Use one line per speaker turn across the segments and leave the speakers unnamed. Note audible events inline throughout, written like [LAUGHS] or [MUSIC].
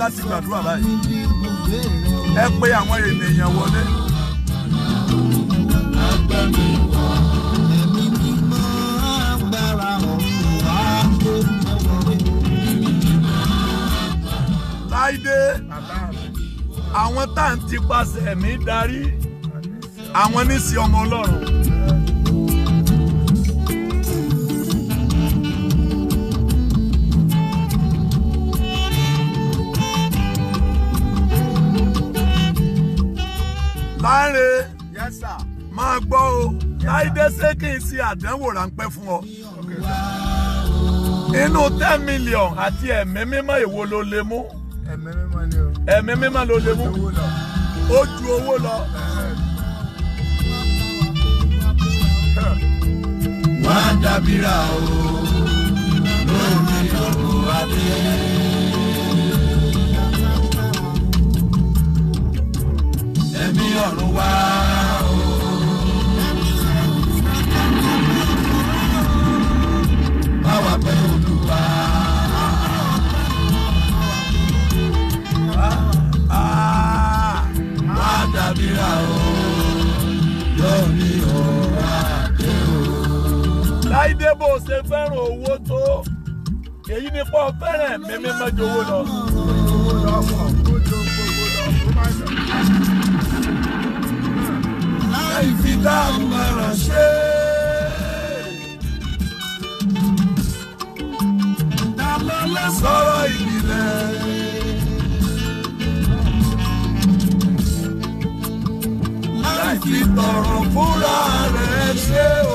láti gbàdúrà báyìí ẹ pé àwọn
ènìyàn wọlé.
láìdé àwọn tá à ń tipasẹ̀ mi darí àwọn ní ọmọ ọlọ́run. Láńre. Yes sir. Máa gbọ́ o. Láìdé ṣé kí n ṣe àdánwò ráńpẹ́ fún ọ. Inú ten million àti ẹ̀mí mímọ́ èwo ló lè mú? Ẹ̀mí mímọ́ ni o. Ẹ̀mí mímọ́ ló lè mú.
Ó ju owó lọ. Wọ́n á dábìrà o, lórí òkú adé.
láìdé bó ṣe fẹ́ràn owó tó èyí ni pọ́ fẹ́ràn
mímí mọ́jọ owó lọ. ká mọ̀ràn ṣe. Ta ló lè sọ̀rọ̀ ìbílẹ̀? láti tọrọ fúnra rẹ̀ ṣe o.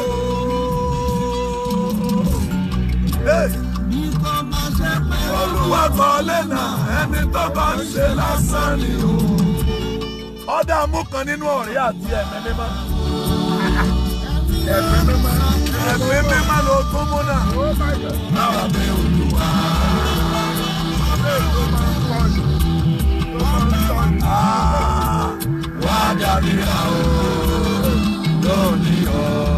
Nǹkan máa ṣe pé
olúwa kọ́ lẹ́nà ẹni tó bá ń ṣe lásán ni o. Ọ̀dà mú kan nínú ọ̀rẹ́ àti ẹ̀mẹ́lẹ́mọ́. Oh mímọ́ ẹ̀mí mímọ́ ló tó mú náà. Báwa bẹ Olúwa.
Wá darí Oh, oh. lónìí o.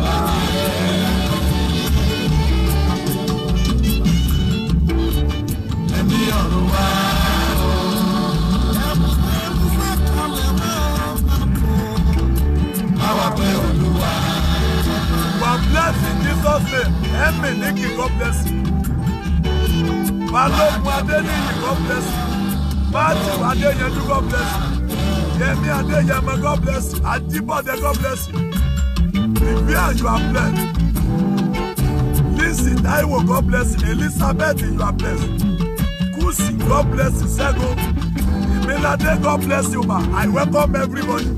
first name Emmy Nikki God bless you Balógun Adéníyì God bless you Matthew Adéyanjú God bless you Yemi Adéyẹmọ God bless you Adibode God bless you Vivian you are blessed Lizzie Taiwo God bless you Elizabeth you are blessed Kusi God bless you Segun Milade God bless you ma I welcome everybody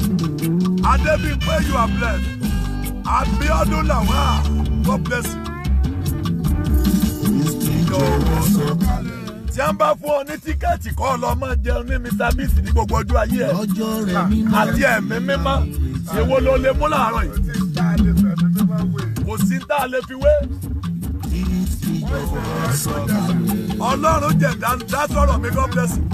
Adebimpe you are blessed. Abiodun Lawal. Ah. God bless you. tí a ń bá fún ọ ní tíkẹ́ẹ̀tì kọ́ lọ máa jẹun ní Mr Beast ní gbogbo ọjọ́ ayé ẹ̀ àti ẹ̀mí mímọ́ èwo ló lè mú láàárọ̀ yìí kò sí tá a lè fi wé. ọlọ́run jẹ̀dá dá sọ̀rọ̀ mi God bless you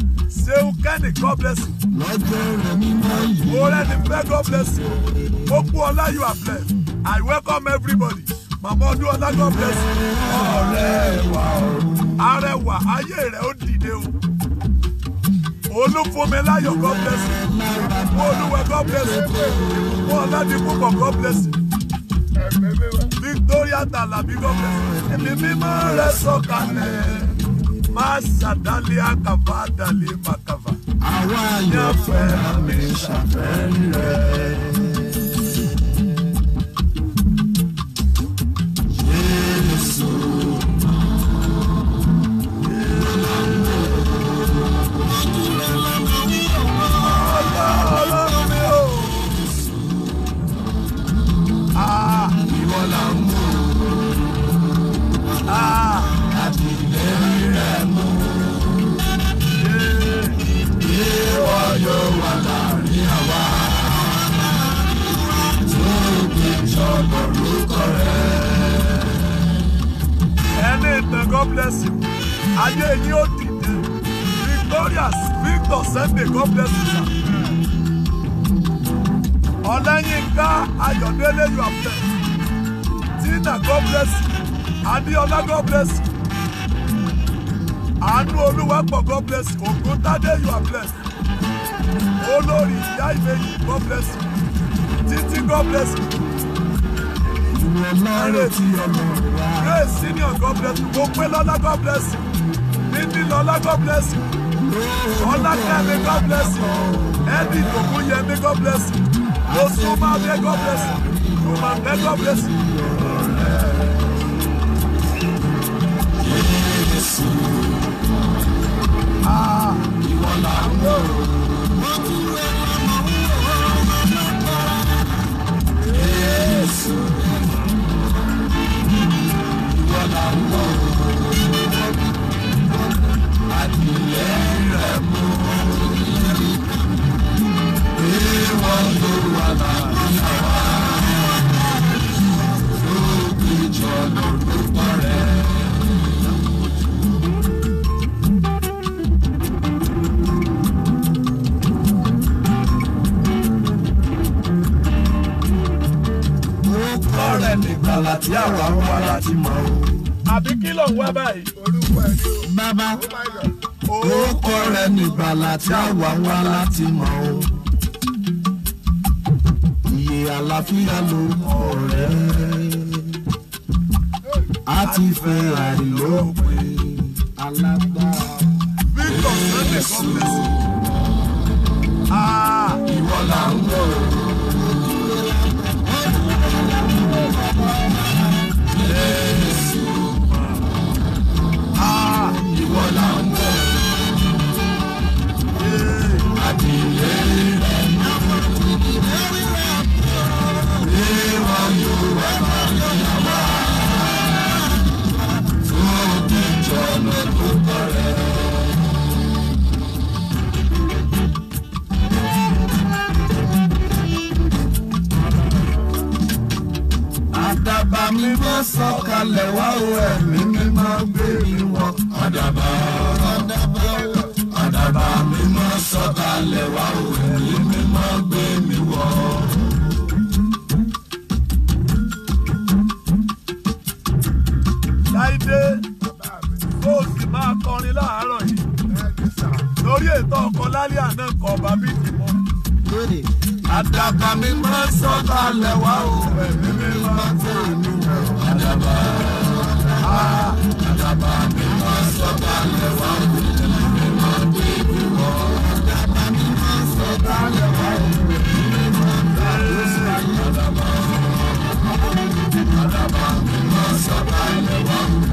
ṣeun kẹ́ni God bless you. oore ni fẹ́ God bless you. ó kú ọlá you are blessed I welcome everybody. Màmá Odúọlá God bless you. Ọ̀rẹ́ wa ọ̀run. Arẹwà ayé rẹ̀ ó dìde o. Olúfúnmiláyọ̀ God bless you. Olúwa God bless you. Ìbùkún Ọládìpúpọ̀ God bless you. Victoria Tàlàbí God bless you. Ẹ̀mí mímọ́ rẹ̀ sọ̀kalẹ̀ masa dali akava dali makava. àwa yóò fẹ́ràn mi
ṣàfẹ́ rẹ̀. là ń mú àtìlẹ́yìn rẹ̀ mú ìwọ yóò wà láàrin àwa tóbi sọ̀rọ̀ lórúkọ rẹ̀. ẹni ìtàn God bless you ayé ni
ó dìde victorious Victor Sunday God bless you sir. Ọlẹ́yinká Ayọ̀délé you are blessed. Christina, God bless you. Adiola, God bless you. Anu Oluwapo, God bless you. Ogundade, you are blessed. Olori, Yaimeyi, God bless you. Titi, God bless you. Grace Senior, God bless you. Gopelọla, God bless you. Ninilola, God bless you. Ọlákẹ́mi, God bless you. Ẹ̀dì Ògúnyẹmí, God bless you. Lọ́sùn máa God bless you. Rùmàbẹ́, God bless you.
jésù ìwọ là ń lò. jésù ìwọ là ń lò. adìyẹ rẹ mú ìwọ ló wà láàyè wa. Oh, good job,
àgbàlá tí àwa ń wá láti mọ̀ o. àbí kí ló ń wá báyìí. bàbá
orúkọ rẹ̀ ní ìgbàlá tí àwa ń wá láti mọ̀ o. iye àlàáfíà ló mọ̀ rẹ̀. a ti fẹ́ àìlópin alágbára. Victor Sunday Gómez. Ah. ìwọ là ń wọ̀ ọ́. sọ̀kalẹ̀ wá o ẹ̀mí mi máa gbé mi wọ̀ àdàbà àdàbà mi máa sọ̀kalẹ̀ wá o ẹ̀mí mi máa gbé mi wọ̀.
láìdé kó o sì máa kọrin láàárọ̀ yìí lórí ètò ọkọ̀ lálẹ́ àná kọ̀ bàbí ìdìbò.
Adaba mi máa sọ̀kalẹ̀ wá o mi máa tẹ̀ mí o. àdàbà àdàbà mi máa sọ̀kalẹ̀ wá o ẹ̀mí mi máa tẹ̀ mí o. àdàbà ah, mi máa sọ̀kalẹ̀ wá o mi máa tẹ̀ mí o. àdàbà mi máa sọ̀kalẹ̀ wá o.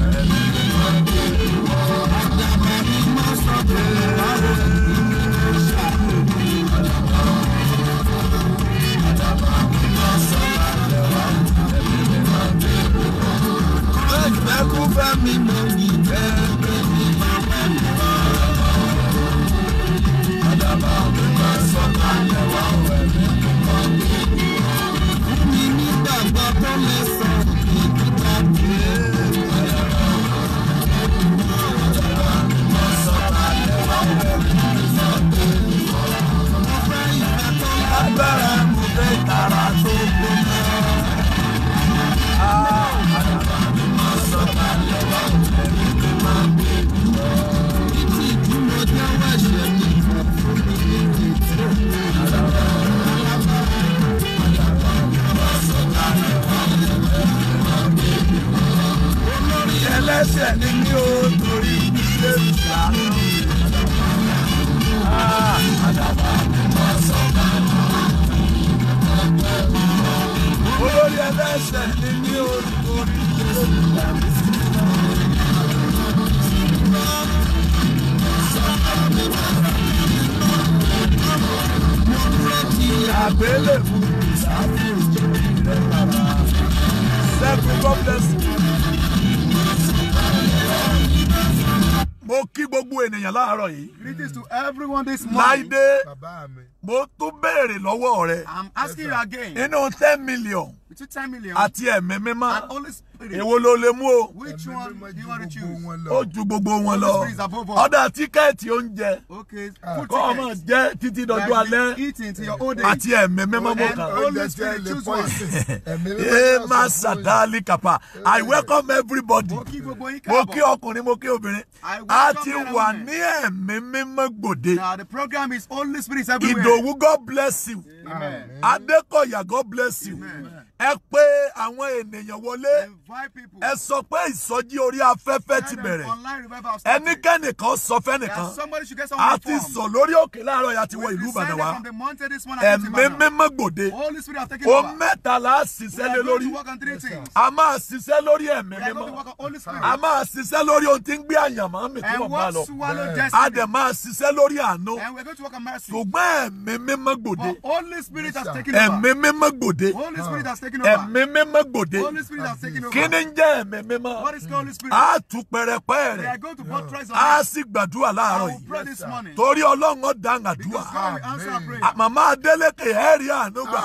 kú bá mi mọ̀ ní. bẹ́ẹ̀ ni mí ò torí ilé ìdáná. olórí ẹlẹ́sẹ̀ ni mí ò torí ilé ìdáná. Àgbélébùú ìsàfihàn ìjọba ìrẹ́pàá. Self-confidence. mo kí gbogbo
ènìyàn láàárọ̀ yìí.
greetings to everyone
this morning. láìdé mo tún béèrè lọ́wọ́ rẹ.
i'm asking you again. inú
ten million.
with two ten million. àti ẹ̀mí mímọ́. and always èwo ló lè mú o. which one do you want to choose. ó ju gbogbo wọn lọ. ọ̀dà tíkẹ́ẹ̀tì oúnjẹ. kọ́ ọmọ jẹ́ títí dọ̀jú alẹ́ àti ẹ̀mí mẹ́mọ́mọ́ kan.
ẹ má sàdáàlì kàpà I eh. welcome everybody. mo kí ọkùnrin mo kí obìnrin. a ti wà ní ẹ̀mí mímọ́ gbòde. Now the program is Holy Spirit everywhere. Ìdòwú God bless you. Yeah. Adékọ̀yà God bless you. Ẹ pé àwọn ènìyàn wọlé. Ẹ sọ pé ìsọjí orí afẹ́fẹ́ ti bẹ̀rẹ̀.
Ẹnikẹ́ni
kan sọ fẹ́nìkan.
A ti sọ lórí òkè láàárọ̀ ya ti wọ ìlú Ìbàdàn wa. Ẹ̀mí mímọ́ gbòde.
O mẹ́ta la ṣiṣẹ́ lé lórí. A máa ṣiṣẹ́ lórí ẹ̀mí mímọ́. A máa ṣiṣẹ́ lórí ohun tí ń gbé àyànmọ́ mi tí mo bá lọ. A dẹ̀ máa ṣiṣẹ́ lórí àánú. Ṣùgbọ́n ẹ̀mí mímọ́ gbòde.
Holy Spirit has taken over. Ẹ̀mí mímọ́ gbòde. Holy Spirit has taken over. Ẹ̀mí
mímọ́ gbòde. Holy Spirit has taken over. Kí ń jẹ́ ẹ̀mí mímọ́? What is called Holy Spirit? A tún pẹrẹpẹ rẹ̀. They are
going to buttress on it. A sì gbàdúrà láàárọ̀ yìí. I will pray this morning. Torí Ọlọ́run
ọ̀dà àdúrà. Because
God will answer our prayer. Màmá
Adélékè ẹ̀rí àánú gbà.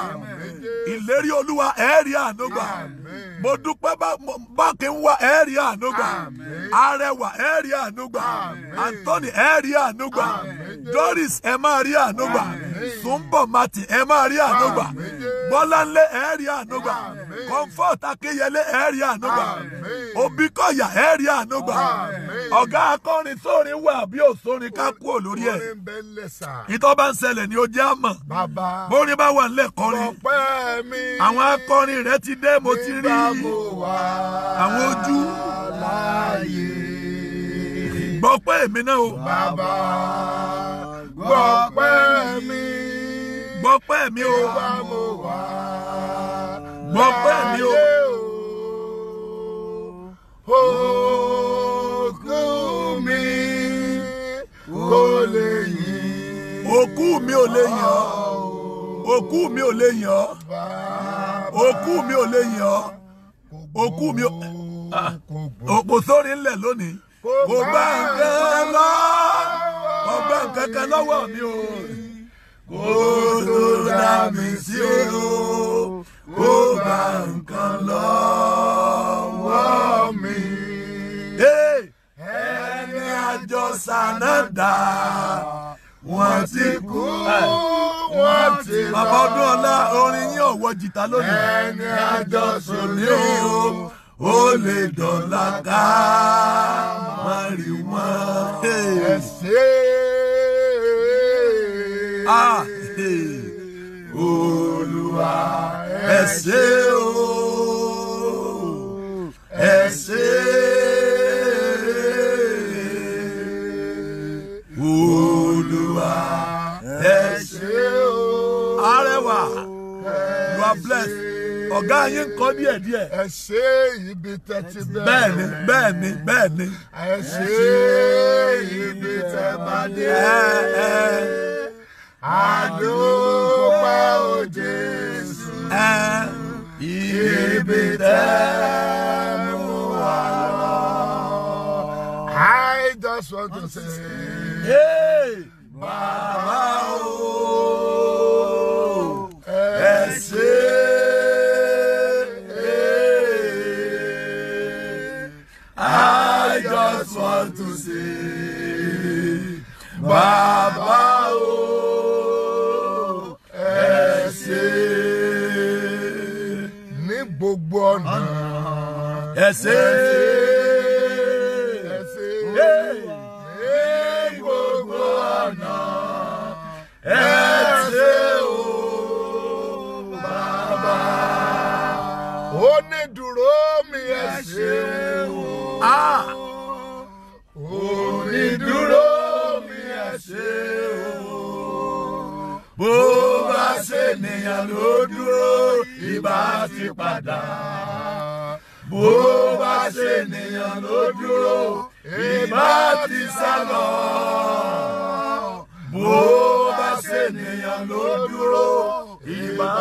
Ìlérí Olúwa ẹ̀rí àánú gbà. mo dúpẹ́ báàkì ń wá ẹ̀ẹ́rì àánú arẹwà ẹ̀ẹ́rì àánú Anthony Doris ẹ máa rí àánú gbà Mati ẹ máa rí Comfort Akínyẹlé ẹ̀ẹ́rì àánú ọ̀gá akọrin sórin wà bí òsórin ká kúrò lórí ẹ̀ ìtọ́ bá ni bórin bá wà ńlẹ̀ kọrin àwọn akọrin rẹ ti dé mo ti àwọn ojú gbọ́ pé èmi náà o.
bàbá gbọ́ pé mi. gbọ́ pé mi o. gbọ́ pé mi o. òkú mi
kò lè yìn. òkú mi ò lè yìn ọ́. òkú mi ò lè yìn ọ́. òkú mi ò lè yìn ọ́ òkú mi ah. òkú sórí ńlẹ̀ lónìí
kò bá nǹkan lọ
kò bá lọ́wọ́ mi o kò tó
mi sí o kò bá nǹkan lọ́wọ́ mi. ẹni àjọ
sànádà wọn ti kú wọ́n ti lọ. bàbá ọdún ọlá orin yín ọ̀wọ́ jìtá lónìí. ẹni àjọsùn ní o ó lè dọ̀la ká má rí wọn.
ẹ ah. olúwa ẹ o ẹ
are blessed ọ̀gá yín ń kọ́ díẹ̀ díẹ̀. ẹ ṣe ibi
tẹ́ ti bẹ̀rẹ̀. bẹ́ẹ̀ni bẹ́ẹ̀ni bẹ́ẹ̀ni. ẹ ṣe ibi tẹ́ bá dé. àdúgbò o Jésù. ibi tẹ́ mú wa lọ. I just want to say. Bàbá o. bàbá o ẹ ṣé ní gbogbo ọ̀nà ẹ ṣé ẹ ṣé ní gbogbo o bàbá onídùúró mi ẹ ṣé o. Ah. bó bá
ṣènìyàn ló dúró ìbá ti padà bó bá
ṣènìyàn ló dúró ìbá ti sá lọ bó bá ṣènìyàn ló dúró ìbá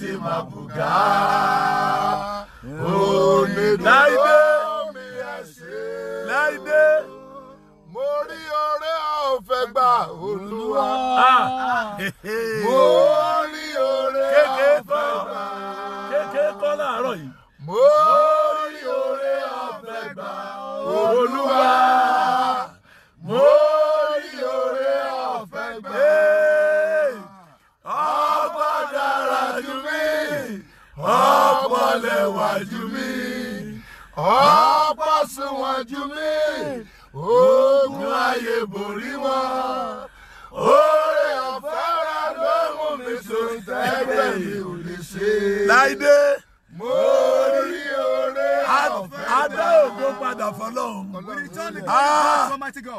ti máa bùgá ó lè dúró mi fẹ́ gbà olúwa. Ah. mo rí oore ọ̀fẹ́
gbà. kékeré kọ́ láàárọ̀ yìí. mo rí
oore ọ̀fẹ́ gbà olúwa.
mo rí
oore ọ̀fẹ́ gbà. ọba dára jù mí
ọba
lẹ́wà jù mí ọba sunwọ̀n jù mí ogun ayé borí wọn oore ọ̀fẹ́ra ló mú mi sọ ìtẹ́gbẹ́ mi ò lè ṣe. láìdé. mo rí o adá
ògo padà fọlọ́run. Ah,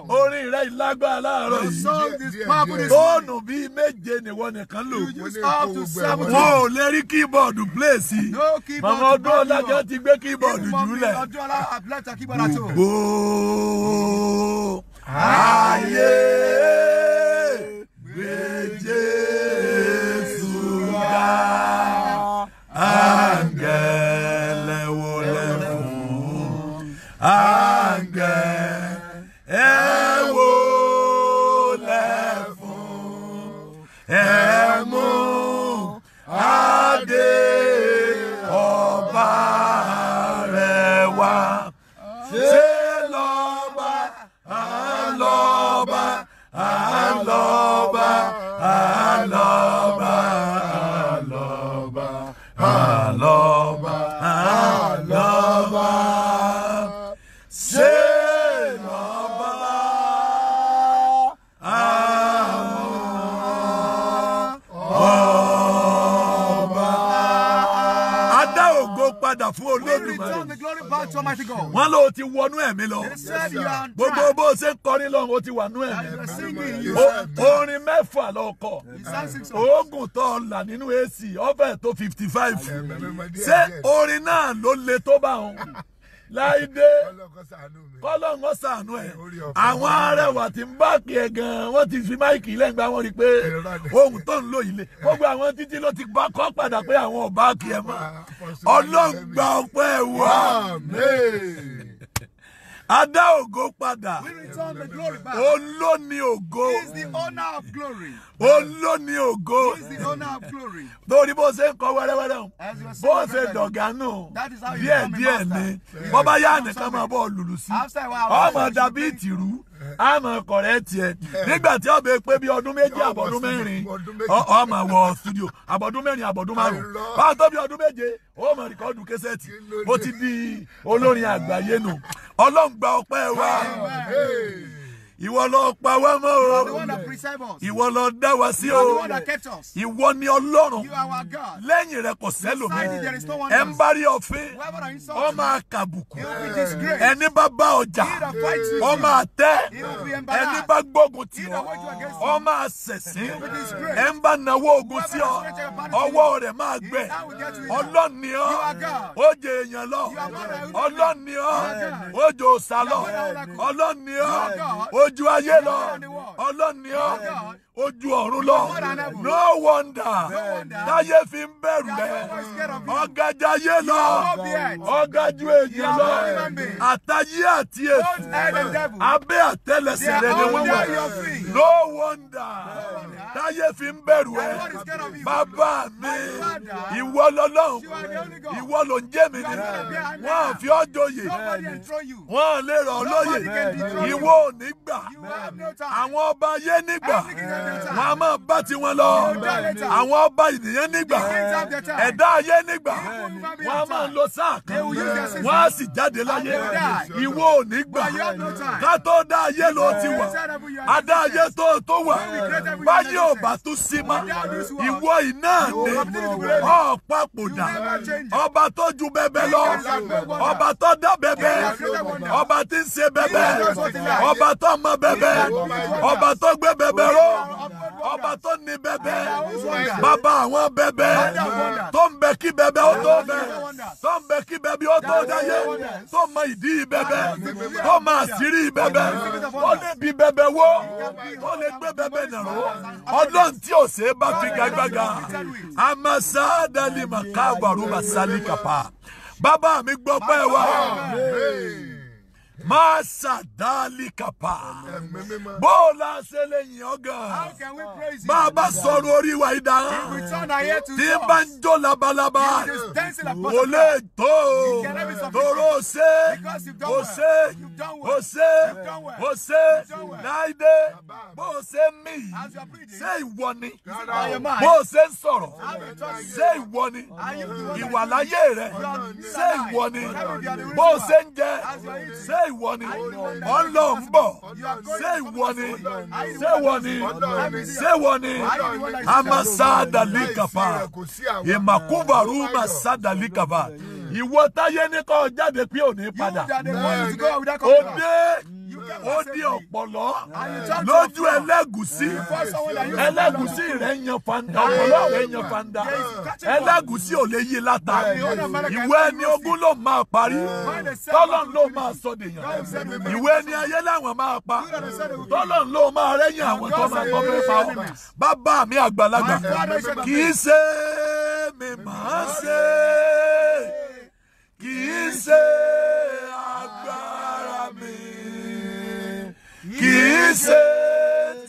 orin rẹ̀ ìlágbára láàárọ̀ yìí. fóònù bíi
méje nìwọ nìkan lò. wọn ò
lè rí kíbọ̀dù pléèsì. màmá ọdún ọlájọ́ ti gbé kíbọ̀dù
jùlẹ̀. gbogbo ayé.
wọnú ẹ̀mí lọ gbogbo bó ṣe ń kọrin lọ́run ó ti wà nú ẹ̀mí orin mẹ́fà lọ́kọ̀ oògùn tó ń là nínú èsì ọ̀fẹ́ tó fifty five ṣé orin náà ló le tó bá wọn láìdé kọlọ́ngọ́ sànú ẹ̀ àwọn arẹwà tí ń bá kí ẹ gan wọ́n ti fi máìkì lẹ́gbàá wọn rí i pé ohun tó ń lò yìí lé gbogbo àwọn títí ló ti bá kọ́ padà pé àwọn ò bá kí ẹ mọ́ ọlọ́ngbà ọpẹ́ wa. A dá ògo padà. We return ògo. He is the
owner of glory olóni ògo torí bó ṣe ń kọ wẹ́rẹ́wẹ́rẹ́ o bó ṣe dọ̀gánù díẹ̀ díẹ̀ ni bó bá yá
nìkan máa bọ̀ lùlù sí ọmọ dàbí ìtìrú àmọ́ kọ̀rẹ́ tiẹ̀ nígbà tí ọbẹ̀ pé bí ọdún méje àbọ̀dún mẹ́rin ọmọ wọ studio àbọ̀dún mẹ́rin àbọ̀dún márùn báwo tó bí ọdún méje ó mọ̀ rìkọ́dù kẹsẹ̀tì ó ti di olórin àgbáyé nù ọlọ́ngbà ọpẹ́ wa ìwọ ló pa wá mọ́ o ìwọ ló dá wa sí o ìwọ ni ọlọ́run lẹ́yìn rẹ kò sẹ́lòmí ẹ ń bá rí ọ̀fin ọ máa kàbùkù ẹni bá bá ọjà ọ máa tẹ́ ẹni bá gbógun tì ọ ọ máa ṣẹ̀sín ẹ ń bá nawó ogun sí ọ ọwọ́ rẹ̀ máa gbẹ ọlọ́run ni ọ ó jẹ èèyàn lọ ọlọ́run ni ọ ó jẹ òòṣà lọ ọlọ́run ni ọ ó ju ayé lọ ọlọ́ni ọ́ ó ọ̀run lọ no wonder táyé fi ń bẹ̀rù rẹ ọ̀gájà yé lọ ọ̀gájú èyí lọ àtayé àti èsì abẹ́ àtẹlẹsẹ̀ rẹ ni wọ́n wà no wonder táyé fi ń bẹ̀rù ẹ bàbá mi ìwọ lọ́lọ́run ìwọ ló ń jẹ́ mi ni wọ́n á fi ọjọ́ yè wọ́n á lè rọ̀ ọ́ lóye ìwọ ò ní gbà àwọn ọba ayé nígbà wọn a máa bá tiwọn lọ àwọn ọba ènìyàn nígbà ẹ̀dá ayé nígbà wọn a máa lọ sáà kan wọn a sì jáde láyé ìwọ ò ní dá ayé lọ ti wà adá ayé tó tó wà báyé ò bá tún sí ma ìwọ iná ni ọ̀pàpòdà ọba tó ju bẹbẹ lọ ọba tó dá bẹbẹ ọba tí ń ṣe bẹbẹ ọba tó mọ bẹbẹ ọba tó gbé bẹbẹ ró ọba tó ní bẹ̀bẹ̀ bàbá àwọn bẹ̀bẹ̀ tó ń bẹ kí bẹ̀bẹ̀ ó tó bẹ tó ń bẹ kí bẹ̀bẹ̀ ó tó dáyé tó mọ ìdí bẹ̀bẹ̀ tó mọ àṣírí bẹ̀bẹ̀ ó lè bi bẹ̀bẹ̀ wó ó lè gbé bẹ̀bẹ̀ nàró ọlọ́run tí ò ṣe é bá fi gbàgbàgà amasa dalima káàbọ̀ àrùbà sálí kàpá bàbá mi gbọ́ pẹ́ wa. Masa dalikapa. bola o la ṣe lè yìn ọ́ gan? Bá a orí wa ìdá. Tí bá ń jó labalábá, kò tó. Toro o ose, ose, ose, o ṣe, o ṣe, láìdé. Bó o ṣe ń mì, ṣé ìwọ ni? Bó o ṣe ń sọ̀rọ̀, ṣé ìwọ ni? Ìwà rẹ̀, ṣé ìwọ ni? Bó o ń jẹ, ṣé ìwọ ni? ṣé ìwọ ni ọ ń lọ ń bọ̀ ṣé ìwọ ni
ṣé ìwọ ni ṣé ìwọ ni amasadali kàfà
ìmàkúbàrú masadali kàfà ìwọ táyé ní kọ́ jáde pé ò padà òde ó di ọ̀pọ̀lọ́ lójú ẹlẹ́gùsí ẹlẹ́gùsí rẹ̀ yan fanda ọ̀pọ̀lọ́ rẹ̀ yan fanda ẹlẹ́gùsí ò lè yí láta ìwé ẹni ogún ló máa parí tọ́lọ́n ló máa sọ dèèyàn ìwé ẹni ayé làwọn máa pa tọ́lọ́n ló máa rẹ́yìn àwọn tó máa kọ́ fẹ́ pa ọ́ mi àgbàlagbà kì í ṣe mi máa ṣe kì í ṣe àgbà kì í ṣe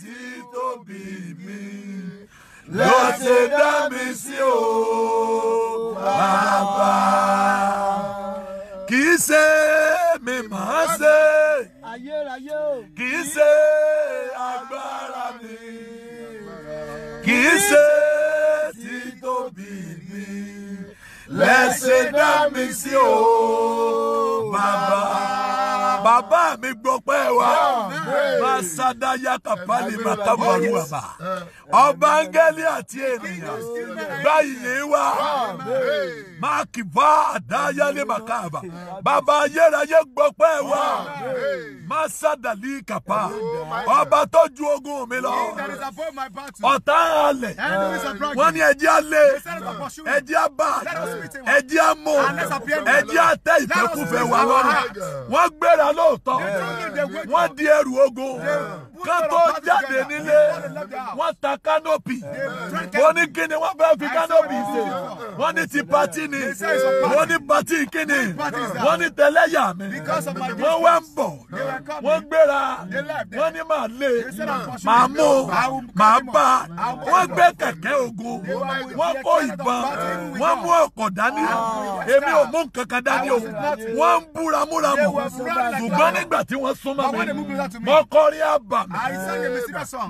títóbi mi ló ṣe dá mi sí o bàbá kì í ṣe mi máa ṣe kì í ṣe agbára mi kì í ṣe.
lẹ́sẹ̀ dá
mi sí o bàbá. Bàbá mi gbọ́pẹ́ wa, máa sádayá kàpálì máa tábọ̀rù bàbá. Ọba áńgẹ́lì àti ènìyàn gbá ìyè wa. Máa kìfá àdáyálé màkàbà. Bàbá ayérayé gbọ́pẹ́ wa. Máa sádàlí kàpá. Oh, Ọba tó ju ogun mi lọ.
Ọ̀tá alẹ̀. Wọ́n ní ẹjẹ́ alẹ̀. Ẹjẹ́ abá ẹ
jẹ́ àmọ́ ẹ jẹ́ àtẹ ìfẹ́kùfẹ́ wa lọ́rùn wọ́n gbéra lóòótọ́ wọ́n di ẹrù ogun kán jáde nílé wọ́n ta kánópì wọ́n ní kíni wọ́n fẹ́ fi kánópì ṣe wọ́n ní ti pati ni wọ́n ní pati kíni wọ́n ní tẹ̀lẹ́yà mi wọ́n wá ń bọ̀ wọ́n gbéra wọ́n ní màá lé màá mú màá bá wọ́n gbé kẹ̀kẹ́ ogun wọ́n kó ìbọn wọ́n mú ọ̀kọ̀ ọ̀rọ̀ dání ah. èmi ò mú nǹkan dání o wọ́n ń búra múra ṣùgbọ́n nígbà tí wọ́n súnmọ́ mi mo kọrin àbà mi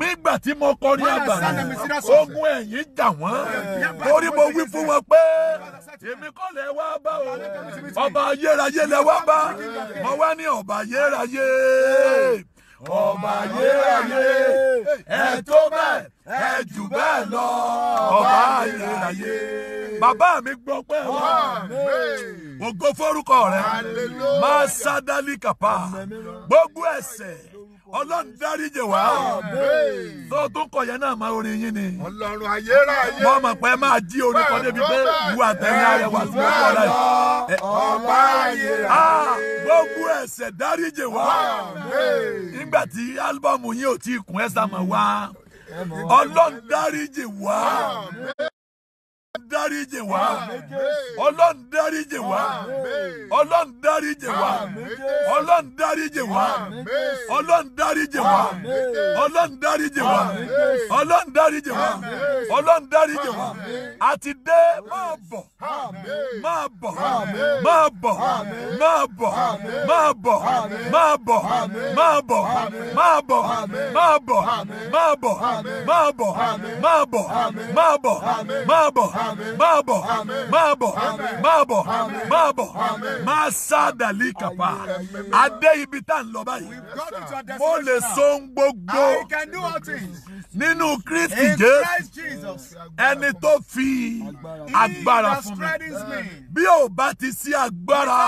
nígbà tí mo kọrin àbà mi ogun ẹ̀yìn jà wọ́n torí mo wí fún wọn pé èmi kọ́ lẹ wá bá o ọba ayérayé lẹ wá bá mo wá ní ọba ayérayé
ọba ayérayé
ẹ tó bẹ́ẹ̀ ẹ jù bẹ́ẹ̀ lọ ọba ayérayé. bàbá mi gbọ́ pé
wọ́n
ògo forúkọ rẹ̀ máa sádálì kàpá gbogbo ẹ̀ṣẹ̀ ọlọ́run dáríjì wá tó tó kọ̀ yẹn náà máa orin yín ni mo mọ̀ pé máa jí orin kan débi pé wù àtẹ̀yìn arẹwà sí ọkọ rẹ. ọba ayera ah, gbogbo ẹ̀ṣẹ̀ dáríjì wá nígbà tí álbọ̀mù yín ò tí ì kún ẹ̀ sàmọ̀ wá ọlọ́run dáríjì wá dáríjì wá ọlọ́run dáríjì wá ọlọ́run dáríjì wá ọlọ́run dáríjì wá ọlọ́run dáríjì wá ọlọ́run dáríjì wá ọlọ́run dáríjì wá ọlọ́run dáríjì wá àti dé máa bọ̀
máa bọ̀ máa
bọ̀ máa bọ̀ máa bọ̀ máa bọ̀ máa bọ̀ máa bọ̀ máa bọ̀ máa bọ̀ máa bọ̀ máa bọ̀ máa bọ̀ máa bọ̀ máa bọ̀ máa bọ̀ Masada likapa, Ade ibitan máa sá dàlí kàpá adé ibi tá à ń lọ báyìí mo lè so ohun gbogbo nínú Kristi Jésù ẹni tó fi agbára fún mi bí ò bá ti sí agbára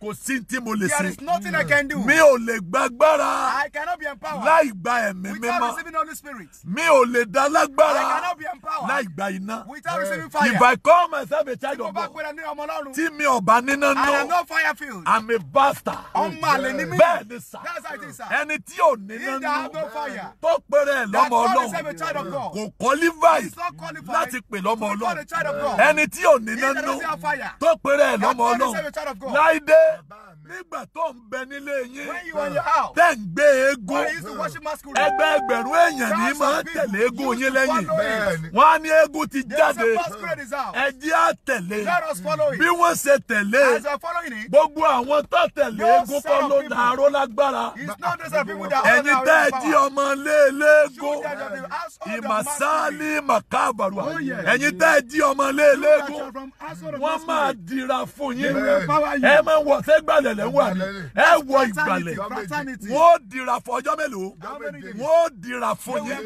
kò sí tí mo lè ṣe. there is nothing mm. I can do. mi ò lè gbàgbára. I cannot be empowered. láì gba ẹ̀mí mímọ́. without receiving holy spirit. mi ò lè dá lágbára. I cannot be empowered. láì gba iná. without receiving fire. if I call myself a child of God. tí mo bá gbéra ní ọmọ Ọlọ́run. tí mi ò bá níná nù. I am not fire filled. I'm a bastard. ọmọ àlè ni mí. bẹ́ẹ̀ ni sà. that's how it is sir. ẹni tí ò níná nù. he that have no fire. tó péré lọ́mọ Ọlọ́run. that call himself a child of God. kò qualify. he is not qualified. láti pè lọ́mọ Ọlọ́run. to be called a child of God. ẹni tí ò níná nù. he that doesn't have fire. tó péré lọ́mọ Ọlọ́run. bye. nígbà tó ń bẹ nílé yín tẹ́ ń gbé eégún ẹgbẹ́ ẹgbẹ̀rún èèyàn ní máa ń tẹ̀lé eégún yín lẹ́yìn wọ́n á ní eégún ti jáde
ẹ jẹ́ á tẹ̀lé bí wọ́n ṣe tẹ̀lé gbogbo àwọn
tó tẹ̀lé eégún kọ́ ló dàrú lágbára
ẹ̀yin oh, tẹ́ ẹ jí ọmọ
léeléegún ìmàsáálí màkàbàrù ẹ̀yin tẹ́ ẹ jí ọmọ léeléegún wọ́n máa dira fún yín ẹ máa wọ̀ sẹ́gbàlẹ̀ ìgbàlẹ̀ ń wà ní ẹ wọ ìgbàlẹ̀ wọ́n ó dira fún ọjọ́ mélòó wọ́n ó dira fún yín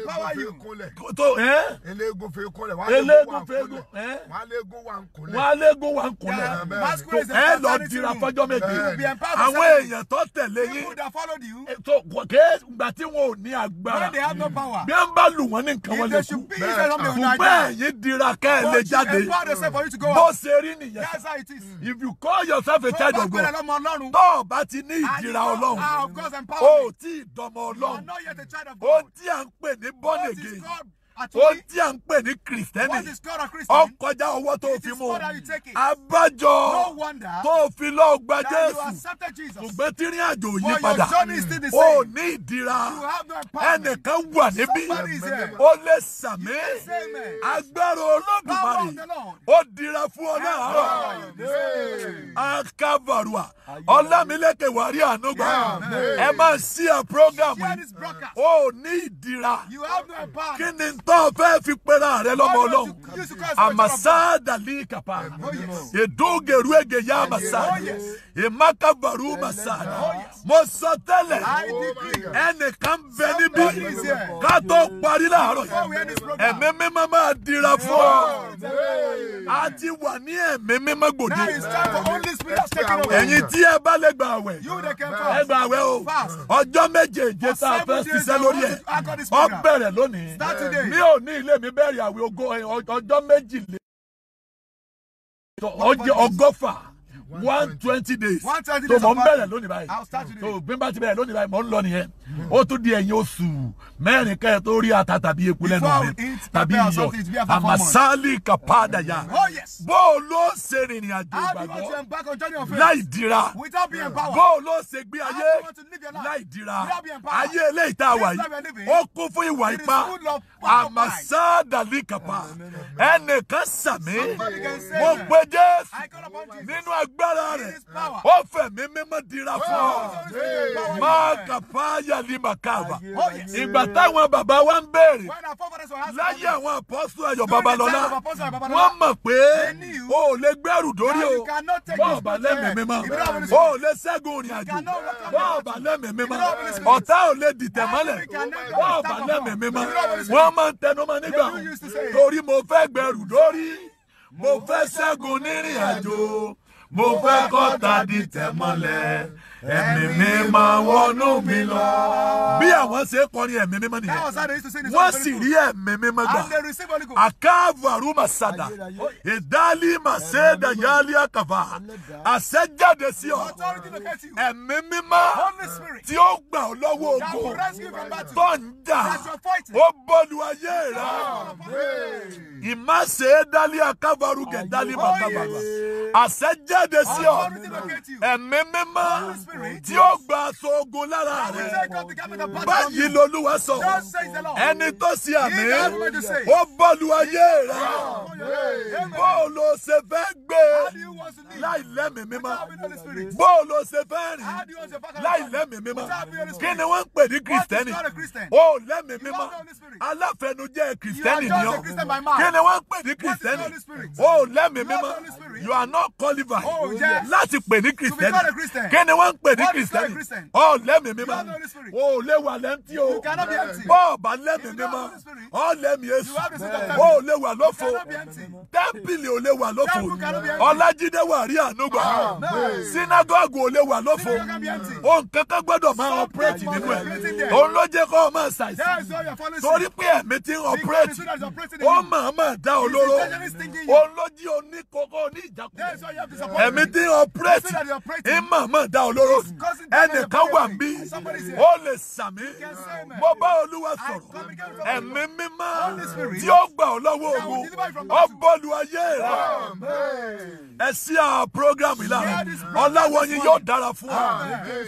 tó ẹ́ eléegun fẹ́ kúnlẹ̀ wọ́n á léegun wà
ń kúnlẹ̀ tó ẹ lọ dira fọjọ́ méje àwọn èèyàn tó tẹ̀lé yín tó kẹ́ gbà tí wọn ò ní agbára bí wọ́n bá lù wọ́n ní nǹkan wọn lè kú kù bẹ́ẹ̀ yín dira kẹ́ ẹ lè jáde bó ṣe rí nìyẹn if you call yourself a child of God ọlọ́run. tó o bá ti ní ìdíra ọlọ́run. o ò tí ì dọmọ ọlọ́run. o tí à ń pè ní born again ó tí à ń pè ní kìrìsìtẹ́nì ọkọjá ọwọ́ tó fi mú
abájọ tó fi lọ gba jésù
ṣùgbọ́n tí rìn àjò yí padà ó ní ìdíra ẹnìkan wà níbí ó lè sàmì agbára olódùmarè ó dira fún ọ láàárọ̀ akavarua ọlámilékè wàrí ànúgbà ẹ máa ṣí à program ó ní ìdíra
kí ni tó fẹ́ fi pera rẹ lọ́mọ ọlọ́run àmàsá
dàlí kàpá ìdúgẹ̀rú oh, ègè yá oh, àmàsá oh, ìmákàbàrú màsá mo sọ tẹ́lẹ̀ ẹnìkan bẹ níbí ká tó parí láàárọ̀
yìí
ẹ̀mí mímọ́ máa dira fún ọ a ti wà ní ẹ̀mí mímọ́ gbòdì ẹ̀yin tí ẹ bá lè gbà àwẹ̀ ẹ gbà àwẹ̀ o ọjọ́ méje ìjẹta fẹ́ ṣiṣẹ́ lórí ẹ̀ ọ bẹ̀rẹ̀ lónìí mi ò ní ilé mi bẹ̀rẹ̀ àwẹ̀ ọjọ́ méjìlél ọgọ́fà one twenty days tó mọ̀ ń bẹ̀rẹ̀ lónìí báyìí to bí n bá ti bẹ̀rẹ̀ lónìí báyìí mọ̀ ń lọ nìyẹn ó tún di ẹ̀yìn oṣù mẹ́rin kẹ́ ẹ̀ tó rí ata tàbí eku lẹ́nu mi tàbí iyọ̀ àmàsálì kàpádàyà oh, bó o ló ṣe rìnrìn àjò ìgbàgbọ́ láì dira bó o ló ṣe gbé ayé láì dira ayé eléyìí tá a wà yìí ó kún fún ìwà ipá àmàsádàlì kàpá ẹnìkan sàmì mo pe Jésù nínú agbẹ́ agbára rẹ̀ ó fẹ̀mí mímọ́ dira fún ọ máa kàfá yàlí màkàbà ìgbà táwọn bàbá wa ń béèrè láyé àwọn àpọ́sù ayọ̀ babalọ́lá wọ́n mọ̀ pé o ò lè gbẹ́rù dórí o bọ́ọ̀ bá lẹ́mìí mímọ́ o ò lè ṣẹ́gun òrìn àjò bọ́ọ̀ bá lẹ́mìí mímọ́ ọ̀tá ò lè dìtẹ̀ mọ́lẹ̀ bọ́ọ̀ bá lẹ́mìí mímọ́ wọ́n máa ń tẹnu mọ́ nígbà torí mo fẹ́ gbẹ́rù dórí mo fẹ́ ṣẹ́gun nírìn àjò mo fẹ́ kọ́ta di tẹ̀ ẹ̀mí mímọ́ wọnú mi lọ. bí àwọn ṣe é kọrin ẹ̀mí mímọ́ nìyẹn wọ́n sì rí ẹ̀mí mímọ́ gbà. àkáàbù àrùmà sàdà ìdálí màṣẹ́dà yálí àkàfà àṣẹjáde sí ọ ẹ̀mí mímọ́ tí ó gbà ọ́ lọ́wọ́
ogun tó ń jà
ó bọ́lu ayé
rẹ̀
ìmáṣe dálí àkàfàrú gẹ̀dálí màkàfà àṣẹjáde sí ọ ẹ̀mí mímọ́ tí ó gba aṣọ ogun lára rẹ̀. báyìí lolúwa sọ ẹni tó ṣe àmì ó bọ́ọ̀lù ayé
rẹ̀
bóòlù ṣe fẹ́ gbé láì lẹ́mìí mímọ́ bóòlù ṣe fẹ́ rìn láì lẹ́mìí mímọ́ kí ni wọ́n ń pè ní kìrìsìtẹ́nì ó lẹ́mìí mímọ́ aláfẹnujẹ́ kìrìsìtẹ́nì ni ọ́ kí ni wọ́n ń pè ní kìrìsìtẹ́nì ó lẹ́mìí mímọ́ you are not qualified oh, láti pè ní kìrìsìtẹ́nì kí ni wọ́n ń pè ní Christian ọ lẹ́mìí mímọ́ o lè wà lẹ́ntì o bọ́ ọ̀bà lẹ́mìí mímọ́ ọ lẹ́mìí èṣù o lè wà lófo tẹ́ḿpìlì ò lè wà lófo ọlájídé wà rí ànúgbà ah, sínágọ́gù ò lè wà lófo ohun kankan gbọ́dọ̀ máa ọ̀pẹ́rẹ́tì nínú ẹ̀ òun ló jẹ́ kó o máa ṣàìsàn torí pé ẹ̀mí ti ń ọ̀pẹ́rẹ́tì ó máa máa dá olóró òun ló jí oníkókó oníjàkú ẹ̀mí ti ń ọ̀pẹ́rẹ́tì ń máa máa dá olóró. Jerusalem ẹnìkan wà mí ó lè sàmí mo bá olúwa sọ̀rọ̀ ẹ̀mí mímọ́ tí ó gbà ọ́ lọ́wọ́ ogun ó bọ́lu ayé rẹ̀ ẹ sí àwọn program yìí lára ọ̀làwọ̀ yín yóò dára fún ọ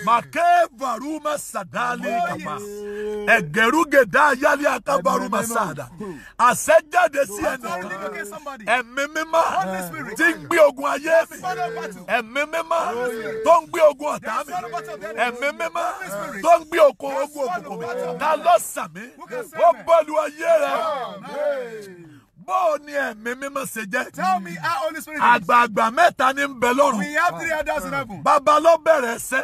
màkẹ́ varuma sadali kàmá ẹ̀gẹ̀rúgẹ̀dá ayálé akábaruma sada àṣẹjáde sí ẹnìkan ẹ̀mí mímọ́ tí ń gbé ogun ayé mi ẹ̀mí mímọ́ tó ń gbé ogun ọ̀tá mi ẹ̀mí mímọ́ tó ń gbé oko ogun òkùnkùn mi ta lọ́sàn mi ó bọ́ọ̀lù ayé
rẹ̀
bó ni ẹ̀mí mímọ́ ṣe jẹ́. tell me
how holy spirit is. àgbààgbà
mẹ́ta ní ń bàbá ló bẹ̀rẹ̀ ṣẹ́.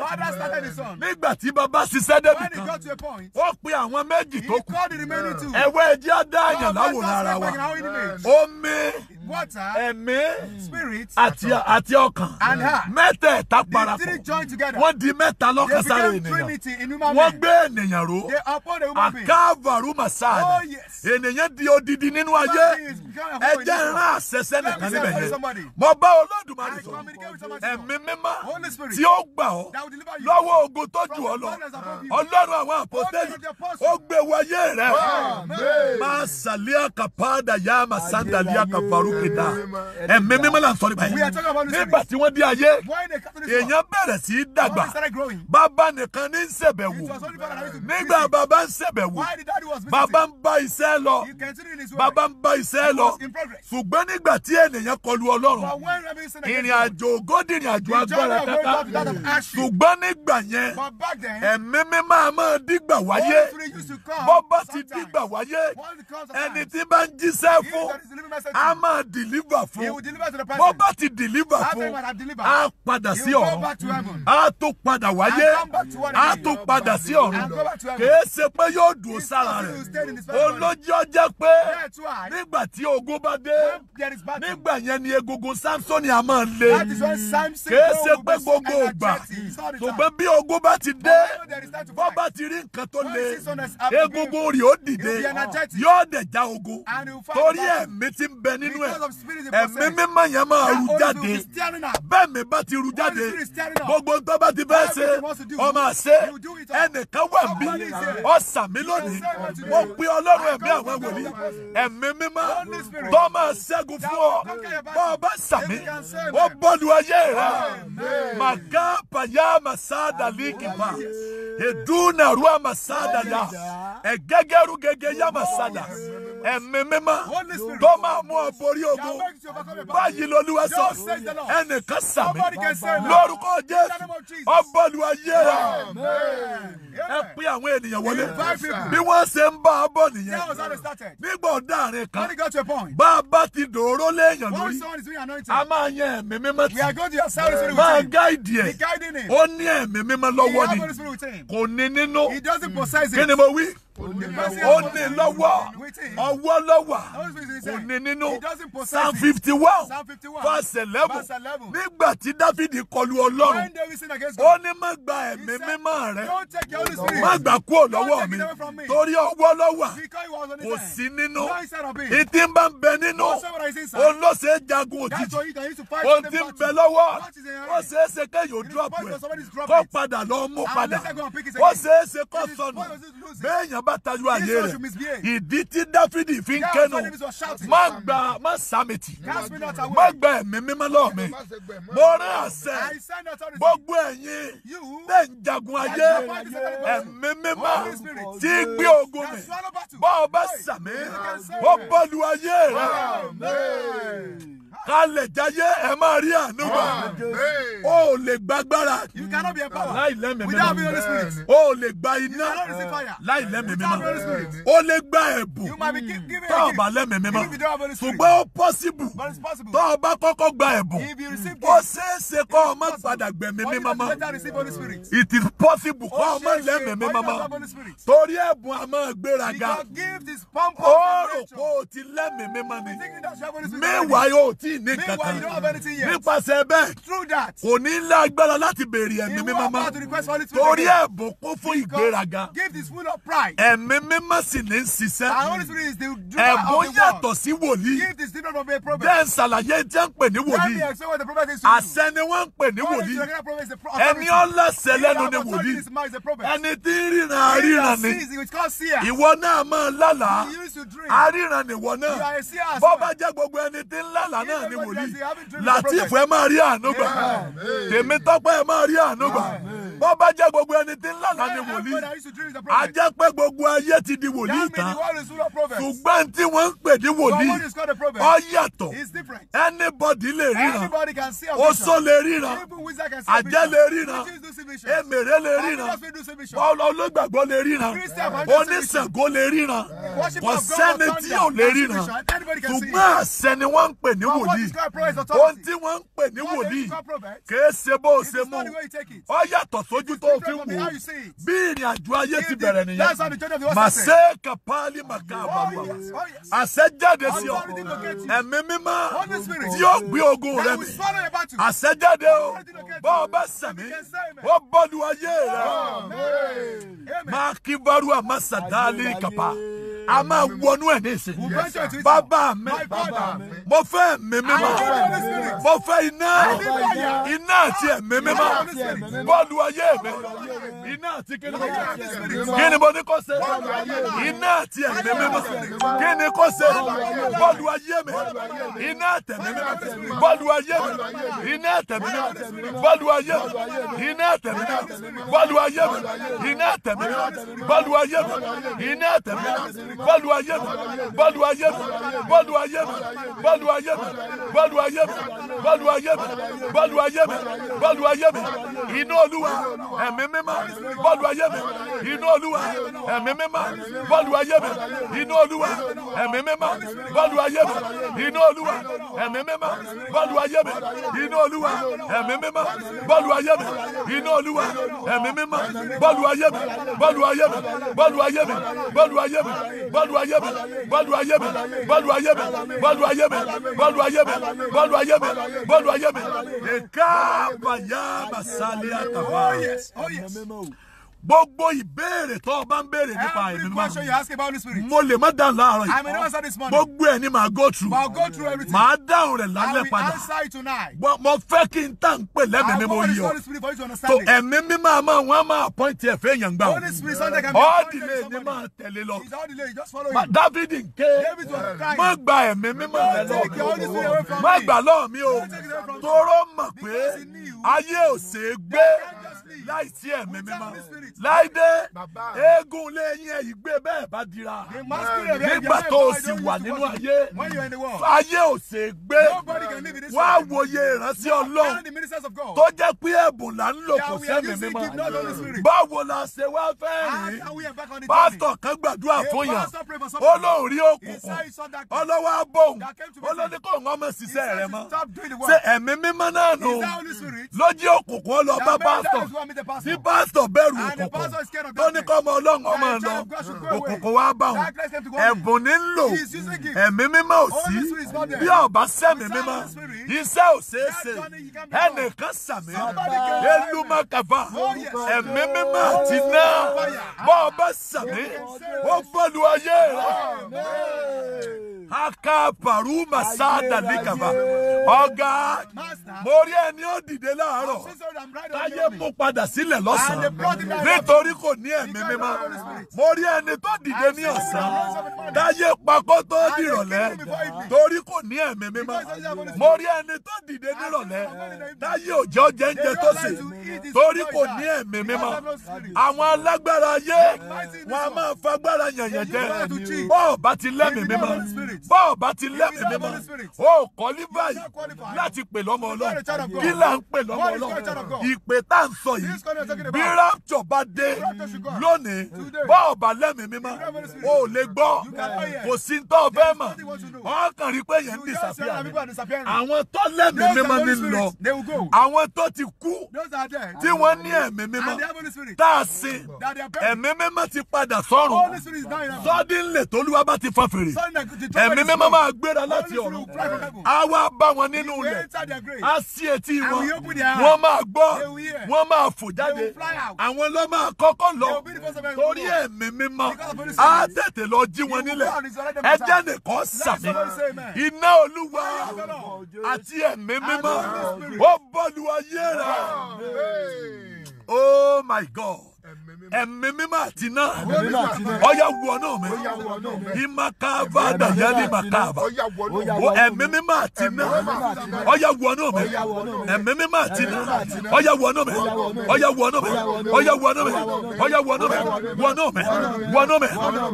nígbà tí bàbá ṣiṣẹ́ débi kan. ó pe àwọn méjì tó kù. ẹ̀wẹ́ ẹjẹ́ á dá àyàn láwòrán ara wa. omi water, spirit, àti àti ọkàn. And heart. Mẹ́tẹ̀ẹ̀ta parapọ̀. The together. Wọ́n di mẹ́ta lọ́kàn sára ènìyàn. They became trinity in human being. Wọ́n gbé ènìyàn ró. They upon a human being. Àkàvàrú màsáàdà. Oh yes. Ènìyàn di odidi nínú ayé. Ẹ jẹ́ ìran àṣẹṣẹ́ nìkan níbẹ̀ yẹn. Mo bá Olódùmarè sọ.
Ẹ̀mí mímọ́ tí ó gbà ọ́ lọ́wọ́
ogun tó jù ọ́ lọ. Ọlọ́run àwọn àpọ́tẹ́lì ó gbé wáyé rẹ̀. Máa sàlẹ́ àkàpáàdà yá màsáńdàlẹ́ àkàfàrú kìtà ẹ̀mí mímọ́ là ń sọ nípa yẹn nígbà tí wọ́n di ayé èèyàn bẹ̀rẹ̀ sí í dàgbà bàbá nìkan ní ń ṣẹ̀bẹ̀ wò nígbà bàbá ń ṣẹ̀bẹ̀ wò
bàbá ń bá iṣẹ́ lọ bàbá ń bá iṣẹ́ lọ
ṣùgbọ́n nígbà tí ènìyàn kọlu ọlọ́run ìrìn àjò ògódì ìrìn àjò agbára kẹta ṣùgbọ́n nígbà yẹn ẹ̀mí mímọ́ a máa dígbà wáyé bọ́bá ti dígbà wáyé ẹni tí bá ń jíṣẹ́ fún a máa deliver fún. he will deliver to the person. bó ti deliver fún. a padà sí ọ̀run. a tó padà wáyé. a tó padà sí ọ̀run. kìí ṣe pé yóò dùn sára rẹ̀. olójó jẹ́ pé nígbà tí ogun bá dé. nígbà yẹn ni egungun samson a máa le. kìí ṣe pé gbogbo ògbà. ṣùgbọ́n bí ogun bá ti dé. bó bá ti rí nǹkan tó le. egungun rẹ̀ ó dìde. yóò dẹ̀ já ogun.
torí ẹ̀mí ti ń bẹ nínú ẹ̀ ẹ̀mí mímọ́ yẹn máa ru jáde
bẹ́ẹ̀ mi bá ti ru jáde gbogbo tó bá ti fẹ́ ṣe ọmọ àṣẹ ẹnìkan wà mí ọ̀sà mi lónìí mo pe ọlọ́run ẹ̀mí àwọn wòlíì ẹ̀mí mímọ́ tó máa ṣẹ́gun fún ọ bọ́ ọ bá sàmí ó bọ́lu ayé rẹ màgá pàyà màsá dàlíkì pa èdúnàrú àmàsá dàlá ẹ̀gẹ́gẹ́rú gẹ́gẹ́ yá màsá dà ẹ̀mí mímọ́ tó máa mú ọ borí ogun báyìí lolúwa sọ ẹnìkan sàmì lórúkọ jésù ọbọlùwà yẹra ẹ pín àwọn ènìyàn wọlé bí wọ́n ṣe ń bá a bọ̀ nìyẹn nígbà ọ̀daràn kan bá a bá ti dòró léèyàn lórí a máa yan ẹ̀mí mímọ́ tí máa gáìdì ẹ̀ ó ní ẹ̀mí mímọ́ lọ́wọ́ ni kò ní nínú kí ni mo wí
ó ní lọ́wọ́
ọwọ́ lọ́wọ́ ó ní nínú psalm fifty one verse eleven nígbà tí dáfídì kọlu ọlọ́run ó ní má gba ẹ̀mí mímọ́ rẹ má gbà kúrò lọ́wọ́ mi torí ọwọ́ lọ́wọ́
kò sí nínú ìdí bá ń bẹ nínú òun ló ṣe é jagun òjijì òun ti ń bẹ lọ́wọ́ ó
ṣe é ṣe kéèyàn drop rẹ kó padà lọ́ọ́ mú padà ó ṣe é ṣe kó sọnù bẹ́ẹ̀ yàn bá bá tajú ayé rẹ̀ ìdí tí dáfídì fi ń kẹ́nu má gba má sàmìtì má gba ẹ̀mí mímọ́ lọ́ọ̀ mi
mo rán àṣẹ
gbogbo ẹ̀yin tẹ̀ ń jagun ayé ẹ̀mí mímọ́ tí gbé ogun mi bọ́ọ̀ bá sàmì ó bọ́lu ayé rẹ̀ kálẹ̀ jayé ẹ máa rí àánú gbà. o ò lè gbàgbára láì lẹ́mìí mímọ́. o ò lè gba iná láì lẹ́mìí mímọ́. o lè gba ẹ̀bùn tó o bá lẹ́mìí mímọ́. ṣùgbọ́n ó pọ́síbù tó o bá kọ́kọ́ gba ẹ̀bùn. ó ṣeé ṣe kó o má padà gbẹ̀mí mímọ́ mọ́. it is possible kó o má lẹ́mìí mímọ́ mọ́. torí ẹ̀bùn a máa gbéraga. ó rò pé o ti lẹ́mìí mímọ́ ni. mẹ́wàá yóò ti tí ì ní kankan nípasẹ̀ bẹ́ẹ̀ kò ní lágbára láti béèrè ẹ̀mí mímọ́ mọ́ torí ẹ̀bùn kún fún ìgbéraga ẹ̀mí mímọ́ sì ní ṣiṣẹ́
ẹ̀bùn yàtọ̀
sí wòlíì bẹ́ẹ̀ ṣàlàyé jẹ́ ń pè ní wòlíì àṣẹ ni wọ́n ń pè ní wòlíì
ẹni ọlọ́sẹ̀ lẹ́nu ni wòlíì
ẹni tí ń ríran ríran ni ìwọ náà máa lálàá
aríran nìwọ náà
bọ́ bá jẹ́ gbogbo ẹni tí ń lálàá náà náà ni wòlíì látìfù ẹ máa rí àánú tèmi tọ́pẹ́ ẹ máa rí àánú bó bá jẹ́ gbogbo ẹni tí ń ni wòlíì a jẹ́ pé gbogbo ayé ti di wòlíì tán ṣùgbọ́n tí wọ́n ń pè ní wòlíì ó yàtọ̀ anybody lè ríran
oṣó lè ríran àjẹ́ lè ríran èmèrè lè ríran
olùgbàgbọ́ lè ríran oníṣègùn lè ríran kò sẹ́ni tí ò lè ríran ṣùgbọ́n àṣẹ ni wọ́n ń pè ní wòlíì wòlíì mm. ohun tí wọ́n ń pè ní wòlíì kìí ṣe bó o ṣe mú ọ yàtọ̀ sójú tó fi wò ó bí ìrìn àjò ayé ti bẹ̀rẹ̀ nìyẹn mà ṣe kàpáálí màkà àbàbà oh, oh, àṣẹ jáde sí ọ ẹ̀mí mímọ́ tí ó gbé ogun rẹ mi
àṣẹ jáde o
bọ́ ọ bá sẹ̀mí ó bọ́lu ayé rẹ máa kí bárú àmásàdálì kàpá a máa wọnú ẹ̀ ní ìsìn bàbá mi mo fẹ́ ẹ̀mí mímọ́ mo fẹ́ iná iná àti ẹ̀mí mímọ́ bọ́ọ̀lù ayé mi iná àti kíni kò ṣe kíni mo ní kò ṣe iná àti ẹ̀mí mímọ́ kíni kò ṣe bọ́ọ̀lù ayé mi iná àtẹ̀mí mímọ́ bọ́ọ̀lù ayé mi iná àtẹ̀mí mímọ́ bọ́ọ̀lù ayé mi iná àtẹ̀mí mímọ́ bọ́ọ̀lù ayé mi iná àtẹ̀mí mímọ́ bọ́ọ̀lù ayé mi iná àtẹ̀mí mímọ́ bọ́ọ̀lù ayé mi bọ́ọ̀lù ayé mi bọ́ọ̀lù ayé mi bọ́ọ̀lù ayé mi bọ́ọ̀lù ayé mi bọ́ọ̀lù ayé mi bọ́ọ̀lù ayé mi bọ́ọ̀lù ayé mi iná olúwa ẹ̀mí mímọ́ bọ́ọ̀lù ayé mi iná olúwa ẹ̀mí mímọ́ bọ́ọ̀lù ayé mi iná olúwa ẹ̀mí mímọ́ bọ́ọ̀lù ayé mi iná olúwa ẹ̀mí mímọ́ bọ́ọ̀lù ayé mi iná olúwa ẹ̀mí mímọ́ bọ́ọ̀lù ayé mi iná olúwa ẹ̀mí mímọ́ bọ́ọ̀lù ayé mi bọ́ọ̀lù ayé mi bọ́ọ̀lù ayé mi bọ́ọ̀lù ayé mi bọ́ọ̀lù ayé mi bọ́ọ̀lù ayé mi bọ́ọ̀lù ayé mi bọ́ọ̀lù ayé mi bọ́ọ̀lù ayé mi bọ́ọ̀lù ayé mi bọ́ọ̀lù ayé mi. Eka bayaba saliata ba. Oh yes, oh yes gbogbo ìbéèrè tó o bá ń béèrè nípa ẹ̀mí mímọ́ mo lè má dáhùn láàárọ̀ yìí gbogbo ẹ̀ ni màá go through màá dáhùn rẹ̀ lálẹ́ padà mo fẹ́ kí n tà ń pè lẹ́mìí mímọ́ yìí o tó ẹ̀mí mímọ́ àmọ́ wọn á máa appoint ẹ̀ fẹ́ yàn gbà o ọ́dìlẹ̀ ni máa tẹ̀lé lọ Dáfídì ń má gba ẹ̀mí mímọ́ rẹ̀ lọ má gbà lọ́ọ̀ mi o toró mọ̀ pé ayé ò gbé láì sí ẹ̀mí mímọ́ láìdé eégún lẹ́yìn ẹ̀yìn gbé bẹ́ẹ̀ bá dira nígbà tó o sì wà nínú ayé ayé ò ṣe gbé wá wòye ìránṣẹ́ ọlọ́run tó jẹ́ pé ẹ̀bùn là ń lò kò sẹ́mi mímọ́ báwo la ṣe wá fẹ́ rìn pásítọ̀ kan gbàdúrà fún yàn ó lóun rí òkùnkùn ọlọ́wọ́ abóhùn ó ló ń ọmọ ṣiṣẹ́ rẹ mọ́ ṣe ẹ̀mí mímọ́ náà nù lójú òkùnkùn ó bá pásítọ̀. The pastor bẹ̀rù òkùnkùn tó ní kọ́ ọmọ ọlọ́run ọmọ lọ òkùnkùn wá bá wọn ẹ̀bùn ní lò ẹ̀mí mímọ́ ò sí bí ọ̀bá sẹ́mi mímọ́ iṣẹ́ ò ṣeé ṣe ẹnìkan sàmì elúmọ kàfà ẹ̀mí mímọ́ oh, àti náà bọ́ sàmì ó bọ́lu ayé
rẹ̀
aka paru masada nikaba ọ̀gá mo rí ẹni ó dìde láàárọ̀ táyé mú padà sílẹ̀ lọ́sàn-án nítorí kò ní ẹ̀mí mímọ́ mo rí ẹni tó dìde ní ọ̀sán táyé papọ̀ tó dìrọ̀lẹ́ torí kò ní ẹ̀mí mímọ́ mo rí ẹni tó dìde nírọ̀lẹ́ táyé òjò jẹ́ńjẹ tó sè torí kò ní ẹ̀mí mímọ́ àwọn alágbára ayé wọn a máa fagbára yànyàn bọ́ọ̀ bá ti lẹ́mìí mímọ́ bọ́ọ̀ bá ti lẹ́mìí mímọ́ ó kọ́ ní
báyìí
láti pè lọ́mọ ọlọ́run kí là ń pè lọ́mọ ọlọ́run ìpè tá à ń sọ
yìí bí rapture
bá dé lónìí bọ́ọ̀ bá lẹ́mìí mímọ́ ó lè gbọ́ kò sí tó fẹ́ mọ̀ ọkàn rí pé yẹn ń disappear àwọn tó lẹ́mìí mímọ́ ní lọ àwọn tó ti kú
tí wọ́n ní ẹ̀mí mímọ́ tá a sin ẹ̀mí
mímọ́ ti padà sọ́run
sọ́dínlẹ̀
tólúwa bá ti fa fèrè ẹ̀mí ẹ̀mí mímọ́ máa gbéra láti ọ̀run
á wá bá wọn nínú ilẹ̀ á
sí etí wọn wọ́n máa gbọ́ wọ́n máa fò jáde àwọn lọ́ máa kọ́kọ́ lọ torí ẹ̀mí mímọ́ á tètè lọ jí wọn nílẹ̀ ẹjẹ́ nìkan sàmì iná olúwa àti ẹ̀mí mímọ́ ó bọ́lu ayé rẹ̀. Oh my God ẹ̀mí mímọ́ àti náà ọ̀yà wọ náà mi ìmàkàvà dàyẹ́lì màkàvà ẹ̀mí mímọ́ àti náà
ọ̀yà wọ náà mi
ẹ̀mí mímọ́ àti náà ọ̀yà wọ náà mi ọ̀yà wọ náà mi ọ̀yà wọ náà mi ọ̀yà wọ náà mi wọ náà mi wọ náà mi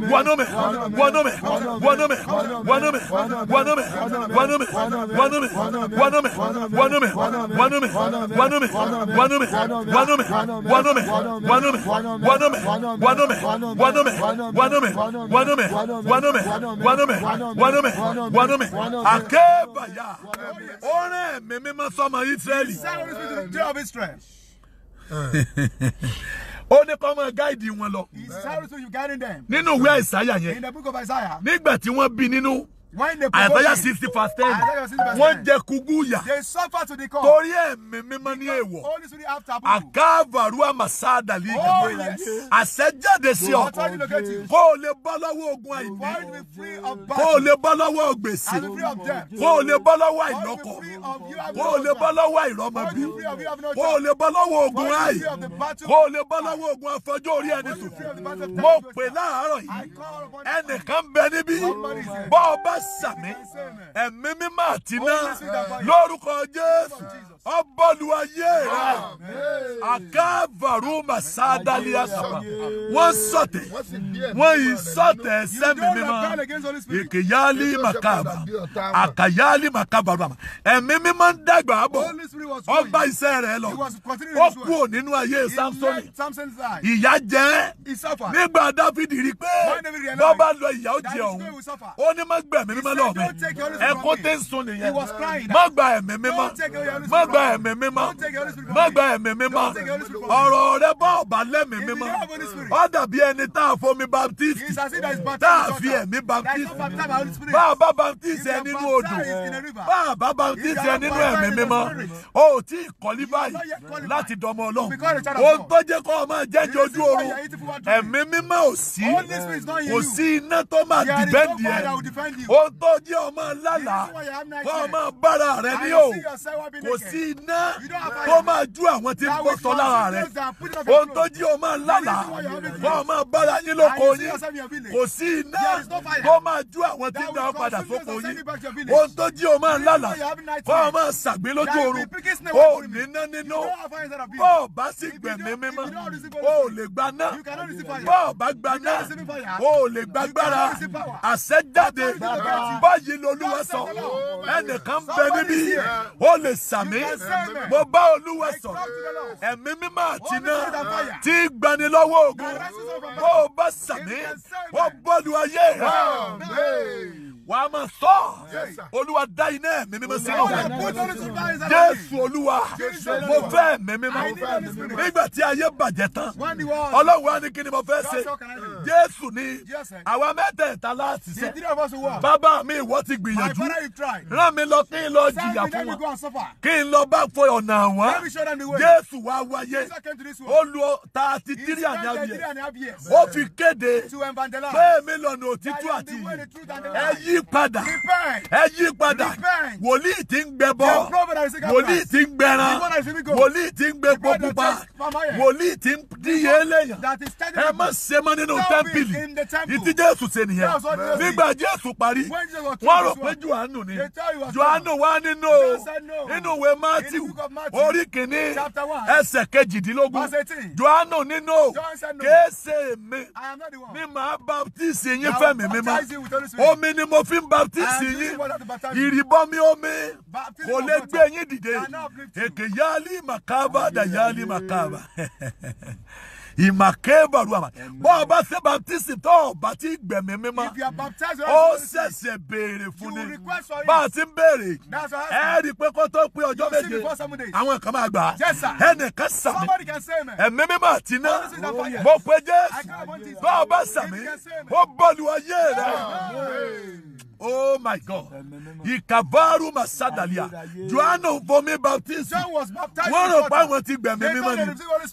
wọ náà mi wọ náà mi wọ náà mi wọ náà mi wọ náà mi wọ náà mi wọ náà mi wọ náà mi wọ náà mi wọ náà mi wọ náà mi wọ náà mi wọ náà mi wọ náà mi wọ náà mi wọ náà mi wanome wanome wanome wanome wanome wanome wanome wanome wanome akebaya ọrẹ mímímọ sọmọ israeli. ó ní kọ́ mọ gáìdì wọn lọ.
nínú ìwé àìsáyà yẹn
nígbà tí wọ́n bí nínú
àyàtọ̀yà sixty past ten wọ́n jẹ kúgbú yà
torí ẹ̀mí mímọ́ ní èèwọ̀ àgáàbàrú àmàsáàdà lìgbà oh, àṣẹjáde sí ọkọ kó o lè bọ́ lọ́wọ́ ogun
àìní kó o lè bọ́
lọ́wọ́ gbèsè
kó o lè bọ́ lọ́wọ́ àìlọ́kọ kó o lè bọ́ lọ́wọ́ àìrọ́mọbí kó o lè
bọ́ lọ́wọ́ ogun ráàyè kó o lè bọ́ lọ́wọ́ ogun afọjọ́ orí ẹni tuntun mo pè láàárọ̀ yìí ẹnìkan bẹ níbí bọ́ọ̀ bá wá sàmì ẹ̀mí mímọ́ àti náà lórúkọ jésù ọbọ̀lùwà yé rẹ̀ àkàvàrú màsádàlì àkàbà wọ́n sọ̀tẹ̀ wọ́n yìí sọ̀tẹ̀ ẹ̀sẹ̀ mi mímọ́
ìkìyálì màkàbà
àkàyálì màkàbà rẹ̀ ẹ̀mí mímọ́ ń dàgbà bọ̀ ọba iṣẹ́ rẹ̀ lọ ó kú ò nínú ayé samsoni ìyà jẹ́ nígbà dáfídì rí pé bọ́ bá lọ ìyà ó jẹ òun ó ní má gbẹ̀mí ẹ̀mí mímọ́ lọ mi ẹ̀kọ́ tẹ́ ń sun nìyẹn má gba ẹ̀mí mímọ́ má gba ẹ̀mí mímọ́ má gba ẹ̀mí mímọ́ ọ̀rọ̀ rẹ bá ọ̀bà lẹ́mí mímọ́ ó dàbí ẹni tá a fomi baptist tá a fi ẹ̀mí baptist bá a bá baptist ẹ nínú odò bá a bá baptist ẹ nínú ẹ̀mí mímọ́ o ò tí ì kọ́lí báyìí láti dọmọ ọlọ́run ohun tó jẹ́ kó o máa jẹ́ jojú oorun ẹ̀mí mímọ́ ò sí kò sí iná tó máa dìbẹ́ndì ẹ̀ ó tó jẹ́ ọmọ lálà kó ọmọ bára rẹ ní o kò sí iná tó máa ju àwọn tí ń bọ́ sọ lára rẹ ó tó ọmọ lálà kó ọmọ bára yín lóko yín kò sí iná
tó máa ju àwọn tí ń dá padà sóko yín ó tó ọmọ lálà kó ọmọ sàgbé lójú oorun ó níná
nínú bó bá sì gbẹ̀mí mímọ́ ó lè gba náà
bó bá gba náà ó lè gbagbára
àṣẹ jáde. Ah. báyìí lolúwa sọ ẹnìkan bẹ níbí ó lè sàmí mo bá olúwa sọ ẹ̀mí mímọ́ àti náà tí gbanilọ́wọ́ ogun bó o bá sàmí ó bọ́ọ̀lù ayé rẹ wàá ma sọ olúwa dá iná ẹ̀mí mímọ́ sínú wa
jésù olúwa mo fẹ́
ẹ̀mí mímọ́ nígbà tí ayé bàjẹ́ tán
ọlọ́run á ní kí
ni mo fẹ́ ṣe jésù ni àwa mẹ́tẹ̀ẹ̀ta láti ṣe bàbá mi ìwọ ti gbìyànjú rán mi lọ kí n lọ jìyà fún wa kí n lọ bá fọ ọ̀nà àwọn jésù wa wáyé ó lu thirty three and a half years ó fi kéde pé mi lọ́nà òtítọ́ àti ẹ yí padà ẹ yí padà wòlíì tí ń gbẹ bọ́ wòlíì tí ń gbẹran wòlíì tí ń gbẹ gbọ́ pupa wòlíì tí ń díye lẹ́yìn ẹ má ṣe mọ́ nínú tẹ́ tẹ́ḿpìlì ìtí jésù ṣe nìyẹn nígbà jésù parí wọ́n rò pé johannu ni johannu wá nínú nínú ìwé matthew orí kìíní ẹsẹ̀ kejìdínlógún johannu nínú kéésè mi mi máa baptisi yín fẹ́mi mi ma omi ni mo fi ń baptisi yín ìrìbọmi omi kò lè gbé yín dìde èkè yálì màkàbà dà yálì màkàbà. [LAUGHS] ìmàkẹ́bà ruama bọ́ ọ bá ṣe baptisi tọ́ ọ bá ti gbẹ̀mí mímá ó ṣẹ̀ṣẹ̀ béèrè fún ni bá a ti béèrè ẹ rí i pé kó tó pé ọjọ́ méje àwọn kan máa gbà ẹnìkan sàmì ẹ̀mí mímá àti iná mo pe Jésù bọ́ ọ bá sàmì ó bọ́ọ̀lù ayé rẹ. Oh my God. Ìkàbárù Màsádàlíà. Jòhánù bomi baptist. Wọ́n rò pé àwọn ti gbẹ̀mí mímọ́ ni.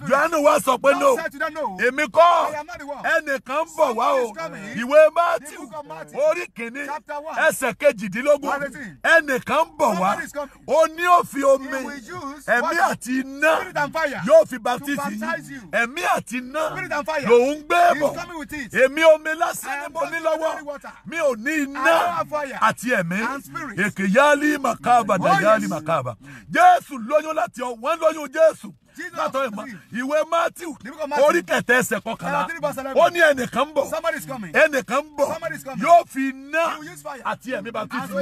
Jòhánù wá sọ pé no. Èmi kọ́ ẹnìkan ń bọ̀ wá o. Ìwé Mátíù orí kìíní ẹsẹ̀ kejìdínlógún. Ẹnìkan ń bọ̀ wá. O ní ó fi omi ẹ̀mí àti iná yóò fi baptist yìí. Ẹ̀mí àti iná lòún gbé bọ̀. Èmi omi lásán ni mo ní lọ́wọ́. Mi ò ní na àti ẹ̀mí èkè yálì màkàbà oh, dàyálì màkàbà jésù lóyún láti ọ wọn lóyún jésù látọ̀ ìmọ̀ ìwé matthew
orí kẹtẹ ẹsẹ̀ kọkànlá ó ní
ẹnìkan ń bọ̀ ẹnìkan ń bọ̀ yóò fi iná
àti ẹ̀mí baptisi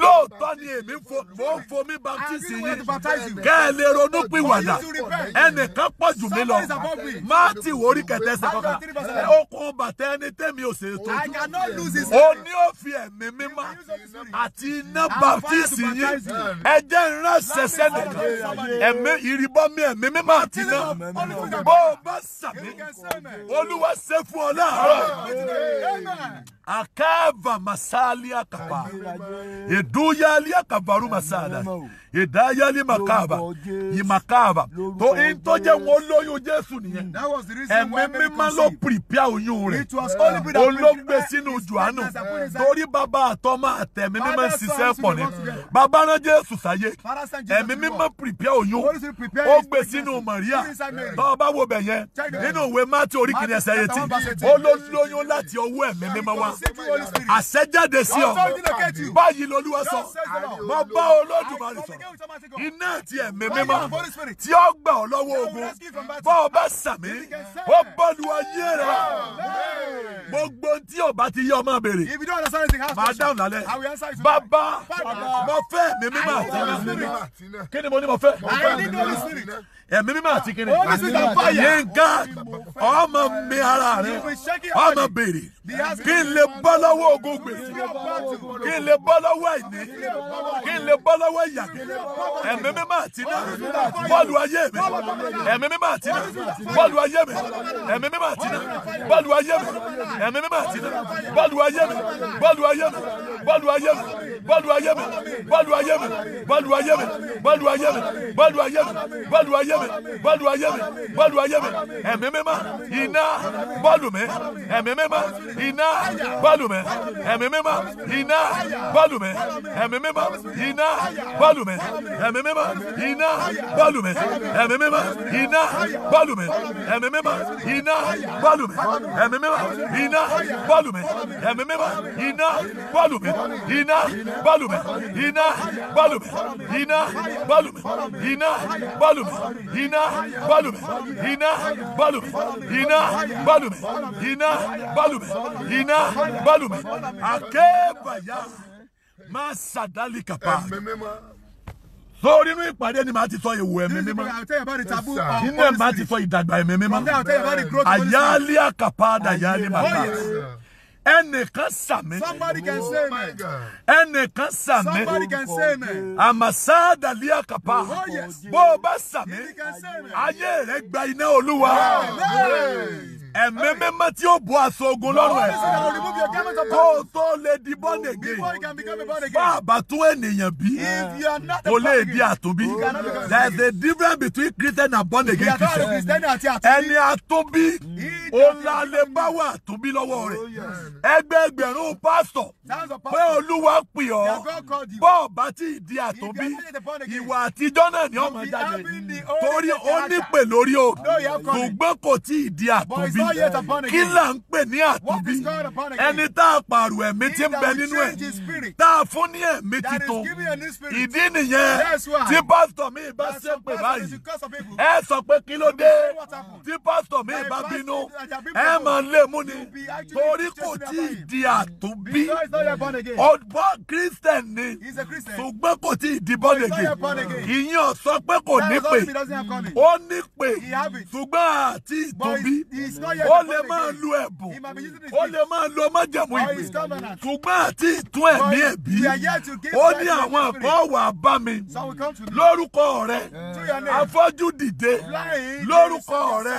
lóòótọ́
ni èmi ń fomi baptisi yìí kẹ́ ẹ lè ronú pìwàdà ẹnìkan pọ̀ jù mí lọ matthew orí kẹtẹ ẹsẹ̀ kọkànlá okun bàtẹ ẹni tẹ́mi ò ṣe tójú ó ní ó fi ẹ̀mí mímọ́ àti iná baptisi yìí ẹ jẹ́ ìránṣẹ́ sẹ́nìkan ẹ̀mí ìrìbọ́mí ẹ̀mí mímọ́ àti iná bó o bá sàmì olúwa ṣe fún ọ
láàárọ̀
akava masalia kapa eduyali akavaru masala edayali makava imakava tó ń tó jẹ́ wọn lóyún jésù nìyẹn ẹ̀mí mímọ́ ló pìrìpìà oyún rẹ̀ olóògbé sínú johannu torí bàbá àtọ́mọ àtẹ̀mí mímọ́ ń ṣiṣẹ́ pọ̀ ní bàbá rán jésù sáyé ẹ̀mí mímọ́ pìrìpìà oyún ó gbé maria tó o wo bẹ̀ yẹn nínú ìwé mátí orí kìnìún ẹsẹ̀ yẹtì ó ló lóyún láti ọwọ́ àṣẹjáde sí ọ báyìí lolúwa sọ mo bá olódùmarè sọ̀rọ̀ iná ti ẹ̀mí mímọ́ tí ó gbà ọ́ lọ́wọ́ ogun bọ́ ọ bá sàmì ó bọ́lu ayé rẹ gbogbo tí o ti yé ọmọ béèrè máa dáhùn lálẹ́ bàbá mo fẹ́ ẹ̀mí mímọ́ kí ni mo ní mo fẹ́ ẹ̀mí mímọ́ àti kíni yínká ọmọ mi ara rẹ ọmọ béèrè kí n lè bọ́ lọ́wọ́ ogun gbèsè kí n lè bọ́ lọ́wọ́ àìní kí n lè bọ́ lọ́wọ́ ìyàgbé ẹ̀mí mímọ́ àti náà bọ́ọ̀lù ayé mi ẹ̀mí mímọ́ àti náà bọ́ọ̀lù ayé mi ẹ̀mí mímọ́ àti náà bọ́ọ̀lù ayé mi ẹ̀mí mímọ́ àti náà bọ́ọ̀lù ayé mi bọ́ọ̀lù ayé mi bọ́ọ̀lù ayé mi bọ́ọ̀lù ayé mi bọ́ọ̀lù ayé mi bọ́ọ̀lù ayé mi bọ́ọ̀lù ayé mi bọ́ọ̀lù ayé mi bọ́ọ̀lù ayé mi. mi bọ́ọ̀lù ayé mi bọ́ọ̀lù ayé mi ẹ̀mí mímọ́ iná bọ́ọ̀lù me ẹ̀mí ma iná bọ́ọ̀lù me ẹ̀mí ma iná bọ́ọ̀lù me ẹ̀mí ma iná bọ́ọ̀lù me ẹ̀mí ma iná bọ́ọ̀lù me ẹ̀mí ma iná bọ́ọ̀lù me ẹ̀mí ma iná Balu me, ẹ̀mí mímọ́ iná bọ́ọ̀lù mi ẹ̀mí mímọ́ iná Balu me, iná Balu me, iná Balu me, iná Balu me, iná Balu me. hina balùmẹ̀ hina balùmẹ̀ hina balùmẹ̀ hina balùmẹ̀ hina balùmẹ̀ akébàyà máa sàdálì kàpá sórí inú ìpàdé ni màá ti sọ ìwò ẹ̀mí mímọ́ inú ẹ̀ màá ti sọ ìdàgbà ẹ̀mí mímọ́ àyálí àkàpá àdàyálí màkà. Oh somebody can say amen. somebody
can
say amen. àmàsá dàlíà kàpá. Oh, bó o bá sàmì. ayé rẹ gba iná amen ẹ̀mẹ́mẹ́mẹ́ tí ó bọ́ aṣọ ogun lọ́rùn ẹ̀ kó o tó lè di born again bá a bá tún ènìyàn bí kò lè di àtúnbí there is a difference between Christian and born again Christian ẹni àtúnbí ọ̀làlẹ́báwọ̀ àtúnbí lọ́wọ́ rẹ̀ oh, ẹgbẹẹgbẹ̀rún pásítọ̀ pé olúwa pè ọ́ bọ́ọ̀ bá ti di àtúnbí ìwà àtijọ́ náà ni ọmọ jáde torí ó nípè lórí o ṣùgbọ́n kò tí ì di àtúnbí àtúnbí kí là ń pè ní àtúnbí ẹni tá a pààrọ̀ ẹ̀mí tí ń bẹ nínú ẹ̀ tá a fún ní ẹ̀mí titun ìdí nìyẹn tí pásítọ̀ mi bá ṣépè báyìí ẹ sọ pé kí ló dé tí pásítọ̀ mi bá bínú ẹ máa lé mú ni torí kò tí ì di àtúnbí ọgbọ́n kírísítẹ̀n ni ṣùgbọ́n kò tí ì di bọ́ọ̀lẹ̀gẹ̀ ìyẹn ò pé kò ní pè ó ní pè ṣùgbọ́n àti ìtúnbí ó lè máa lu ẹ̀bùn ó lè máa lo májẹ̀mú
ìgbè
ṣùgbọ́n àti ìtún ẹ̀mí ẹ̀bí ó ní àwọn àbọ̀ wà bá mi lórúkọ rẹ afọ́jú dìde lórúkọ rẹ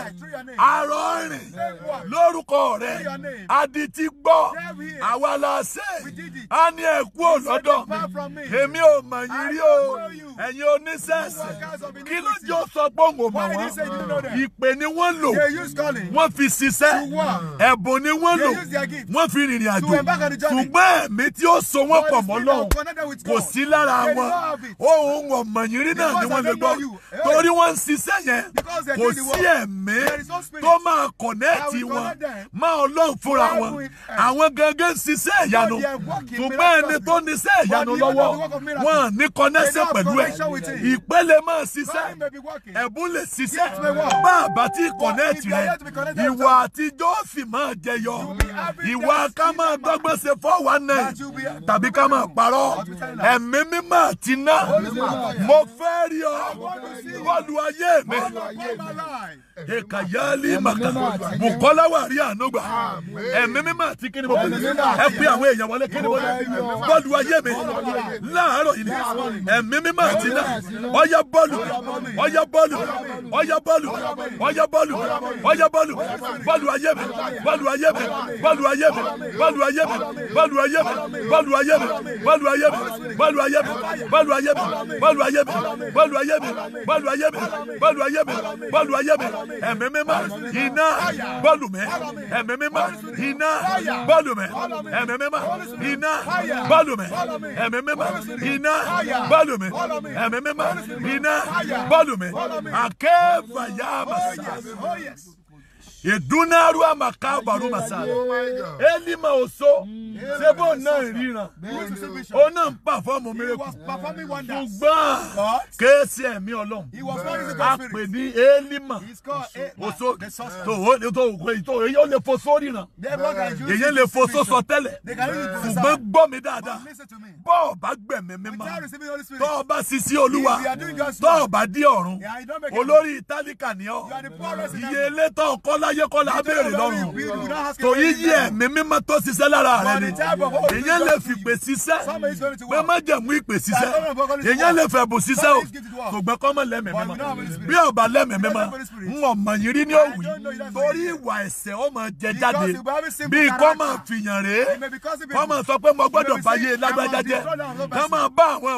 arọ rìn lórúkọ rẹ adití gbọ́
àwa la ṣe
á ní ẹ̀kú ọ̀lọ́dọ̀ mi èmi ò mọ̀ yín rí o ẹ̀yin oníṣẹ́ẹ̀sì kí ló jọ sọ pé òun ò mọ̀ wọ́n ìpè ni wọ́n lò wọ́n fi ṣiṣẹ́ ẹ̀bùn ni wọ́n lò wọ́n fi rìnrìn àjò ṣùgbọ́n ẹ̀mí tí ó so wọ́n pọ̀ mọ́ lọ́hùn kò sí lára wọn ohun ọ̀mọ̀nyìnrín náà ni wọ́n lè gbọ́ torí wọ́n ń ṣiṣẹ́ yẹn kò sí ẹ̀mí tó máa kọ̀nẹ́ẹ̀tì wọn máa ọlọ́run fúnra wọn eh. àwọn gangan ń ṣiṣẹ́ ìyanu ṣùgbọ́n ẹni tó ní iṣẹ́ ìyanu lọ́wọ́ wọn ní kọ́nẹ́sẹ̀ pẹ̀lú ẹ̀ ìpele máa ṣiṣẹ́ ẹ̀bùn lè ṣiṣẹ́ bá àbá tí kọ̀nẹ́ẹ̀tì rẹ̀ ìwà àtijọ́ sì máa jẹyọ ìwà ká máa gbọ́gbọ́n ṣe four one nine tàbí ká máa parọ́ ẹ̀mí mímọ́ àti iná mo fẹ́ rí ọ wọ́n lu ayé mi ekayali makana bukola wari anogba ẹ̀mí mímọ́ àti kíni mo pè é ẹ pé àwọn èèyàn wọlé kíni wọlé bọ́ọ̀lù ayé mi láàárọ̀ yìí ẹ̀mí mímọ́ àti náà ọ̀yá bọ́ọ̀lù ọ̀yá bọ́ọ̀lù ọ̀yá bọ́ọ̀lù ọ̀yá bọ́ọ̀lù ọ̀yá bọ́ọ̀lù bọ́ọ̀lù ayé mi bọ́ọ̀lù ayé mi bọ́ọ̀lù ayé mi bọ́ọ̀lù ayé mi bọ́ọ̀lù ayé mi bọ́ọ̀lù ayé mi bọ́ọ̀lù ayé mi bọ́ọ̀lù ayé mi bọ́ọ̀lù ayé mi bọ́ọ̀lù ayé mi bọ́ọ̀lù ayé mi bọ́ọ̀lù ayé mi bọ́ọ̀lù ayé mi bọ́ọ̀lù ayé mi bọ́ọ̀lù ayé mi. ẹ̀mí mímọ́ iná bọ́lùmẹ́ ẹ̀mí balume. iná bọ́lùmẹ́ ẹ̀mí mímọ́ iná balume. ẹ̀mí mímọ́ iná bọ́lùmẹ́ ẹ̀mí mímọ́ iná ìdúnárú àmàkà bàrú màsà elima oso sebo náà ríran ó náà ń pàfọ́ọ̀mù mẹ́rẹ̀kù
ṣùgbọ́n
kéésì ẹ̀mí ọlọ́run a pè ní elima oso tó èyí ó lè foso ríran èyí lè foso sọ tẹ́lẹ̀ ṣùgbọ́n gbọ́ mi dáadáa bọ́ọ̀ bá gbẹ̀mí mímọ́ tọ́ọ̀ bá sisi olúwa tọ́ọ̀ bá dí ọ̀run olórí ìtálíkà ni ọ́ iye elétọ́ kọ́lá láyé kọ́ la béèrè
lọ́rùn tó yíyí ẹ̀mí
mímọ́ tó ṣiṣẹ́ lára rẹ ni èyàn lè fi pè ṣiṣẹ́ pé má jẹ̀mú ìpè ṣiṣẹ́ èyàn lè fẹ́ bù ṣiṣẹ́ o kò gbẹ́ kọ́ mọ́ lẹ́mìí mímọ́ bí ọba lẹ́mìí mímọ́ ń ọmọ yìí ní òwì torí ìwà ẹ̀ṣẹ̀ ó máa jẹ jáde bí kọ́ máa fìyàn rèé kọ́ máa sọ pé mo gbọ́dọ̀ báyé lágbájá jẹ́ kọ́ bá àwọn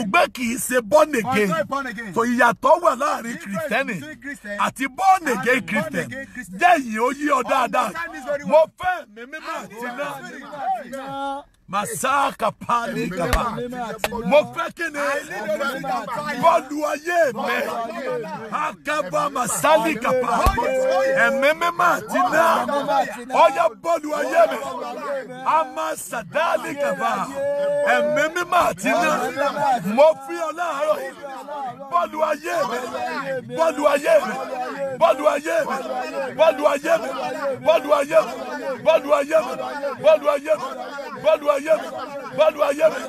ìwà tí is a born again. So ìyàtọ̀ wà láàrin kìrìtẹ́nì
àti born again Christian. Jẹ́ ìyẹn ó yí ọ dáadáa. Mo fẹ́ mi mímọ́ àti náà.
Masaka pani kaba. Mo fẹ́ Akaba masali kaba. Ẹ̀mẹ́mẹ́ máa ti Ọya bọ́ọ̀lù ayé Ama sadali kaba. Ẹ̀mẹ́mẹ́ máa ti Mo fi ọlá àárọ̀ yìí. ayé mi bọ́ọ̀lù ayé mi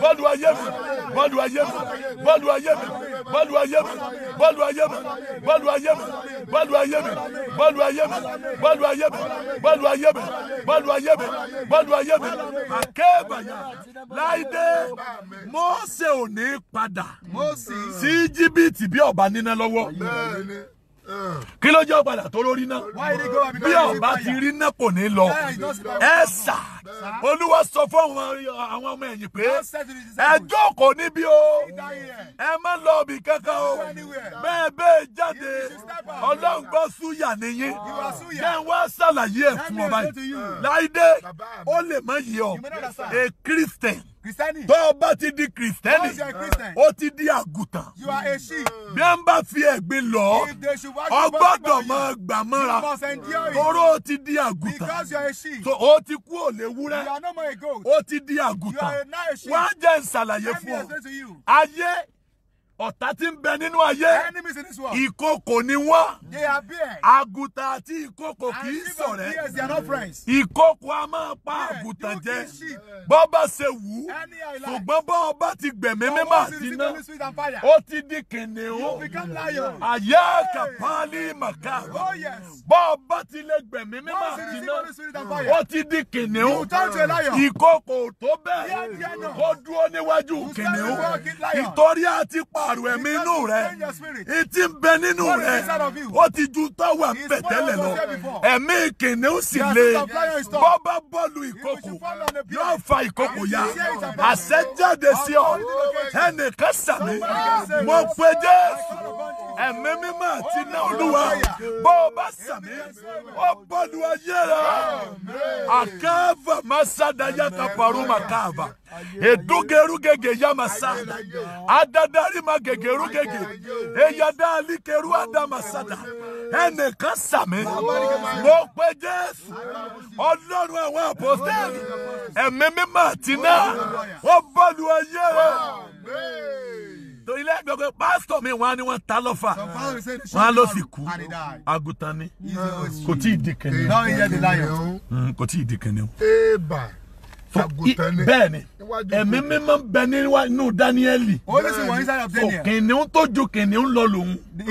bọ́ọ̀lù ayé mi bọ́ọ̀lù ayé mi bọ́ọ̀lù ayé mi bọ́ọ̀lù ayé mi bọ́ọ̀lù ayé mi bọ́ọ̀lù ayé mi bọ́ọ̀lù ayé mi bọ́ọ̀lù ayé láìdé mọ́ọ̀sẹ̀ ò padà sí jìbìtì bí ọba níná lọ́wọ́ kí ló jẹ́ ọ̀padà tó náà bí ọba ti rí náà kò ní lọ ẹ̀ sà olúwa sọ fún àwọn ọmọ ẹ̀yìn pé ẹ jókòó níbí o ẹ má lọ ibì kankan o bẹ́ẹ̀ bẹ́ẹ̀ jáde ọlọ́run súyà nìyí kẹ́ ń wá ṣàlàyé ẹ̀ fún ọba yìí láìdé ó lè má yí ọ a christian tó o bá ti di kristẹni o ti di àgùntàn. bí a ń bá fi ẹ̀gbin lọ ọ mọ gbàmọ́ra toró o ti di àgùntàn o ti kú òléwu ewúrẹ́ o ti di àgùntàn wọ́n á jẹ́ nsàlàyé fún ọ ayé ọ̀tá tí ń bẹ nínú ayé ìkookò ni wọ́n àgùntàn àti ìkookò kì í ṣọ̀rẹ́ ìkookò a máa pa àgùntàn jẹ bó bá ṣe wù ú ṣùgbọ́n bó bá ti gbẹ̀mí mímọ́ àti iná ó ti di kìnìún àyà kàpálí màkà oh, bó bá ti lè gbẹ̀mí mímọ́ àti iná ó ti di kìnìún ìkookò tó bẹ́ẹ̀ ó dúró níwájú kìnìún ìtorí àti pa àrùn ẹ̀mí inú rẹ etí ń bẹ nínú rẹ ó ti ju táwa ń bẹ tẹ́lẹ̀ lọ ẹ̀mí kìnìún sì le bọ́ bá bọ́ọ̀lù ìkòkò yóò fa ìkòkò ya àṣẹ jáde sí ọ ẹnìkan sàmì mo pe Jésù ẹ̀mí mímọ́ àti iná olúwa bó o bá sàmí ó bọ́lu ayé rẹ àkàvà masada yàtà paru makàvà edugerugege yamasada adadari ma gegerugege eyada alikeru adamasada ẹnìkan sàmí mo pe jésù ọlọ́run àwọn àpọ́sítẹ́ẹ̀lì ẹ̀mí mímọ́ àti iná ó bọ́lu ayé rẹ torí lẹ́gbẹ̀ẹ́ pé pásítọ̀ mi wọn ni wọ́n ta lọ́fà wọn ló sì kú àgùntàn ni kò tí ì di kẹ̀nẹ́ o kò tí ì di kẹ̀nẹ́ mm, o. bẹ́ẹ̀ ni ẹ̀mí mímọ́ bẹ nínú dáníẹ́lì kò kìnìún tó ju kìnìún lọ lòun. Hmm.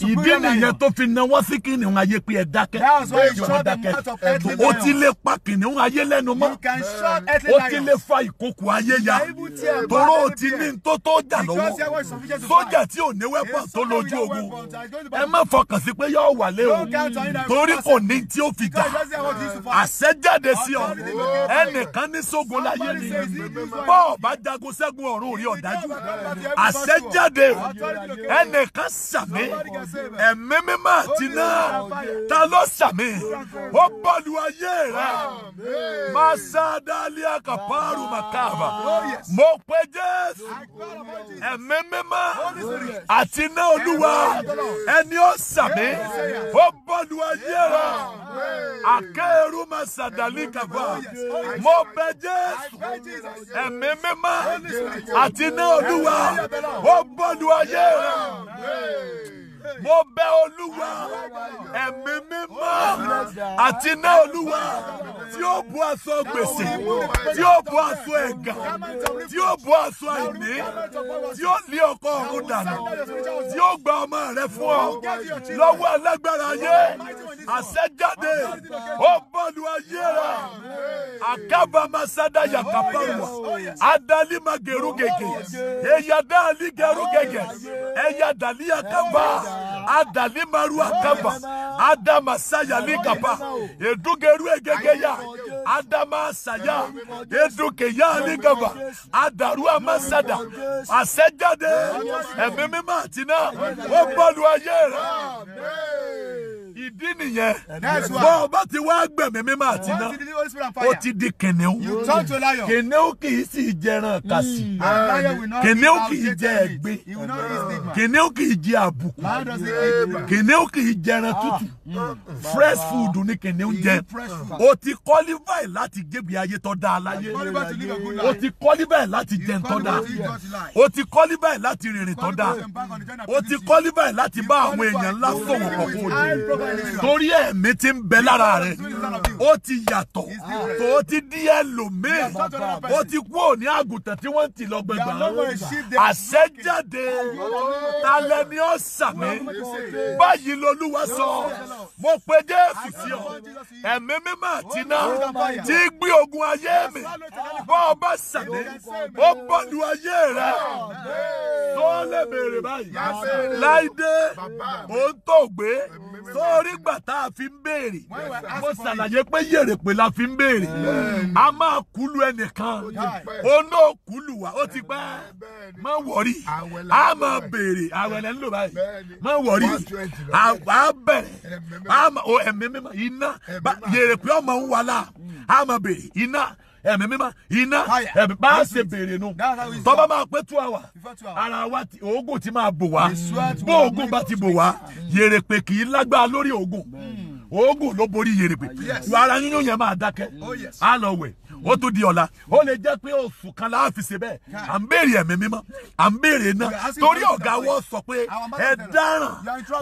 ìdí nìyẹn tó fi náwó sí kìnìún ayé pé ẹ dákẹ́ ìjọba dákẹ́ o ti lè pa kìnìún ayé lẹ́nu mọ́ o ti lè fa ìkokò ayé ya tóró o ti ní tó tó jà lọ́wọ́ sójà tí ò ní wẹ́pọ̀n tó lójú ogun ẹ má fọkàn sí pé yóò wà lé o torí kò ní tí ó fi jà àṣẹjáde sí ọ ẹnìkan ní sógun láyé ni bọ́ọ̀ bá jagun sẹ́gun ọ̀run rí ọ̀dájú àṣẹjáde ẹnìkan sà sàmì ẹ̀mí mímọ́ àti náà ta ló sàmì ó bọ́lu ayé rẹ̀ máa sá dálé àkàpàrù màkàbà oh, mo pe jésù ẹ̀mí mímọ́ àti náà olúwa ẹni ó sàmì ó bọ́lu ayé rẹ̀ àkẹ́rù máa sàdálé kàbà mo bẹ jésù ẹ̀mí mímọ́ àti oh, oh, náà olúwa ó bọ́lu ayé
rẹ̀. Hey.
Mm. mo bẹ̀ olúwa ẹ̀mí mímọ́ àti iná olúwa tí ó bu aṣọ gbèsè tí ó bu aṣọ ẹ̀gà tí ó bu aṣọ àìní tí ó lé ọkọ ọ̀run dànù tí ó gba ọmọ rẹ fún ọ lọ́wọ́ alágbára ayé àṣẹjáde ó bọ́ọ̀lù ayé rẹ àkábàmásádà yàtàpáwà adali ma gèrú gègé ẹ̀yà dáhàlì gèrú gègé ẹ̀yà dàlí adalimaru akaba adama sayali kapa edugeru egegeya adama saya edukeya alikaba adaru amasada àṣẹjáde ẹ̀mí mímọ́ àtiná ó bọ́lu ayé rẹ̀ ìdí nìyẹn bọ́ bá ti wá gbẹ̀mí mímọ́ àti iná ó ti di kìnìún kìnìún kì í sì jẹran kàsì mm. kìnìún kì í jẹ ẹ̀gbin kìnìún kì í jẹ àbùkù
mm.
kìnìún kì í jẹran tútù ah. mm. fresh food ni kìnìún jẹ o ti qualify láti gbèbí ayé tó dáa láyé o ti qualify láti jẹun tó dáa o ti qualify láti rìnrìn tó dáa o ti qualify láti bá àwọn èèyàn ńlá sọ̀rọ̀ pọ̀ kó
o torí
ẹ̀mí ti ń bẹ lára rẹ ó ti yàtọ̀ ó ti di ẹlòmíì ó ti kú òní àgùntàn tí wọ́n ti lọ gbẹgbà àṣẹjáde talẹ̀ ni ó sàmì báyìí lolúwa sọ mo pe jésù sí ọ ẹ̀mí mímọ́ àtiná tí gbé ogun ayé mi bọ́ ọ bá sàmì ó bọ́dù ayé rẹ tó lè béèrè báyìí láìdé mò ń tó gbé tó torí gbà tá a fi ń béèrè mo ṣàlàyé pé yèrèpè la fi ń béèrè a máa kúlù ẹnìkan oná kúlù wa ó ti pẹ́ má wọ̀rí a máa béèrè àwẹ̀lẹ̀ ńlò báyìí má wọ̀rí a bẹ̀rẹ̀ ẹ̀mí mímọ́ iná yèrèpè ọmọ ń wà láà a máa béèrè iná. ẹ̀mí mímọ́ iná ẹ̀mí bá a ṣe béèrè nu tọ́ba máa pé two ara wa oògùn ti máa bò wá bó oògùn bá ti bò wá yèrèpè kì í lágbára lórí oògùn oògùn ló borí yèrèpè ah, ara yíyún yẹn máa dákẹ́ á oh, ó tún di ọ̀la ó lè jẹ́ pé oṣù kan la fi ṣe bẹ́ẹ̀ à ń béèrè ẹ̀mí mímọ́ à ń béèrè iná torí ọ̀gá wọ́n sọ pé ẹ dáràn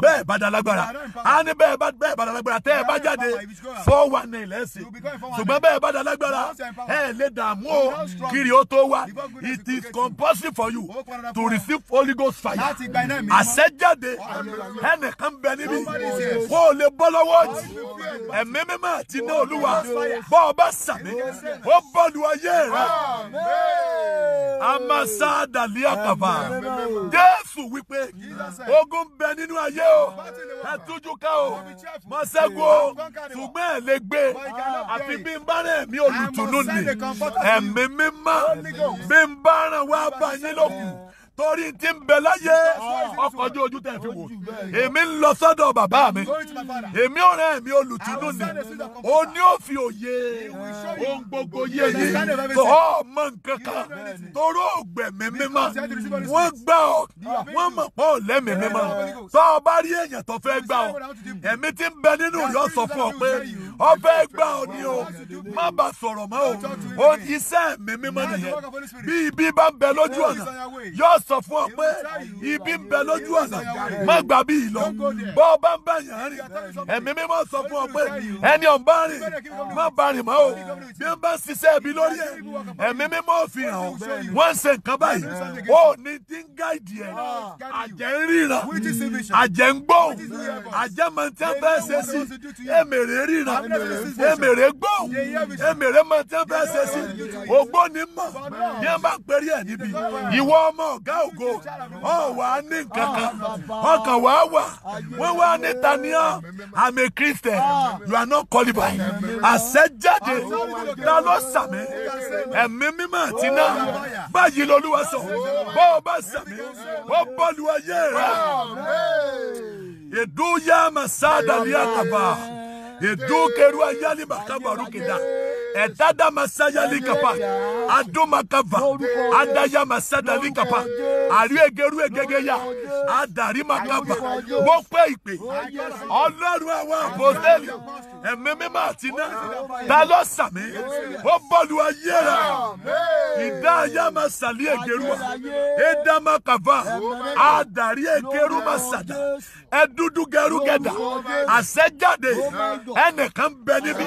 bẹ́ẹ̀ bá dalagbara á ní bẹ́ẹ̀ bá bẹ́ẹ̀ bá dalagbara tẹ́ ẹ bá jáde four one nine lẹ́sìn ṣùgbọ́n bẹ́ẹ̀ bá dalagbara ẹ lè dààmú o kiri ó tó wá it is compulsory for you to receive holy ghost fire àṣẹjáde oh, ẹnìkan bẹ níbí kó o lè bọ́ lọ́wọ́ ẹ̀mí mímọ́ àti ní oh, olúwa bọ́ ọ bá sàmì ó bọ́ọ̀lù ayé rẹ. Amasa Dàlí Àkàbà. Jésù wípé ogun bẹ nínú ayé o, ẹ tújú ká o, mọ ṣẹ́gun o, ṣùgbọ́n ẹ̀ lè gbé. Àfi bí n bá rẹ̀ mí olùtùnú ni, ẹ̀mí mímọ́ bí n bá rẹ̀ wá bá yín lókun torí ti ń bẹ láyé ọkọ̀ ojú ojú tẹ̀ fi wò èmi ń lọ sọ́dọ̀ bàbá mi èmi ọ̀rẹ́ mi olùtúnú ni ó ní ó fi òye ohun gbogbo yé yé tó ọ̀ mọ nǹkan kan toró ògbẹ̀mí mímọ́ wọ́n gbà ọ́ wọ́n mọ̀ pé ò lẹ́mìí mímọ́ tó o bá rí èèyàn tó fẹ́ gbà ọ́ ẹ̀mí ti ń bẹ nínú rẹ̀ sọ fún ọ pé ọ fẹ́ gbà ọ́ ni o má bá sọ̀rọ̀ mọ́ o iṣẹ́ mi mímọ́ nìyẹn bí ibi bá ń bẹ lójú ọ̀nà yóò s sọ fún ọ pé ibi ń bẹ lójú ọ̀nà má gbà bí ìlọ bọ́ ọ bá ń bá yàn rìn ẹ̀mí mímọ́ sọ fún ọ pé ẹni ọ̀ ń bá rìn má bá rìn mọ́ o bí ń bá ṣiṣẹ́ ibi lórí ẹ̀ ẹ̀mí mímọ́ fi hàn wọ́n ṣe nǹkan báyìí ó ní ti ń gáìdì ẹ̀ àjẹ́ ń ríran àjẹ́ ń gbóhùn àjẹ́ máa ń tẹ́ fẹ́ ṣe sí èmèrè ríran èmèrè gbóhùn èmèrè máa ń tẹ́ fẹ́ ṣe sí ògbóni mọ̀ bí wọ́n bá ń ẹ̀ níbi ìwọ ọmọ ọ̀g ọ̀gá ògo ọ̀ wá ní nǹkan kan ah, ọkàn wá wà wọ́n wá níta ní ọ́ I'm a Christian ah. you are not qualified àṣẹjáde ta ló sàmì ẹ̀mí mímọ́ àti náà báyìí lolúwa sọ bọ́ ọ bá sàmì ó bọ́ọ̀lù ayé rẹ̀ ìdúyàmà sáà dàbí àtàbà ìdúkẹrù ayálìbàkàbà orúkẹdà ẹ̀dádá masaya likapa adomakava adaya masada likapa àríegeru egegeya adarimakava mo pé ìpè ọlọ́run àwọn àpòtẹ́lì ẹ̀mí mímọ́ àtiná ta ló sàmì ó ìdá ayá ma sàlí ẹgẹrùmà ẹdá ma kàfà àdàrí ẹgẹrùmà sàdà ẹdúdú gẹrúgẹdà àṣẹjáde oh ẹnìkan bẹ níbí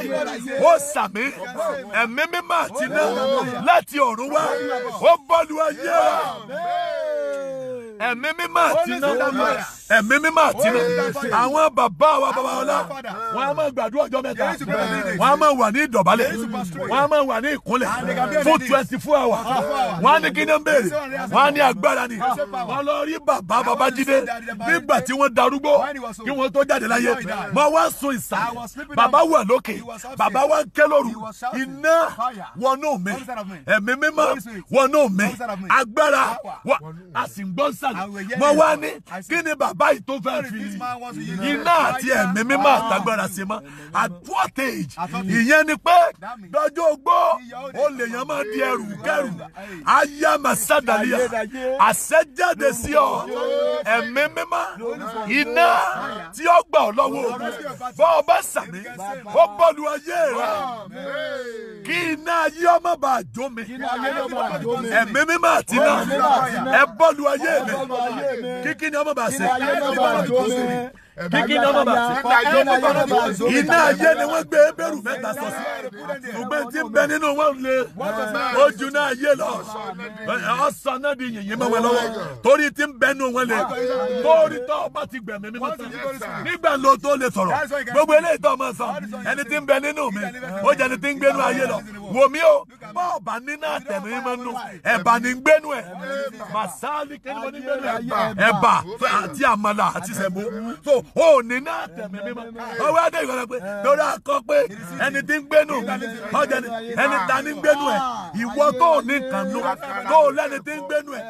ó sàmì ẹ̀mí mímọ́ àti náà oh láti ọ̀run wá ó bọ́lu ayé wa ẹ̀mí mímọ́ àti náà ẹ̀mí mímọ́ àtinú àwọn bàbá wa bàbá ọlá wọn a máa gbàdúrà ọjọ́ mẹ́ta wọn a máa wà ní ìdọ̀bálẹ̀ wọn a máa wà ní ìkúnlẹ̀ fún twenty four hours wọn a ní kíni ń béèrè wọn a ní agbára ni wọn lọ rí bàbá Babájídé nígbà tí wọ́n darúgbó kí wọ́n tó jáde láyé mọ wá sun ìsàlẹ̀ bàbá wà lókè bàbá wa ń kẹ́ lóru iná wọnú mi ẹ̀mí mímọ́ wọnú mi agbára a sì ń gbọ́
sàlẹ̀ mọ wá ní
kí ni bàbá bàbá yìí tó fẹ́
fi iná àti ẹ̀mí mímọ́ àtagbára
ṣe mọ́ at what age ìyẹn ni pé lọ́jọ́ ogbó ó lè yàn máa di ẹrù kẹrù ayé àmàsádàlíyà àṣẹjáde sí ọ ẹ̀mí mímọ́ iná tí ó gbà ọ́ lọ́wọ́ bọ́ ọ bá sàmì ó bọ́lu ayé rẹ kí iná ayé ọmọ bá jó mi ẹ̀mí mímọ́ àti iná ẹ bọ́lu ayé mi kíkí ni ọmọ bá ṣe. Caralho, é é mano.
kíkí ní ọmọ bàbá iná ayé ni
wọ́n gbé ebéèrú mẹ́ta sọ sí ṣùgbọ́n tí bẹ nínú wọn lé ojú náà yé lọ ọsàn náà di yìnyín mọ́wẹ́ lọ́wọ́ torí tí bẹ nínú wọn lé torí tó ọba ti gbẹ̀mí mímọ́ sí nígbà ló tó lè sọ̀rọ̀ gbogbo eléyìí tó ọmọ sọ ẹni tí bẹ nínú mi ó jẹ́ ẹni tí ń gbénu ayé lọ wò mí o bá ọba nínú àtẹ̀mí mímọ́ nù ẹ̀bà ní gbénu ẹ̀ màsáàlì kẹ́ni wọ́n ní gbénu ẹ̀ ẹ̀bà àti àmàlà àti sẹ̀mú tó ò ní náà tẹ̀mí mímọ́ ọwọ́ adé ìwọlọ pé lórí akọ pé ẹni tí ń gbénu ọjà ni ẹni ta ni ń gbénu ẹ ìwọ tó ò ní kàn nú tó ò lẹ́ni tí ń gbénu ẹ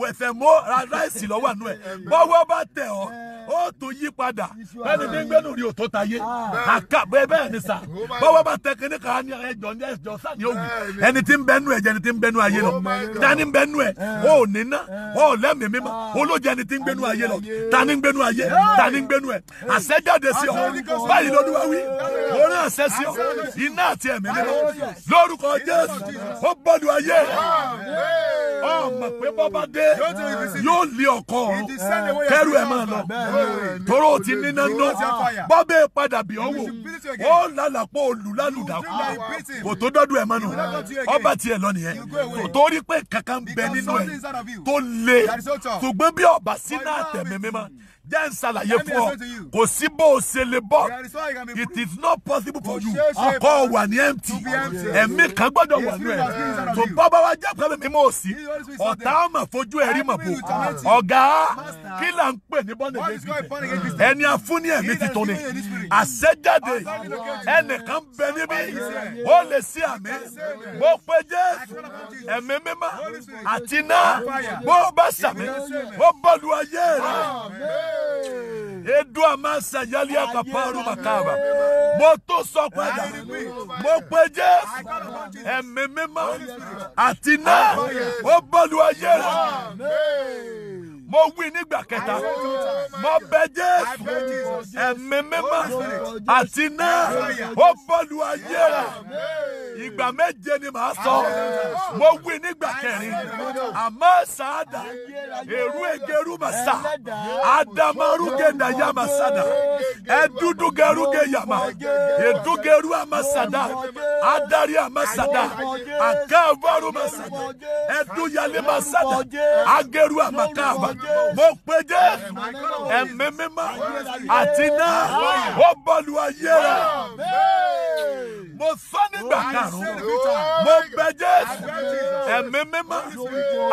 wẹ̀sẹ̀ mọ́ ráìsì lọ́wọ́ àánú ẹ bọ́wọ́ bá tẹ̀ ọ́ ó tún yí padà ẹni tí ń gbénu rí òtó ta yé àká bẹ́ẹ̀ ni sà bọ́wọ́ bá tẹ kíní kan ní ẹjọ́ ní ẹjọ́ sà ní òwú ẹni tí ń bẹnu ẹ jẹ́ ẹni tí ń bẹnu ayé lọ dání ń bẹnu ẹ ó ní ná ó lẹ́mìí mímọ́ olójẹ ẹni tí ń gbénu ayé lọ ta ni ń gbénu ayé lọ tani ń gbénu ẹ àṣẹ jáde sí ọ báyìí lọ́dúnwá wí mo rán àṣẹ sí ọ iná àti ẹ̀mí mímọ́ lórúkọ jésù ó bọ́dù ayé ọmọ pé bọ́bá dé yóò lé ọkọ ọ̀run kẹrù ẹ̀ máa lọ toró ti níná ná bọ́bẹ̀ padà bí ọ wò ó lálàpọ̀ olùlálùdàkú kò tó dọ́dún ẹ̀ mọ́nu ọba tiẹ̀ lọ nìyẹn kò tó rí pé kankan bẹ nínú ẹ̀ tó le ṣùgbọ́n bí ọba sínú àtẹ̀mẹ́mẹ́ máa. Then n ṣàlàyé fún ọ kò sí bó o ṣe lè bọ́ it is not possible for you kọ́ ọ wà ní empty ẹ̀mí kan gbọ́dọ̀ wà nù ẹ̀ tó bọ́ bá wa jẹ́ pẹ́lú mi mọ̀ sí ọ̀tá ọmọ fojú ẹ̀rí mọ̀ bò ọ̀gá kí là ń pè ní bọ́ọ̀nì lẹ́sìn ẹni afúnni ẹ̀mí ti tó ni àṣẹjáde ẹnìkan bẹ níbí ó lè sí àmì mo pe Jésù ẹ̀mí mímọ́ àti náà bó bá sàmì ó bọ́ọ̀lù ayé rẹ̀ edu amasa yali akaparu makaba mo tó sọ padà mo pe jésù ẹ̀mí mímọ́ àti náà ó bọ́lu ayé rẹ̀ mo wí nígbà kẹta mo bẹ jésù ẹ̀mí mímọ́ àti náà ó bọ́lu ayé rẹ̀ ìgbà méje ni màá sọ mo wí nígbà kẹrin àmọ́ sáádà èrú egeru màsà àdàmárúgẹ dàyà màsàdà ẹdúdúgẹrúgẹ yàmà ẹdúgẹrú àmàsàdà adarí àmàsàdà àkàbọrú màsàdà ẹdúyàlẹ màsàdà agẹrú àmàkàbà mo pe Jésù ẹ̀mí mímọ́ àti náà ó bọ̀lù ayé rẹ̀
mo sọ nígbà karùn-ún mo
bẹ jésù ẹ̀mí mímọ́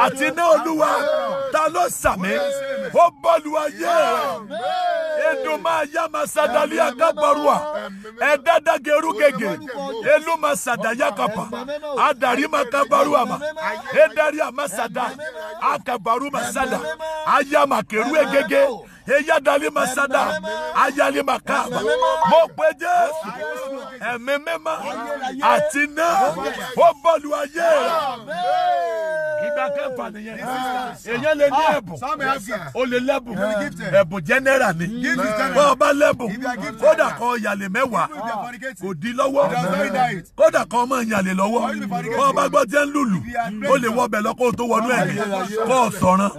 àti iná olúwa ta ló sàmì ó bọ́ọ̀lù ayé rẹ̀ edoma yama sadalia kabarua edada geru gege eluma sadaya kapa adarima kabarua ma edaria masada akabaru masada ayama keru egege eyadali masada ayali makaba mo pe Jésù ẹ̀mí mímọ́ àti náà ó bọ̀lù ayé ìgbà kẹfà nìyẹn èyàn lè ní ẹ̀bùn o lè lẹ́bùn ẹ̀bùn jẹ́nẹ́rà ni bọ́ ọba lẹ́bùn kódà kọ́ yàlè mẹ́wàá kò di lọ́wọ́ kódà kọ́ ọmọ yàlè lọ́wọ́ kọ́ ọba gbọ́ jẹ́ ń ó lè wọ ọbẹ̀ lọ́kọ́ tó wọnú ẹ̀mí kọ́ ọ̀sọ̀ràn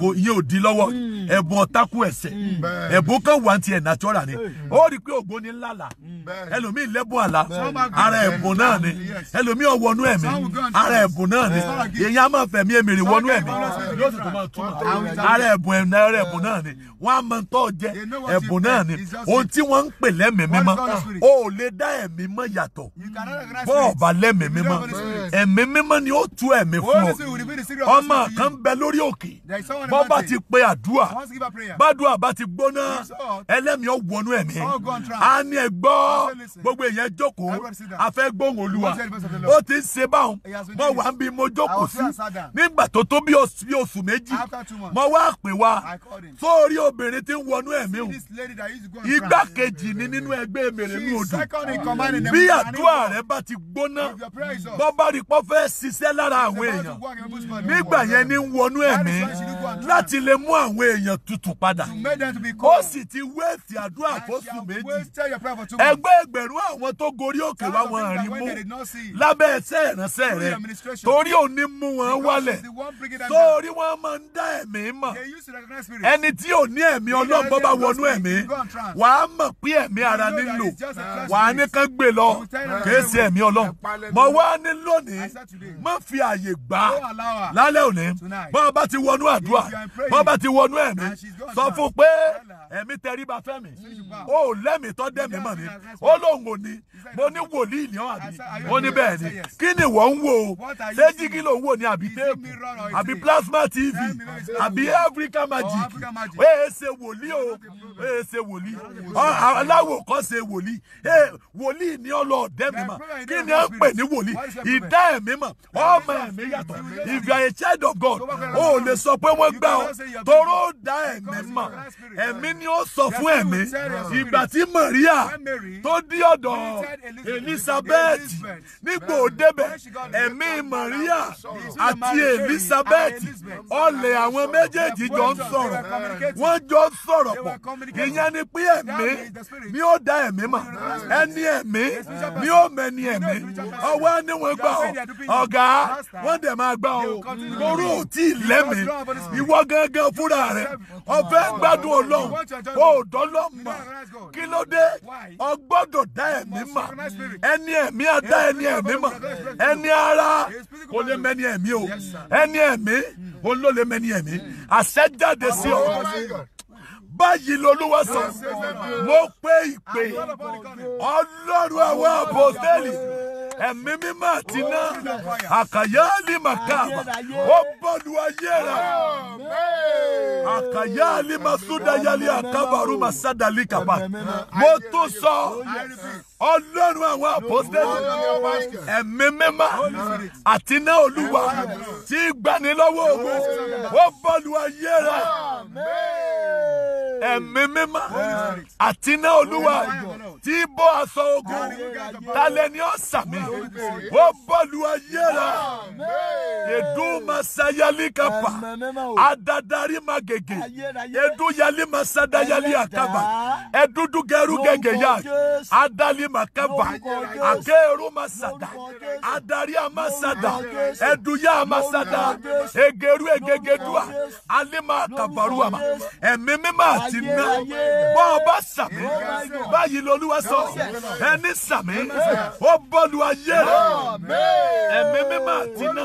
kò yẹ ò di lọ́wọ́ hmm. ẹ̀bùn ọ̀tákù ẹ̀sẹ̀ hmm. ẹ̀bùn kan wà ní tiẹ̀ nàtúrà ni hmm. ó rí i pé ògbóni ńlá là ẹlòmíì lẹ́bùn àlá ara ẹ̀bùn náà ni ẹlòmíì ọ̀wọ́nú ẹ̀mí ara ẹ̀bùn náà ni èèyàn á máa fẹ̀mí èmèrè wọnú ẹ̀mí yóò sì tó máa túmọ̀ ara ẹ̀bùn náà ni wọ́n á máa tọ́ jẹ́ ẹ̀bùn náà ni ohun tí wọ́n ń pè lẹ́mìí mímọ́ o ò lè dá ẹ̀mí mọ́ yàtọ̀ bọ́ọ̀ bá lẹ́mìí mímọ́ ẹ̀mí mímọ́ ni ó tú ẹ̀mí fún ọ ọmọ kan bẹ lórí òkè bọ́ bá ti pe àdúà bádùà bá ti gbóná ẹlẹ́mìí ó wọnú ẹ̀mí a ní ẹ gbọ́ gbogbo èèyàn jókòó a fẹ́ gbóhùn olúwa ó ti ń ṣe báwọn mo wà ń bi mo jókòó sí nígbà tó tó bí oṣù méjì mo wá pè wá sórí obìnrin tí ń wọnú ẹ̀mí Wàsíù igbákejì ni nínú ẹgbẹ́ mèrèlú odò bí àdúrà rẹ bá ti gbóná bọ́bá rí pọ́ fẹ́ ṣiṣẹ́ lára àwọn
èèyàn nígbà
yẹn ní wọnú ẹ̀mí láti lè mú àwọn èèyàn tutù padà ó sì ti wéètì àdúrà fóṣù méjì ẹgbẹ́ ẹgbẹ̀rún àwọn tó gorí òkè wá wọn rí mú lábẹ́ ẹsẹ̀ ìránṣẹ́ rẹ torí òní mú wọn wálẹ̀ torí wọn máa ń dá ẹ̀mí mọ̀ ẹni tí ò ní ẹ̀mí ọlọ́gbọ́n bá wọ wọnú ẹ̀mí wà á mọ̀ pé ẹ̀mí ara nílò wà á ní kán gbé lọ kìí ṣe ẹ̀mí ọlọ́run mọ̀ wá ní lónìí má fi àyè gbà á lálẹ́ òní bọ́n bá ti wọnú àdúrà bọ́n bá ti wọnú ẹ̀mí sọ fún pé ẹ̀mí tẹríba fẹ́ mi ó lẹ́mìí tọ́ dẹ́mi mọ̀ mi ó lóun ò ní mo ní wòlíì ní ọ́ àbí ó ní bẹ́ẹ̀ ni kí ni wọ́n ń wò ó ṣé jígí ló ń wò ní àbí téèpù àbí plasma tv àbí oh, africa magic ó yẹ ṣe wòlíì o ee ṣe wòlíì aláwò kọ́ ṣe wòlíì ee wòlíì ní ọlọ́ọ̀dẹ́ mi mà kí ni ẹ ń pè ní wòlíì ìdá ẹ̀mí mà ọmọ ẹ̀mí yàtọ̀ if you are a child of God o lè sọ pé wọ́n gbà ọ́ toró dá ẹ̀mí mà ẹ̀mí ni ó sọ fún ẹ̀mí ìgbà tí Maria tó dí ọ̀dọ̀ Elizabeth nígbà ó débẹ̀ ẹ̀mí Maria àti Elizabeth ọ̀lẹ̀ àwọn méjèèjì jọ ń sọ̀rọ̀ wọ́n jọ ń sọ̀rọ̀ pọ̀ ìyẹn ni pé ẹ̀mí ni ó da ẹ̀mí mà ẹni ẹ̀mí ni ó mẹ́ni ẹ̀mí ọwọ́ ẹni wọn gbà ọ ọ̀gá wọn dẹ̀ máa gbà ọ orú ò tí ì lẹ́mí ìwọ gángan fúnra rẹ ọ̀fẹ́ gbádùn ọlọ́run ó dọ́lọ́ mà kí ló dé ọgbọ́dọ̀ da ẹ̀mí mà ẹni ẹ̀mí á da ẹni ẹ̀mí mà ẹni ara kò lè mẹ́ni ẹ̀mí o ẹni ẹ̀mí olólè mẹ́ni ẹ̀mí àṣẹ jáde sí ọ báyìí lolúwa sọ mo pé ìpè ọlọ́run àwọn àpọ́sítélì ẹ̀mí mímọ́ àti iná
àkàyáàlì màkàmà ó
bọ́lu ayé rẹ̀ àkàyáàlì masúdayálì àkàbàrú masádàlì kàbà mo tún sọ ọlọ́run àwọn àpọ́sítẹ́lì ẹ̀mí mímá àti iná olúwa tí gbanilọ́wọ́ ogun ó bọ́lu ayé rẹ̀ ẹ̀mí mímá àti iná olúwa tí bọ́ aṣọ ogun talẹ̀ ni ó sàmì ó bọ́lu ayé rẹ̀ edu masayali kapa adadari magege edu yali masadayali akaba edudu gẹrugẹgẹ ya adali makava akeeru masada adari amasada ẹduya amasada egeru egegedua alima kavaruama ẹ̀mí mímọ́ ti ná bọ́ ọ bá sàmì báyìí lolúwa sọ ẹni sàmì ó bọ́lu ayé rẹ ẹ̀mí mímọ́ ti ná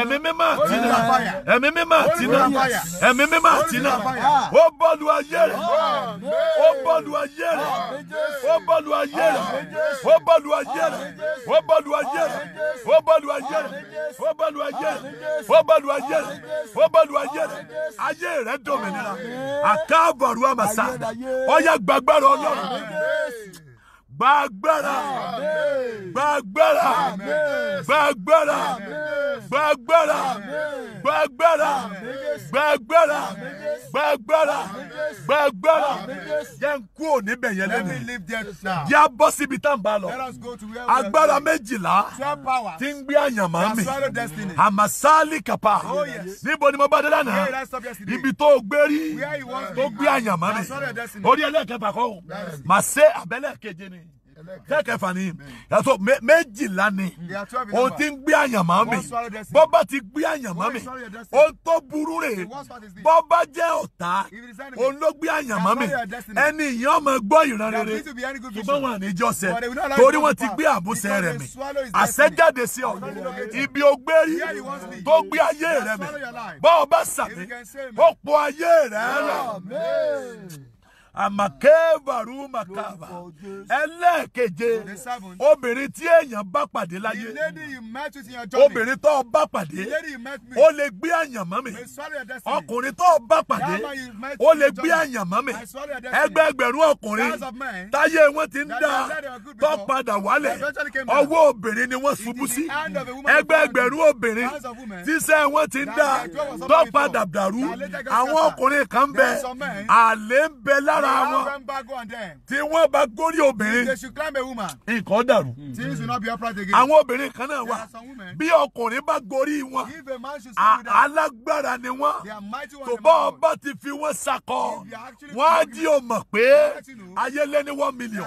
ẹ̀mí mímọ́ ti ná ẹ̀mí mímọ́ ti ná ẹ̀mí mímọ́ ti ná ó bọ́lu ayé rẹ ó bọ́lu ayé rẹ ó bọ́lu ayé rẹ rẹ̀ ó bọ́ọ̀lù ayé rẹ̀ ó bọ́ọ̀lù ayé rẹ̀ ó bọ́ọ̀lù ayé rẹ̀ ó bọ́ọ̀lù ayé rẹ̀ ó bọ́ọ̀lù ayé rẹ̀ ó bọ́ọ̀lù ayé rẹ̀ ọlọ́run gba agbára gba agbára gba agbára
gba agbára gba agbára gba agbára gba agbára gba
agbára yẹn kú ò níbẹ̀ yẹn lẹ́nu yà bọ́ síbi tá n bá lọ agbára méjìlá ti ń gbé àyàmá mi àmàsálì kàpá oh, níbo ni mo bá dé lánàá ibi tó gbé rí tó gbé àyàmá mi orí ẹlẹ́kẹ̀ẹ́ bàkọ́ màá ṣe abẹ́lẹ̀ keje ni lẹ́ẹ̀kẹfà ni yàtọ̀ méjìlá ni
òun ti ń gbé àyànmọ́ mi
bọ́bá ti gbé àyànmọ́ mi òun tó burú rè bọ́bá jẹ́ ọ̀tá òun ló gbé àyànmọ́ mi ẹni ìyẹn ọmọ gbọ́ ìran rere ṣùgbọ́n wọn àní jọ́sẹ̀ torí wọ́n ti gbé àbúsẹ̀ rẹ̀ mi àṣẹjáde sí ọ ibi ògbérí tó gbé ayé rẹ̀ mi bọ́ọ̀ bá sàmì ó pọ̀ ayé rẹ̀ rẹ̀ àmàkévarú màkàbà ẹlẹ́ẹ̀keje obìnrin tí èèyàn bá pàdé láyé obìnrin tó bá pàdé ó lè gbé àyànmọ́ mi ọkùnrin tó bá pàdé ó lè gbé àyànmọ́ mi ẹgbẹ́gbẹ̀rún ọkùnrin táyé wọn ti ń dá tó padà wálẹ̀ ọwọ́ obìnrin ni wọ́n ṣubú sí ẹgbẹ́gbẹ̀rún obìnrin tíṣẹ́ wọn ti ń dá tó padà dàrú àwọn ọkùnrin kan bẹ àlè ń bẹ lára ara wọn tí wọ́n bá górí obìnrin nǹkan dàrú. àwọn obìnrin kan náà wà bí ọkùnrin bá górí wọn alágbára ni wọ́n tó bá ọba ti fi wọ́n sakọ wọ́n á jí o mọ̀ pé ayẹlẹ́ ní one million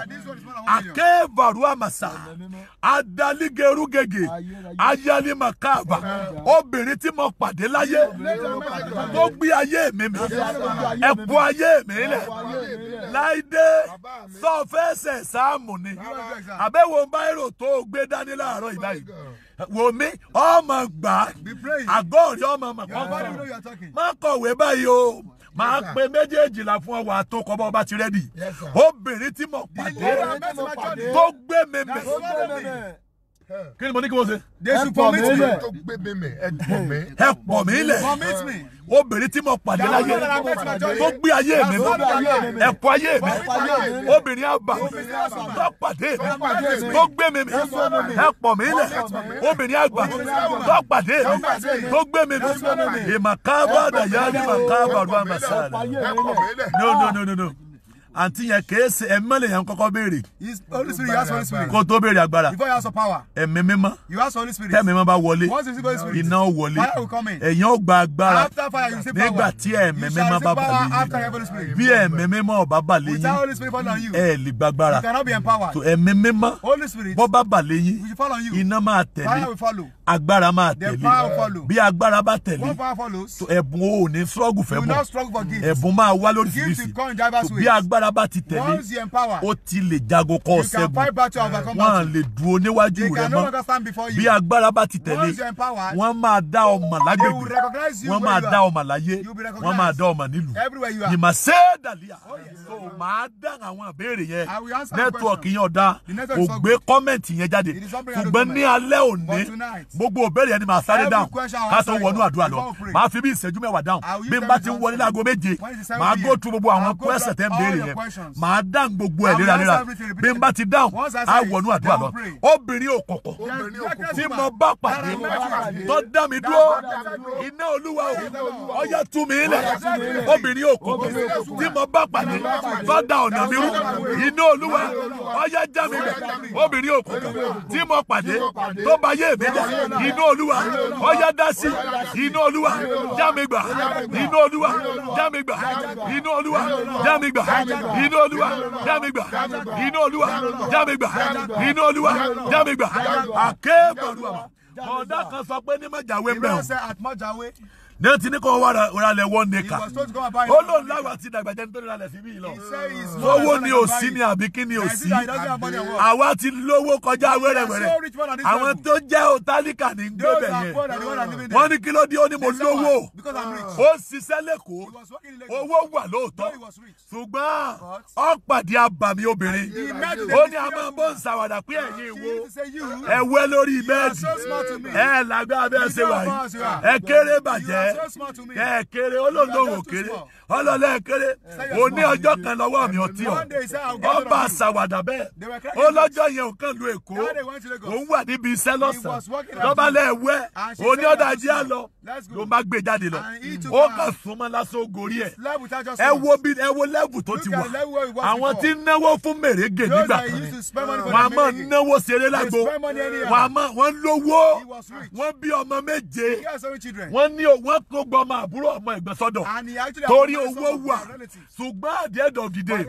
akẹ́bàrú àmàsà adaligerugege ayalimakaba obìnrin tí mo pàdé láyé tó gbé ayé mi mi ẹ̀kọ́ ayé mi lẹ̀ láìdé sọ fẹsẹ̀ sáàmù ni àbẹ̀wò báírò tó gbé dání láàárọ̀ ìbáyìí wò mí ọmọ gbà àgọ́ rí ọmọ mọ̀ kọ́ má kọ̀wé báyìí o máa pe méjèèjìlá fún ọwọ́ àtọkọ bá ọba ti rẹ́dì obìnrin tí mo pàdé
tó gbé mẹ́mẹ́
kí ni mo ní kí wọ́n ṣe. Jésù pọ̀mí tilẹ̀ tó
gbé mi mẹ́ ẹ pọ̀ mí. ẹ pọ̀ mí lẹ̀
obìnrin tí mo pàdé láyé tó gbé ayé mi ẹ pọ̀ ayé mi obìnrin àbá tó pàdé mi tó gbé mi mẹ́ ẹ pọ̀ mí lẹ̀ obìnrin àgbà tó pàdé mi tó gbé mi mẹ́ ìmàkábàdà yá ni màkábàdà wà màsáàlì no no no no. no àǹtí yẹn kèé ṣe ẹ̀mí lè yẹn kọ́kọ́ béèrè. holy spirit you ask holy spirit. kó tó béèrè agbára. before you ask for power. ẹ̀mí mímọ́. you ask holy spirit. tẹ́ẹ̀mí mímọ́ bá wọlé. once you see holy spirit. iná wọlé. fire will come in. ẹ̀yin ó gba agbára. after fire you see power. nígbà tí ẹ̀mí mímọ́ bá bà lé after holy spirit. bí ẹ̀mí mímọ́ ò bá bà lé without holy spirit fall you. ẹ gbàgbára. you cannot be empowered. to ẹ̀mí mímọ́. holy spirit. bọ́ bá bà lé on you. fire will follow. agbára máa tẹ̀lé. will follow. bí agbára bá tẹ̀lé. one power follows. ẹ̀bùn ò ní struggle fẹ́ mọ́. you will not struggle for gifts. ẹ̀bùn máa wá lórí tagbára bá ti tẹ̀lé ó ti lè jago kọ́ ṣẹ́gun wọ́n á lè dúró níwájú rẹ mọ́ bí agbára bá ti tẹ̀lé wọ́n máa dá ọmọ lágbègbè wọ́n máa dá ọmọ láyé wọ́n máa dá ọmọ nílùú ìmọ̀ ṣé dàlíà tó máa dá àwọn àbẹ̀rẹ̀ yẹn nẹ́tíwọ̀kì yẹn ọ̀dà ògbé kọ́mẹ̀ntì yẹn jáde ṣùgbọ́n ní alẹ́ òní gbogbo òbẹ̀rẹ̀ yẹn ni màá sáré dáhùn ká tó wọnú àdúrà lọ màá fi bí ìṣẹ́jú mẹ́wàá dáhùn bí n bá ti wọlé láago méje màá gbó gbogbo àwọn kúẹ́sẹ̀ tẹ́ ń béèrè yẹn yẹn màá dáhùn gbogbo ẹ̀ léraléra bí n bá ti dáhùn á wọnú àdúrà lọ obìnrin òkòkò tí mo bá pàdé tó dá mi dúró iná olúwa o ọyá tú mi lẹ̀ obìnrin òkòkò tí mo bá pàdé tó dá ọ̀nà mi rú iná olúwa ọyá já mi lẹ̀ obìnrin òkòkò tí mo pàdé tó bá yé mi jà iná olúwa ọyá dá sí iná olúwa já mi gbà iná olúwa já mi gbà iná olúwa já mi gbà inú olúwa já mi gbà inú olúwa já mi gbà inú olúwa já mi gbà àkéègbè olúwa ọ̀dà kan sọ pé ní mọ̀jáwé mbẹ́ o ní ti ní kó wá ralẹ̀ one acre ó lóun láwa ti dàgbà jẹ́ nítorí ralẹ̀ fi bí lọ owó ni ò sí ni àbí kí ni ò sí àwa ti lówó kọjá wẹ́rẹ́wẹ́rẹ́ àwọn tó jẹ́ òtálíkà ní gbébẹ̀ yẹn
wọ́n ní kí ló dé ó ní mo lówó ó
ṣiṣẹ́ lẹ́kọ̀ọ́ owó wà lóòótọ́ ṣùgbọ́n ó pàdé abàmì obìnrin ó ní a máa bọ́ ń ṣàwàdà pé ẹ̀yin
ìwo ẹ̀wẹ́ lórí bẹ́ẹ̀dì ẹ̀ làgbà bẹ́ẹ̀ ṣe wà yìí ẹ̀ kéré bàjẹ́ ẹ kéré
olóńdòwò kéré ọlọ́lẹ̀ kéré o ní ọjọ́ kan lọ́wọ́ mi ọtí ọ ọba àṣàwàdà bẹ́ẹ̀ ó lọ́jọ́ yẹn ò kàn lu èkó òun wà níbi iṣẹ́ lọ́sàn-án lọ́ba lẹ́ẹ̀wẹ́ o ní ọ̀dà ajé á lọ ló má gbé jáde lọ ó kàn súnmọ́ lásán gorí ẹ̀ ẹ wo bí ẹ wo lẹ́bù tó ti wà àwọn tí ń náwó fún mèrègè nígbà kan wọn a máa náwó ṣeré lágbo wọn a máa wọn lówó wọn bí ọmọ méje wọn ní wọn kó gbọ́ ọmọ àbúrò ọmọ ìgbẹ́sọ́dọ̀ torí owó wà ṣùgbọ́n at the end of the day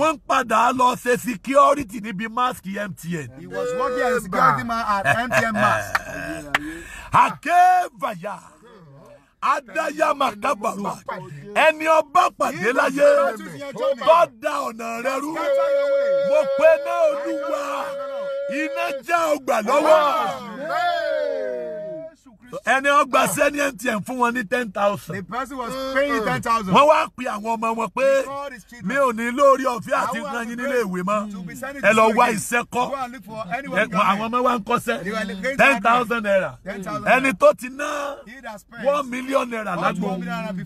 wọ́n ń padà lọ ṣe security níbi mask MTN. he was working as a security man at MTN mask. akevaya adaya makababa ẹni ọba pàdé láyé tó da ọ̀nà rẹ rú mo pe náà olúwa iná já ọgbà lọ́wọ́ ẹni ọgbà sẹ́ni MTN fún wọn ní ten thousand. the person was paying ten thousand. wọ́n wá pe àwọn ọmọ wọn pé mi ò ní lórí ọ̀fẹ́ àti nǹkan yín nílé ìwé mọ́
ẹ lọ wá iṣẹ́ kọ́ àwọn ọmọ wa ń kọ́ṣẹ́ ten thousand
naira ẹni tó ti ná one million naira lágbo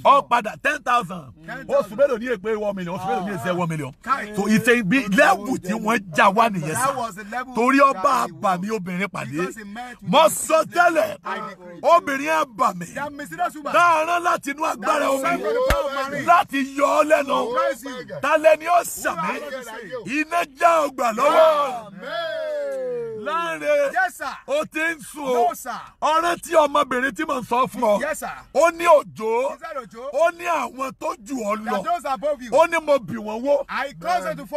ó padà ten thousand oṣù mélòó ní èpè one million oṣù mélòó ní èsè one million so ìṣe bí lẹ́wù tí wọ́n já wá nìyẹn sá torí ọba àbàmì obìnrin pàdé mọ́ sọ tẹ́lẹ̀ obìnrin ẹ bà mí láàárọ̀ láti inú agbára omi láti yọ ọ lẹ́nu oh, talẹ̀ ni ó sàmì iná já ọgbà lọ́wọ́. Láńre o ti ń sùn o ọ̀rẹ́ tí ọmọbìnrin tí mò ń sọ fún ọ ó ní òjò ó ní àwọn tó jù ọ lọ ó ní mo bì wọ́n wó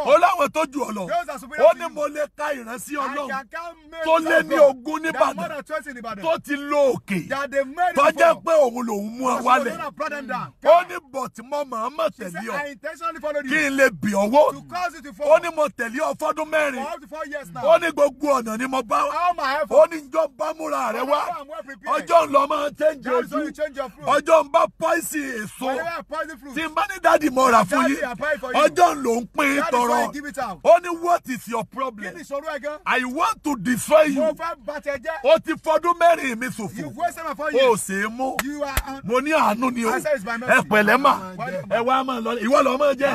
ó láwọn tó jù ọ lọ ó ní mo lè ka ìránṣẹ́ Ọlọ́run tó lé ní ogún nìbàdàn tó ti lo òkè tó jẹ́ pé òun lòún mú ọ wálẹ̀ ó ní bọ̀tí mọ́ màmá tẹ̀lé ọ kí n lè bì ọ wó ó ní mo tẹ̀lé ọ fọ́dún mẹ́rin ó ní gbogbo ọ̀nà èèyàn ni mo bá wá ó ní njọ́ bá múra rẹ wá
ọjọ́ ń lọ máa
change ojú ọjọ́ ń bá pọ́ìsì èso
tí n bá ní dáàdì mo rà fún yín ọjọ́ ń lò ń pín tọrọ
ó ní what is your problem I want to destroy you o ti fọdún mẹ́rin mi ṣòfò o ṣe é mú mo ní àánú ni o ẹ pẹ̀lẹ́ mà ẹ wá máa lọ ìwọ lọ máa jẹ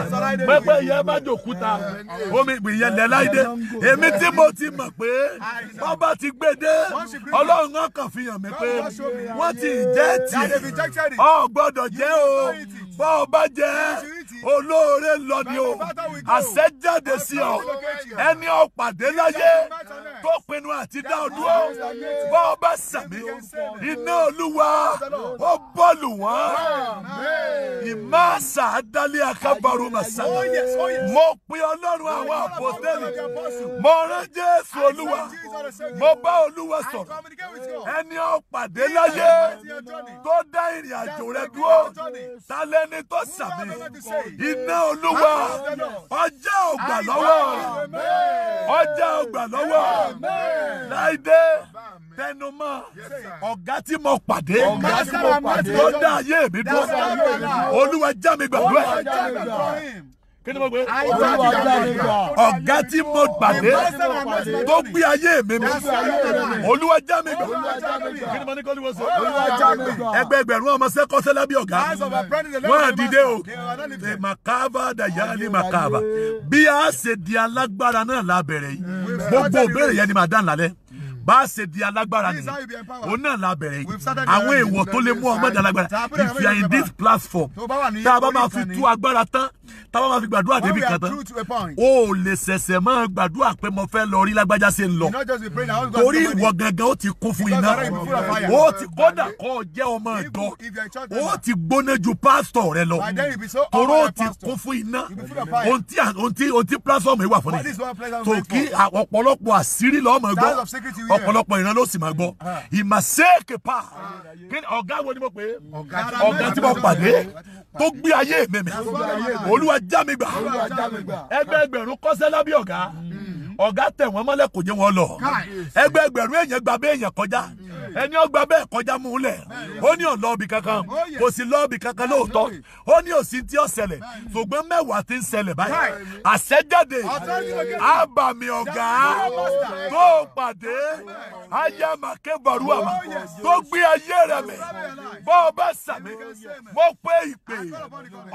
pẹ́pẹ́ ìyá bá jòkúta omi ìyẹn lẹ́láìdé èmi tí mo ti mọ̀ pé wọ́n bá ti gbé dé ọlọ́run náà kàn fi hàn mí pé wọ́n ti jẹ́ tì ọ gbọ́dọ̀ jẹ́ o bọ́ ọ bá jẹ́ olóore lọ ni o àṣẹ jáde sí ọ ẹni ọ pàdé láyé tó pinnu àti dá ọ bọ́ ọ bá sàmì iná olúwa ó bọ́ọ̀lù wọn ìmọ̀ àṣà àdálẹ́ akábàrún màsà oh, oh, mo pe ọlọ́run àwọn oh, àpótẹ́lì mo rán jésù olúwa olúwa mo bá olúwa sọ̀rọ̀ ẹni ó pàdé láyé tó dá ìrìn àjò rẹ dúró ta lẹni tó sàmì iná olúwa ọjà ògbà lọ́wọ́ ọjà ògbà lọ́wọ́ láìdé tẹnumọ́ ọ̀gá tí mo pàdé tó dá ayé mi dúró olúwa já gbàdúrà kí ni mo gbé. ọ̀gá tí mo gbàdé tó gbé ayé mi mi olúwa já mi gbà kí mo ní kọ́ olúwa sọ. ẹgbẹ́ ọmọ sẹ́kọ́sẹ́ lábẹ́ ọ̀gá wọ́n á o màkàbà dàyà ni màkàbà bí a ṣe di alágbára náà la yìí gbogbo òbẹ̀rẹ̀ yẹn ni màá dá ńlá bá a ṣe di alágbára nìyẹn òun náà la bẹ̀rẹ̀ yìí àwọn èèwọ̀ tó lè mú ọmọ ìdàlágbára if you are in this platform tá a bá máa fi tú agbára tán tá a bá máa fi gbàdúrà débi kan tán o ò lè ṣẹ̀ṣẹ̀ máa gbàdúrà pé mo fẹ́ lọ rí lágbájá ṣe ń lọ torí ìwọ gangan ó ti kún fún iná ó ti kódà kọ́ ọ jẹ́ ọmọ ẹ̀dọ́ ó ti gbóná ju pásítọ̀ rẹ lọ
toró ti kún
fún iná ohun tí platform yìí wà fún mi tòkí ọ̀pọ̀lọpọ̀ àṣírí lọ́mọ ẹ̀gbọ́n ọ̀pọ̀lọpọ̀ ìran ló sì máa gbọ́ ìmàṣẹ́ẹ̀kẹ́ ah. pa ọ̀gá wo ni mo pè é ọ̀gá tí mo pàdé tó gbé ayé mẹ́mẹ́ olúwa já gbà ẹgbẹ́ ẹgbẹ̀rún kọ́sẹ́ lábẹ́ ọ̀gá ọ̀gá tẹ̀ wọ́n mọ́lẹ̀ kò jẹ́ wọn lọ ẹgbẹ́ ẹgbẹ̀rún èèyàn gba bẹ́ẹ̀ èèyàn kọjá ẹni ọgbà bẹ́ẹ̀ kọjá mú un lẹ̀ ó ní ọ̀lọ́ọ̀bì kankan kò sí lọ́ọ̀bì kankan lóòótọ́ ó ní òsì tí ó ṣẹlẹ̀ ṣùgbọ́n mẹ́wàá ti ń ṣẹlẹ̀ báyìí àṣẹjáde àbàmì ọ̀gá tó pàdé ayamake baruama tó gbé ayé rẹ̀ mẹ́ bọ́ọ̀ bá sàmì mo pé ìpè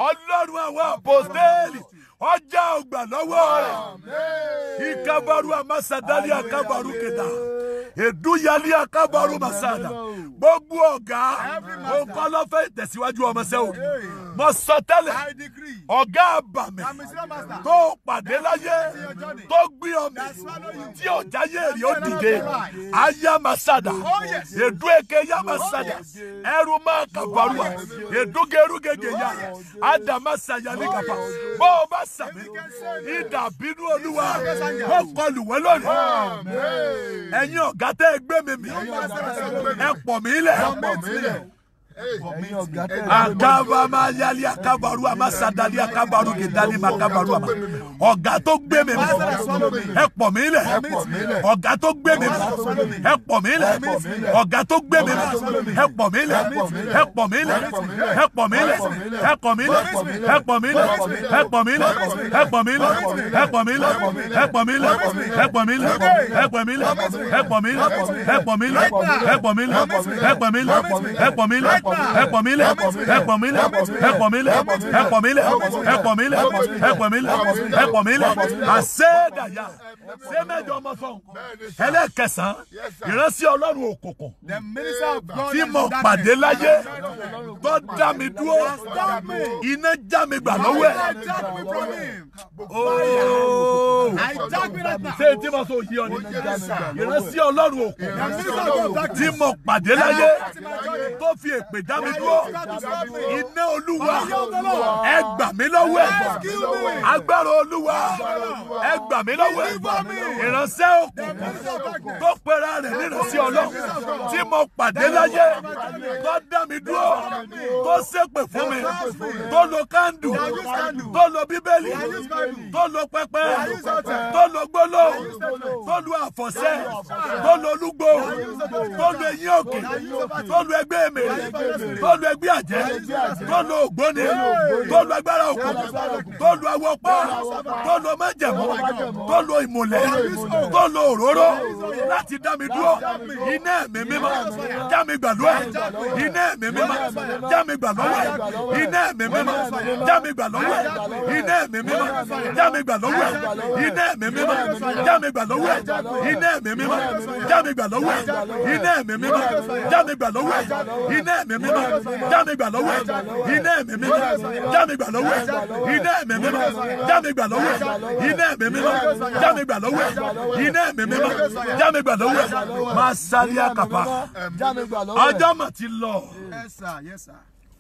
ọlọ́run àwọn àpòtẹ́ẹ̀lì ọjà ògbà lọ́wọ́ rẹ̀ ìkábàrú àmásádálì àkábàrú kẹta èdúyàlí àkábàrú màsáàdà gbogbo ọ̀gá òǹkọ́ lọ́fẹ́ ìtẹ̀síwájú ọmọọṣẹ́ òbí mo sọ tẹ́lẹ̀ ọ̀gá àbàmì tó pàdé láyé tó gbé ọmọ tí ọ̀já yé rí ó dìde ayá màsáàdà oh, èdú èké yá màsáàdà oh, ẹrú máa kàbàrú à oh, èdúgẹrúgẹgẹ yá àdàmásàyà ní kàbà bó o bá sàmì ìdà bínú olúwa ó kọlù wọ́n lónìí ẹ̀yin ọ̀gá tẹ́ ẹ gbé mi mì ẹ pọ̀ mí lẹ̀
akaba ma
yali akabaru ama sadali akabaru gidali ma akabaru ama ọ̀gá tó gbé mi mi ẹ pọ̀ mí lẹ̀ ọ̀gá tó gbé mi mi ẹ pọ̀ mí lẹ̀ ọ̀gá tó gbé mi mi ẹ pọ̀ mí lẹ̀ ẹ pọ̀ mí lẹ̀ ẹ pọ̀ mí lẹ̀ ẹ pọ̀ mí lẹ̀ ẹ pọ̀ mí lẹ̀ ẹ pọ̀ mí lẹ̀ ẹ pọ̀ mí lẹ̀ ẹ pọ̀ mí lẹ̀ ẹ pọ̀ mí lẹ̀ ẹ pọ̀ mí lẹ̀ ẹ pọ̀ mí lẹ̀ ẹ pọ̀ mí lẹ̀ ẹ pọ̀ mí lẹ̀ ẹ pọ̀ mí lẹ̀ ẹ pọ̀ mí lẹ̀ ẹ pọ̀ mí lẹ̀ ẹ pọ̀ mí lẹ̀ ẹ̀pọ̀ mi lẹ̀ ẹ̀pọ̀ mi lẹ̀ ẹ̀pọ̀ mi lẹ̀ ẹ̀pọ̀ mi lẹ̀ ẹ̀pọ̀ mi lẹ̀ ẹ̀pọ̀ mi lẹ̀ ẹ̀pọ̀ mi lẹ̀ àṣẹ́gàyà sẹ́mẹ̀jọ ọmọ sọ̀hún ẹlẹ́kẹsàn-án ìránṣẹ́ ọlọ́run òkùnkùn
tí mo pàdé láyé
tó dá mi dúró iná já mi gbà lọ́wọ́
ẹ̀
ooo ṣé tí mo sọ yí ọ ni ìránṣẹ́ ọlọ́run òkùnkùn tí mo pàdé láyé tó fi èkó pè já mi dúró
iná olúwa
ẹ gbà mí lọ́wọ́ ẹ̀ agbára olúwa ẹ gbà mí lọ́wọ́ ẹ̀ ìránṣẹ́
òkùnkùn
tó pera rẹ̀ níránṣẹ́ ọlọ́run tí mo pàdé láyé tó dá mi dúró tó ṣépè fún mi tó lo kándù tó lo bíbélì tó lo pẹpẹ tó lo gbólò tó lo àfọ̀ṣẹ tó lo olúgbò tó lo eyín òkè tó lo ẹgbẹ́ mèrè tó lu ẹgbẹ́ àjẹ́ tó lu ògbóni tó lu agbára òkùnkùn tó lu awọpá tó lu ọmọjẹ̀mọ́ tó lu ìmùlẹ̀ tó lu òróró láti dá mi dúró iná ẹ̀mí mímọ́ já mi gbà lọ́wọ́ ẹ̀ iná ẹ̀mí mímọ́ já mi gbà lọ́wọ́ ẹ̀ iná ẹ̀mí mímọ́ já mi gbà lọ́wọ́ ẹ̀ iná ẹ̀mí mímọ́ já mi gbà lọ́wọ́ ẹ̀ iná ẹ̀mí mímọ́ já mi gbà lọ́wọ́ ẹ̀ iná ẹ̀mí mímọ́ já mi gbà lọ́wọ́ ẹ̀ iná ẹ̀mí mímọ́ já mi gbà lọ́wọ́ ẹ̀ iná ẹ̀mí ẹ̀mí mímọ́ jáde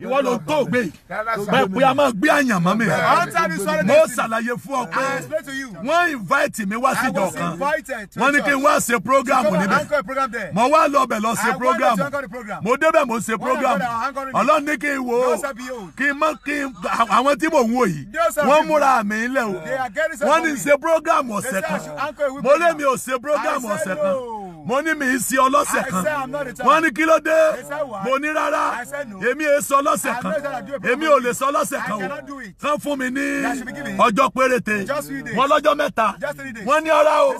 ìwọ ló tó gbé bẹ́ẹ̀ pé a máa gbé àyàn mọ́ mi mo ṣàlàyé fún ọ pé wọ́n invite mi wá sí ìjọ kan wọ́n ní kí n wá ṣe program níbẹ̀ mo wá lọ bẹ̀ lọ ṣe program mo débẹ̀ mo ṣe program ọlọ́run ní kí n wò kí n mọ kí n àwọn tí mò ń wò yìí wọ́n múra mi ń wọ́n ní ṣe program ọ̀sẹ̀ kan mo lé mi ò ṣe program ọ̀sẹ̀ kan mo ní mi sí ọlọ́sẹ̀ kan
wọ́n ní kí ló dé mo ní rárá
èmi è sọ ọlọ́sẹ̀ kan èmi ò lè sọ ọlọ́sẹ̀ kan o kàn fún mi ní ọjọ́ péréte wọ́n lọ́jọ́ mẹ́ta wọ́n ní ọ̀rá o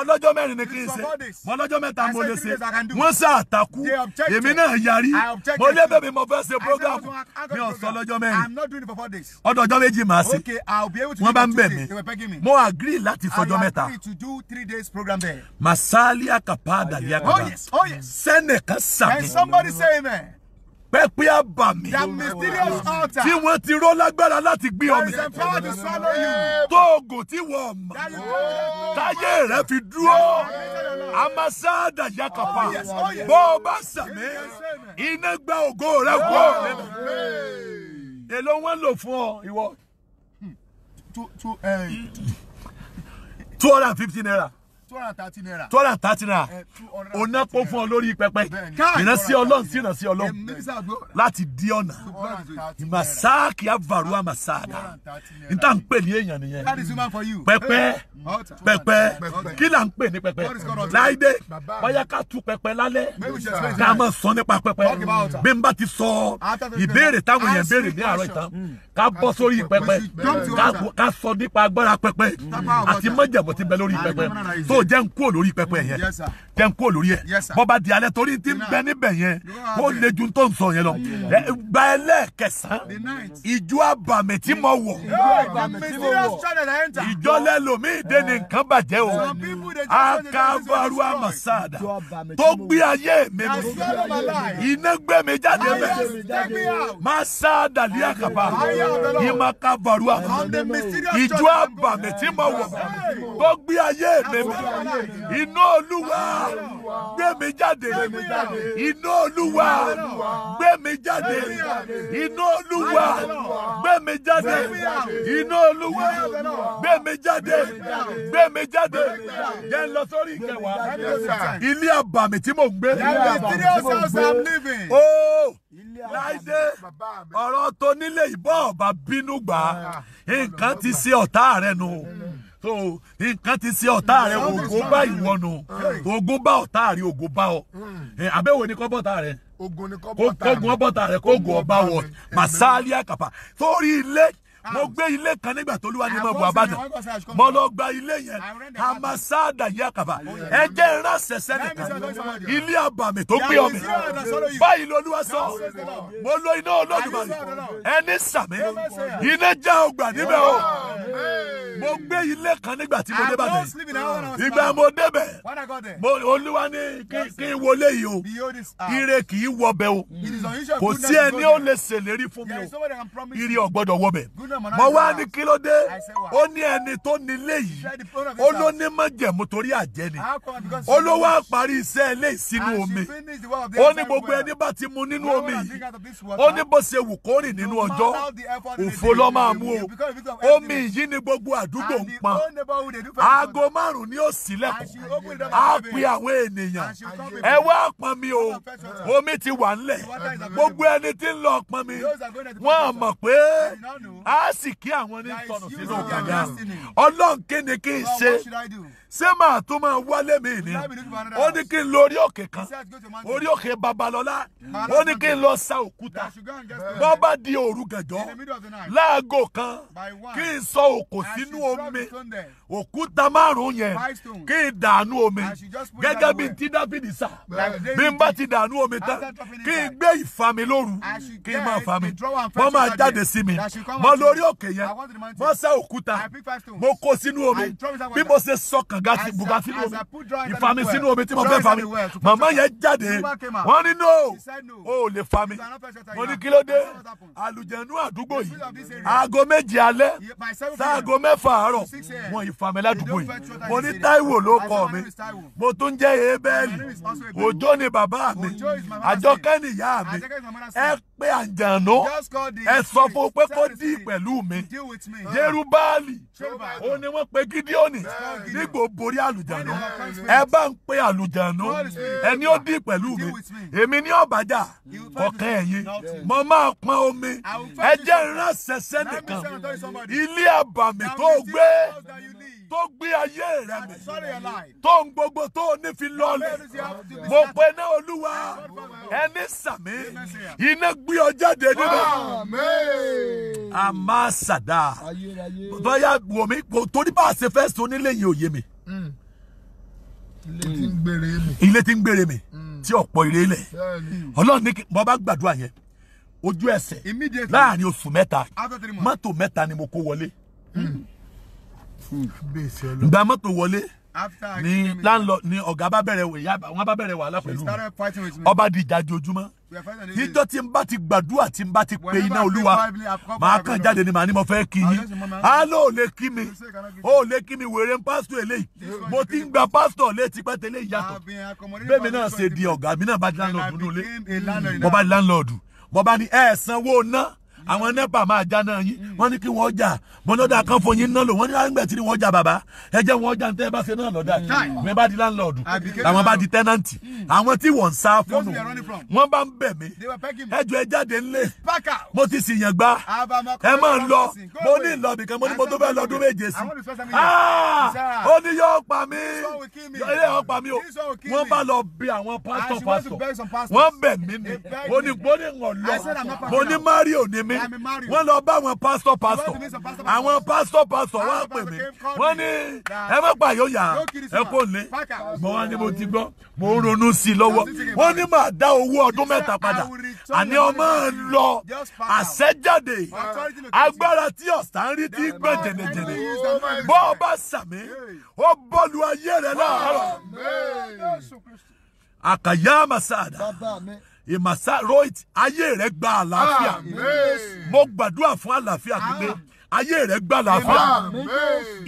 ọlọ́jọ́ mẹ́rin ni kí n ṣe wọ́n lọ́jọ́ mẹ́ta mo lè ṣe wọ́n sá àtàkù èmi náà yarí mo lé bèbí mo fẹ́ ṣe program mi ò sọ lọ́jọ́ mẹ́rin ọdọ̀ ọjọ́ méjì màá sí wọ́n bá ń bẹ̀ mí mo agree láti fọjọ́ mẹ́ta masali akap pada liakada. Oh yes,
oh yes. sàmì. Can somebody say amen?
Pẹ́pẹ́ àbàmì. That mysterious altar. Tí wọ́n ti rọ́ lágbára láti gbé ọmọ. There is a power to swallow you. Tóògùn tí wọ́n mọ̀. Táyé rẹ̀ fi dúró. Amasada yakapa. Oh, oh, Bó o bá sàmì, iná gba ògo rẹ̀ wọ̀. Oh, Èló wọn lò fún ọ ìwọ. Hmm. Eh. Two hundred and fifty naira two hundred and thirty naira. two kó eh, fún ọ lórí pẹpẹ ìrẹsì ọlọ́run sí ìrẹsì ọlọ́run láti di ọ̀nà ìmàsáàkì àvàrúwà màsáàdà níta ń pè ní èèyàn nìyẹn
mm. pẹpẹ pẹpẹ
kí là ń pè ní pẹpẹ láìdé báyà ká tú pẹpẹ lálẹ́ ká máa sọ nípa pẹpẹ bí n bá ti sọ ìbéèrè táwọn èèyàn béèrè ní àárọ̀ ìtàn mm. ká bọ́ sórí pẹpẹ ká sọ nípa agbára pẹpẹ mm. àti mọ́jàmọ́ ti bẹ lórí pẹpẹ tó so jẹ́ n kúrò lórí pẹpẹ yẹn jẹ́ n kúrò lórí ẹ̀ bọ́ba di alẹ́ torí ti ń bẹ níbẹ̀ yẹn ó le ju tó ń sọ yẹn lọ gba ẹlẹ́ẹ̀kẹsàn-án ìjọ abàmì tí mo wọ̀ ìjọ lẹ́lòmíì dé ni nǹkan bàjẹ́ o akábàrú àmàsáàdà tó gbé ayé mi mi iná gbé mi jáde bẹ́ẹ̀ máa sá àkàbà ìmọ̀ kábàrú àmà ìjọ abàmì tí mo tó gbé ayé mi mi iná olúwa gbé mi jáde iná olúwa gbé mi jáde iná olúwa gbé mi jáde iná olúwa gbé mi jáde gbé mi jáde yẹ ń lọ sórí
ìkẹwàá
ilé àbàmì tí mò ń gbé ó láìdé tó nílé ìbọ̀ ọ̀bà bínú gbà nǹkan ti ṣe ọ̀tá rẹ nù so nǹkan ti ṣe ọ̀tá rẹ ògùn bá ìwọ̀nù ògùn bá ọ̀tá rẹ ògùn bá ọ àbẹ̀wò hmm. eh, ni kọ́ bọ́ta rẹ
ogun
ọbọ̀ta rẹ kó ogun ọba wọ màsáálí kapa. torí ilé mo gbé ilé kan nígbà tó lúwa ní mọ̀ bọ̀ àbàdàn mo lọ gba ilé yẹn amasada yakaba oh, ẹ jẹ́ ìránṣẹ́ sẹ́nìkan ilé àbàmì tó gbé ọmọ báyìí lolúwa sọ mo lo iná olódùmarè ẹni sàmì iná já ọgbà níbẹ̀ o mo gbé ilé kan nígbà tí mo dé bàdàn ìgbà mo débẹ̀ olúwa ní kí n wọlé yìí o ire kì í wọbẹ̀ o kò sí ẹni ó lè ṣèlérí fún mi o ire ò gbọ́dọ̀ mo wá ní kí ló dé ó ní ẹni tó nílé yìí ó ló ní májẹ̀mú torí àjẹ́ ni
ó ló wá parí iṣẹ́
eléyìí sínú omi ó ní gbogbo ẹni bá ti mu nínú omi yìí ó ní bó ṣe wù kó rìn nínú ọjọ́ òfo ló máa mú o omi yìí ni gbogbo àdúgbò ń pọn aago márùn ni ó sílẹ̀kùn
á pe àwọn ènìyàn ẹ wá
pọn mi o omi ti wà ńlẹ̀ gbogbo ẹni tí ń lọ pọn mi wọ́n mọ̀ pé á àsìkí àwọn ní tọ̀nà sínú kànga ọlọ́run kéde kí n ṣe ṣé màá tó máa wálé mi ni ó ní kí n lọ orí òkè kan orí òkè babalọ́lá ó ní kí n lọ sa òkúta bọ́ bá di òru gànjọ́ láago kan kí n sọ òkò sínú omi òkúta márùn-ún yẹn kí n dànù omi gẹ́gẹ́ bí ti dábìdì sà bí n bá ti dànù omi tán kí n gbé ìfami lóru kí n máa fami wọ́n máa jáde sí mi mo lórí òkè yẹn mo sa òkúta
mo kó sínú omi bí mo ṣe sọkàn kànga sí bùkà sínú omi ìfami sínú omi tí mo fẹ́ fami màmá yẹn jáde wọ́n ní no
o ò lè fami mo ní kí ló dé àlùjẹ̀nú àdúgbò yìí
aago méje alẹ́ sáago mẹ́fà àárọ̀
wọn ìfami ládùúgbò yìí mo ní Táíwò ló kọ mi mo tún jẹ́ ebẹ́ẹ̀lì òjó ni bàbá mi àjọkẹ́ ni ìyá mi
ẹ pé àjànú
ẹ sọ fún pé kó dì pẹ̀lú mi Jerubáàlì ó ní wọ́n pe Gídíọ́nì nígbò ó borí àlùjànú ẹ bá ń pe àlùjànú ẹni ó dì pẹ̀lú mi èmi ní ọ̀bàjà kọ̀kẹ́ ẹ̀yìn mo máa pọn omi ẹ jẹ́ ìránṣẹ́ sẹ́nìkan ilé àbàmì tó gbé tó gbé ayé rẹ mi tó ń gbogbo tó ní fi mo pe ní olúwa ẹni sàmí iná gbé ọ jáde nínú àmà sàdá bóyá wòmí torí bá a ṣe fẹ́ sọ nílé yìí òye mi. Mm. ilé tí ń gbére mi mm. tí ọ̀pọ̀ ire lẹ̀ ọlọ́run ní kí mo bá gbàdúrà yẹn ojú ẹsẹ̀ láàrin oṣù mẹ́ta mọ́tò mẹ́ta ni mo kó wọlé hmm. hmm. gba mọ́tò wọlé ni landlord ni ọ̀gá bá bẹ̀rẹ̀ wẹ̀ wọ́n bá bẹ̀rẹ̀ wàhálà
pẹ̀lú ọba
di ìjà jojúmọ́ níjọ́ tí n bá ti gbàdúrà tí n bá ti pe iná olúwa màá kàn jáde ni màá ní mo fẹ́ kí yín alo ò lè kí mi ò lè kí mi wèrè pásítọ̀ eléyìí mo ti ń gba pásítọ̀ létí pẹ́tẹ́lẹ́ ìyàtọ̀ bẹ́ẹ̀mi náà ṣe di ọ̀gá mi náà bá di landlord nínú ilé mo bá di landlord mo bá ní ẹ̀ẹ́sánwó náà àwọn nẹ́pà máa já náà yín wọ́n ní kí wọ́n jà mọ́nọ́dà kan fún yín náà lò wọ́n ní láńgbẹ̀ tí wọ́n jà bàbá ẹ jẹ́ wọ́n jà ní tẹ́ ẹ bá ṣe náà lọ́dà mi bá di láńlọ́ọ̀dù làwọn bá di tẹ́nàntì hmm. àwọn tí wọ́n ń sá fóònù wọ́n bá ń bẹ̀ mí ẹ jọ ẹ jáde ńlẹ̀ mo ti sì yàn gbá
ẹ máa ń lọ mo ní
ìlọbì kan mo ní mo tó fẹ́ lọ́dún méje sí
ah! ó ní yóò pa mí ilé yóò pa mí o
wọ́n bá lọ bí àwọn pásítọ̀ pásítọ̀ wọ́n bẹ̀ mí ni mo ní mo ní ń lọ mo ní Mario ni mí mi wọ́n lọ bá àwọn pásítọ̀ pásítọ̀ àwọn pastor. pásítọ̀ wọ́n pè
mí wọ́n ní ẹ má pa yóò yà ẹ kò lé mọ wá ní mo ti
gbọ́ mo ń ronú sí i lọ́wọ́ wọ́n ní màá dá owó ọdún mẹ́ta padà àní ọmọ lọ àṣẹjáde agbára tí ọ̀sán ń rí ti gbọ̀n jẹ̀nẹ̀jẹ̀nẹ̀ bọ́ ọ bá sàmì ó bọ́ọ̀lù ayé rẹ̀ láàárọ̀ àkàyà màsáàdà ìmàsáró ayé rẹ gba àlàáfíà mo gbàdúrà fún àlàáfíà gbígbé ayé rẹ gba àlàáfíà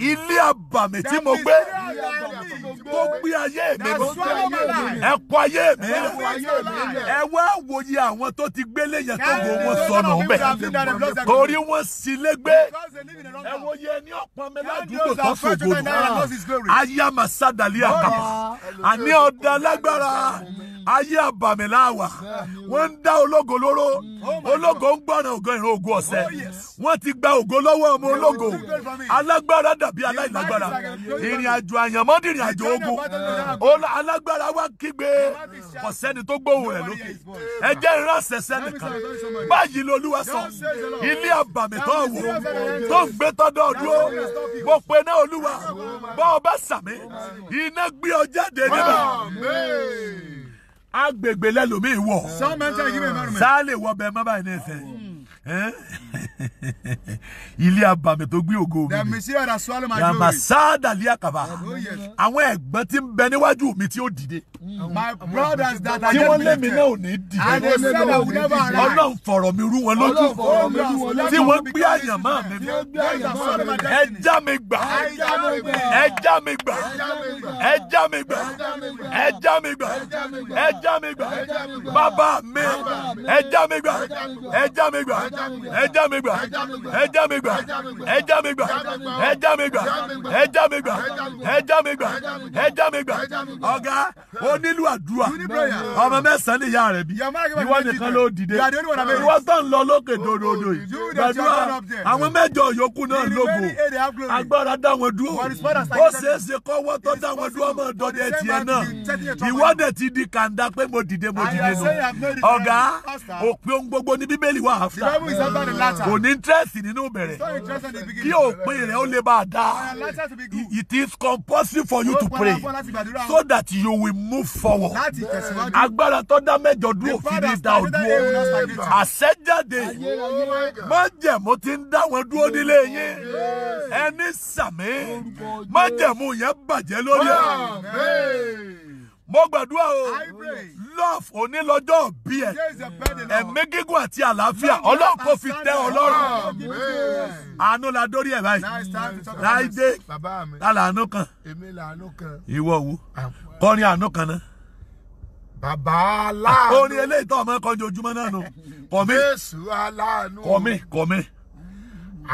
ilé àbàmì tí mo gbé tó gbé ayé mi mi ẹ kọ ayé mi ẹ wá wòye àwọn tó ti gbélé yẹn tó wò wọn sọnù bẹ torí wọn sì lẹgbẹ ẹ wòye ní ọ̀pọ̀ mi ládùúgbò tó ṣògbòdò ayé masadali àkàmà àní ọ̀dà lágbára ayé àbàmìláwà wọ́n ń dá ológo lóró oh ológo ń gbọ́nà ògo ìran ògo ọ̀sẹ̀ oh, wọ́n ti gba ògo lọ́wọ́ ọmọ ológo alágbára dàbí aláìlágbára ìrìn àjò àyànmọ́dìrìn àjò ogun alágbára wa kígbe kò sẹ́ni tó gbóhùn rẹ̀ lókè ẹ jẹ́ ìránṣẹ́ sẹ́nìkan báyìí lolúwa sọ ilé àbàmì wò tó gbé tọ́dọ̀ dúró mo pe náà olúwa bọ́ ọ bá sàmì iná gbé ọ jáde níbẹ̀ agbègbè lẹ́lòmíì wọ̀ sáà wọ bẹ́ẹ̀ má báyìí ní ìfẹ́ ilé abàmì tó gbé ògo mi. the messiah that swallow my àwọn ẹ̀gbọ́n tí ń bẹ níwájú mi tí ó dìde. brothers that tí wọ́n lé mi náà ò ní dìde. and they I never arrive. ọlọ́run fọ̀rọ̀ mi rú wọn lójú. tí wọ́n gbé àyànmọ́ mi. ẹ já mi gbà. ẹ já mi gbà. ẹ já mi gbà. ẹ já mi gbà. ẹ já mi gbà. bàbá mi. ẹ mi gbà. ẹ mi gbà ẹja mi gbà ẹja mi gbà ẹja mi gbà ẹja mi gbà ẹja mi gbà ẹja mi gbà ẹja mi gbà ọ̀gá o nílò àdúrà ọmọ mẹ́sàn-án ni ìyá rẹ̀ bí ìwọ nìkan ló dìde ìwọ tó ń lọ lókè dòdòdò yìí gbàdúrà àwọn mẹ́jọ yòókù náà lógo agbára dá wọn dúró ó ṣeé ṣe kọ́wọ́ tó dá dúró ọmọ ìdọ́dẹ tiẹ̀ náà ìwọ dẹ̀ ti di kàńdá pé mo dìde mo dìde nù ọ̀gá òpin gbogbo ní bíbélì wà áfà is about the latter. Kò ní interest nínú bẹ̀rẹ̀. in the beginning. Kí òpin rẹ̀ ó lè bá a It is compulsory for you to pray so that you will move forward. Agbára tó dá mẹ́jọ dúró fi ní dá o dúró. Àṣẹjáde májẹ̀mú ti ń dá wọn dúró nílé yín. Ẹni sàmí májẹ̀mú yẹn bàjẹ́ lórí ẹ̀ mo gbàdúrà o love onílọ́jọ́ bí ẹ ẹ̀mí gígùn àti àlàáfíà ọlọ́run kò fi tẹ́ ọlọ́run àánú la dórí ẹ̀ báyìí
láìdé lálàánú kan
ìwọ wo kọrin àánú kan náà. Bàbá aláàánú. Orin eléyìí tó ọmọ ẹ̀kọ́ ojoojúmọ́ náà nù. Kọ̀mí.
Jésù aláàánú. Kọ̀mí kọ̀mí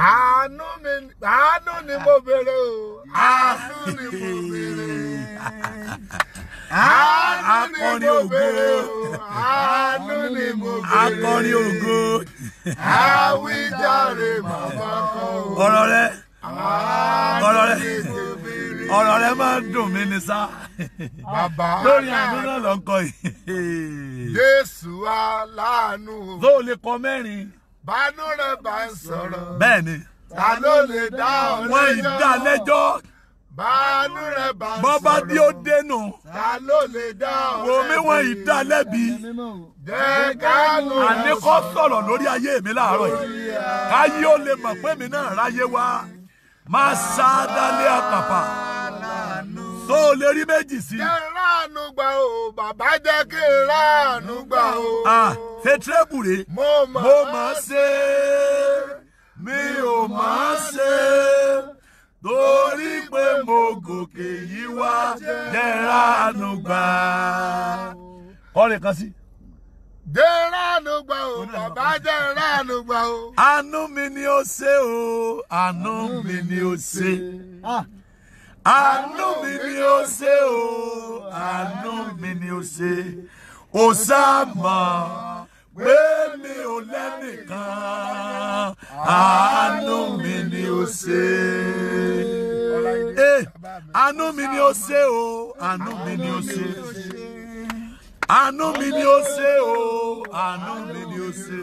àánú mi àánú ni mo béèrè o àánú ni mo béèrè àánú ni mo béèrè o àánú ni mo béèrè akọrin ògo àwíjàre bàbá kan o ọ̀rọ̀ rẹ ọ̀rọ̀ rẹ
ọ̀rọ̀ rẹ máa ń dùn mí ni sá
lórí àánú náà
lọ́kọ̀ yìí Jésù aláàánú. tó o lè kọ mẹ́rin bánú rẹ̀ bá ń sọ̀rọ̀. bẹ́ẹ̀ni. ta ló lè dá ọ lẹ́jọ́. wọ́n ì dá lẹ́jọ́.
bánú rẹ̀ bá ń sọ̀rọ̀. bọ́bá bí ó
dénú. ta ló lè dá ọ lẹ́jọ́. wòmí wọ́n ì dá lẹ́bi.
jẹ́ kánú rẹ̀ sọ̀rọ̀. àní kó
sọ̀rọ̀ lórí ayé mi láàárọ̀ yìí. káyé ó lè mọ̀ pé mi náà ráyé wá. máa sá dálé àtàpà tó o lè rí méjì sí. jẹ́ ráàánú
gbà o bàbá jẹ́ kí n ráàánú gbà o.
ṣé tírẹ́bù rè mo máa ṣe mi ò máa ṣe torí pé mo gòkè yìí wá jẹ́ ráàánú gbà. kọ́rin kan sí
jẹ́ ránu gbà o bàbá jẹ́ ránu gbà o.
àánú mi ni ó ṣe o àánú mi ni ó ṣe àánú mi ni ó ṣe o àánú mi ni ó ṣe ó sàmọ̀ pé mi ò lẹ́nìkan àánú mi ni ó ṣe. Eh, àánú mi ni ó ṣe o àánú mi ni ó ṣe. àánú mi ni ó ṣe o àánú mi ni ó ṣe.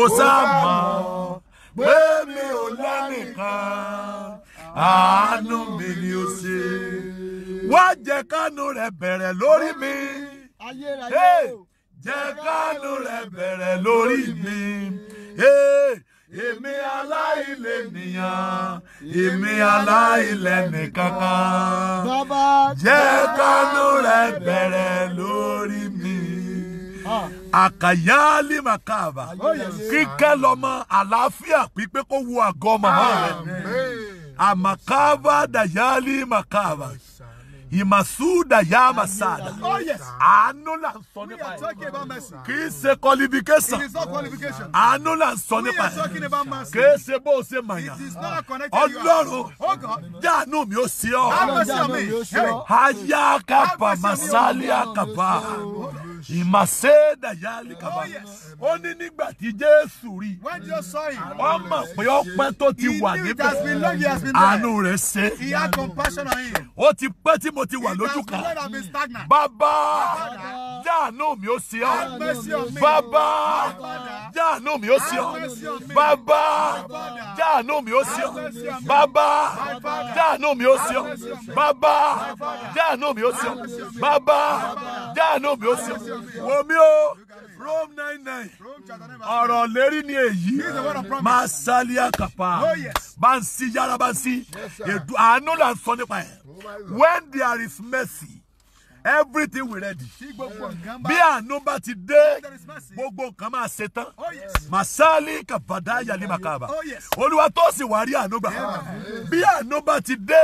ó sàmọ̀ pé mi ò lẹ́nìkan àánú mi ni ó ṣe wá jẹ́ kánú rẹ̀ bẹ̀rẹ̀ lórí mi jẹ́ kánú rẹ̀ bẹ̀rẹ̀ lórí mi èmi aláìlènìyàn èmi aláìlẹ́nìkankan jẹ́ kánú rẹ̀ bẹ̀rẹ̀
lórí mi
àkàyálì màkàbà kíkẹ́ lọ́mọ àlàáfíà pípé kó wo àgọ́ màmá
rẹ̀
àmàkàbà dàyálì màkàbà ìmàsúdà yà màsàdà. Oh, àánú là ń sọ nípa ẹ̀. kì í ṣe qualification.
àánú là ń sọ nípa ẹ̀. kì
í ṣe bó o ṣe màyà.
ọlọ́run
jáàánú oh, mi ó ṣe ọ́. ayé akapa masálí akapa ìmàṣẹ́dà yálì
kaba oh,
ó ní nígbà tí Jésù rí ọ mọ̀ pé ọpẹ́ tó ti wà níbẹ̀ àánú rẹ̀ ṣe ó ti pẹ́ tí mo ti wà lójú kan bàbá jáàánú mi ó ṣe ọ́ bàbá jáàánú mi ó ṣe ọ́ bàbá jáàánú mi ó ṣe ọ́ bàbá
jáàánú mi ó ṣe ọ́
bàbá jáàánú mi ó ṣe ọ́ bàbá jáàánú mi ó ṣe ọ́ wo mi o Rome nine nine ọ̀rọ̀ lérí ni èyí máa sálí àkàpà bá ń sí yára bá ń sí àánú là ń sọ nípa ẹ̀ when there is mercy everything we ready. bí àánú bá ti dé gbogbo nǹkan máa ṣe tán oh, masali kàbàdá yàlí màkàbà olúwa tó sì wá rí àánú gbà bí àánú bá ti dé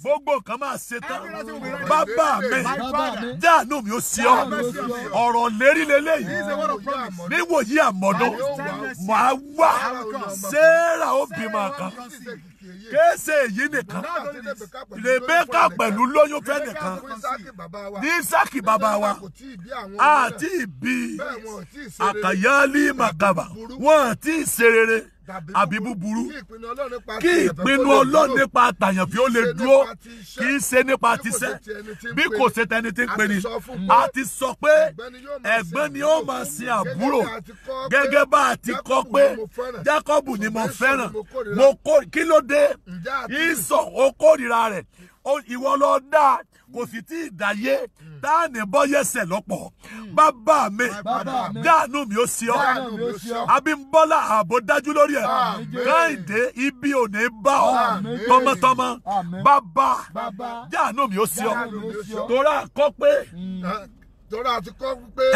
gbogbo nǹkan máa ṣe tán bàbá mi jáàánú mi ó sí ọ ọ̀rọ̀ lérí leléyìí níwòyí àmọ́dún màá wá Sárà ó bímọ kan kéèsè èyí nìkan
Rèbékà pẹ̀lú lóyún fẹ́ nìkan ní Ísákì bàbá wa àti ìbí àkàyálí
màkàbà wọn àti ìṣerere àbí búburú kí ìpinnu ọlọ́run nípa àtàyànfi ó lè dúró kì í ṣe nípa tiṣẹ́ bí kò ṣe tẹni tí ń pè ní a ti sọ pé ẹ̀gbọ́n ni ó máa sin àbúrò gẹ́gẹ́ bá a ti kọ́ pé Jákọ́bù ni mo fẹ́ràn kí ló dé ìsọ̀ ó rẹ̀ ìwọ ló dáa kò sì tí ì dáyé hmm. tá a ní bọ́ yẹsẹ̀ lọ́pọ̀ hmm. bàbá mi dáànú mi ó sí ọ Abímbọ́lá ààbò dájú lórí ẹ̀ Kẹ́hìndé ibi ò ní bá ọ tọmọtọmọ bàbá
dáànú mi ó sí ọ tó rà kọ́ pé. Hmm. tó rà kọ́ pé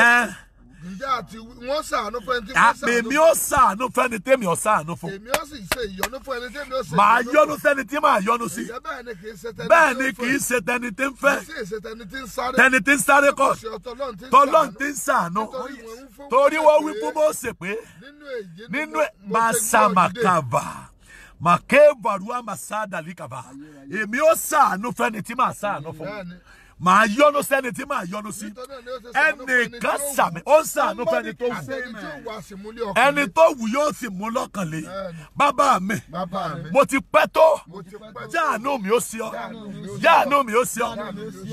ìyá àti wọ́n ṣàánú fún ẹni tí ah, wọ́n ṣàánú fún. èmi ó
ṣàánú fún ẹni tẹ́mi ó ṣàánú fún.
èmi ó sì ṣe ìyọ́nú fún ẹni tẹ́mi ó ṣe. màá yọ́nú sẹ́ni
tí màá yọ́nú sí.
bẹ́ẹ̀ ni kì í ṣe
tẹni tí ń fẹ́.
tẹni tí ń sáré kọ́. tọ́lọ́n ti ń ṣàánú. torí wọ́n
wí fún bó ṣe pé nínú màsàmàkàbà màkẹ́ bàrúwà màsàdàlíkàbà èmi ó ṣàánú fẹ́ni tí màá ṣàánú fún màá yọ́nú sẹ́ni tí màá yọ́nú sí ẹnìkan sàmì ó ń sàánú fẹ́ni tó wù ẹni tó wù yóò sì mú lọ́kàn lé bàbá mi mo ti pẹ́ tó jáàánú mi ó sí ọ jáàánú mi ó sí ọ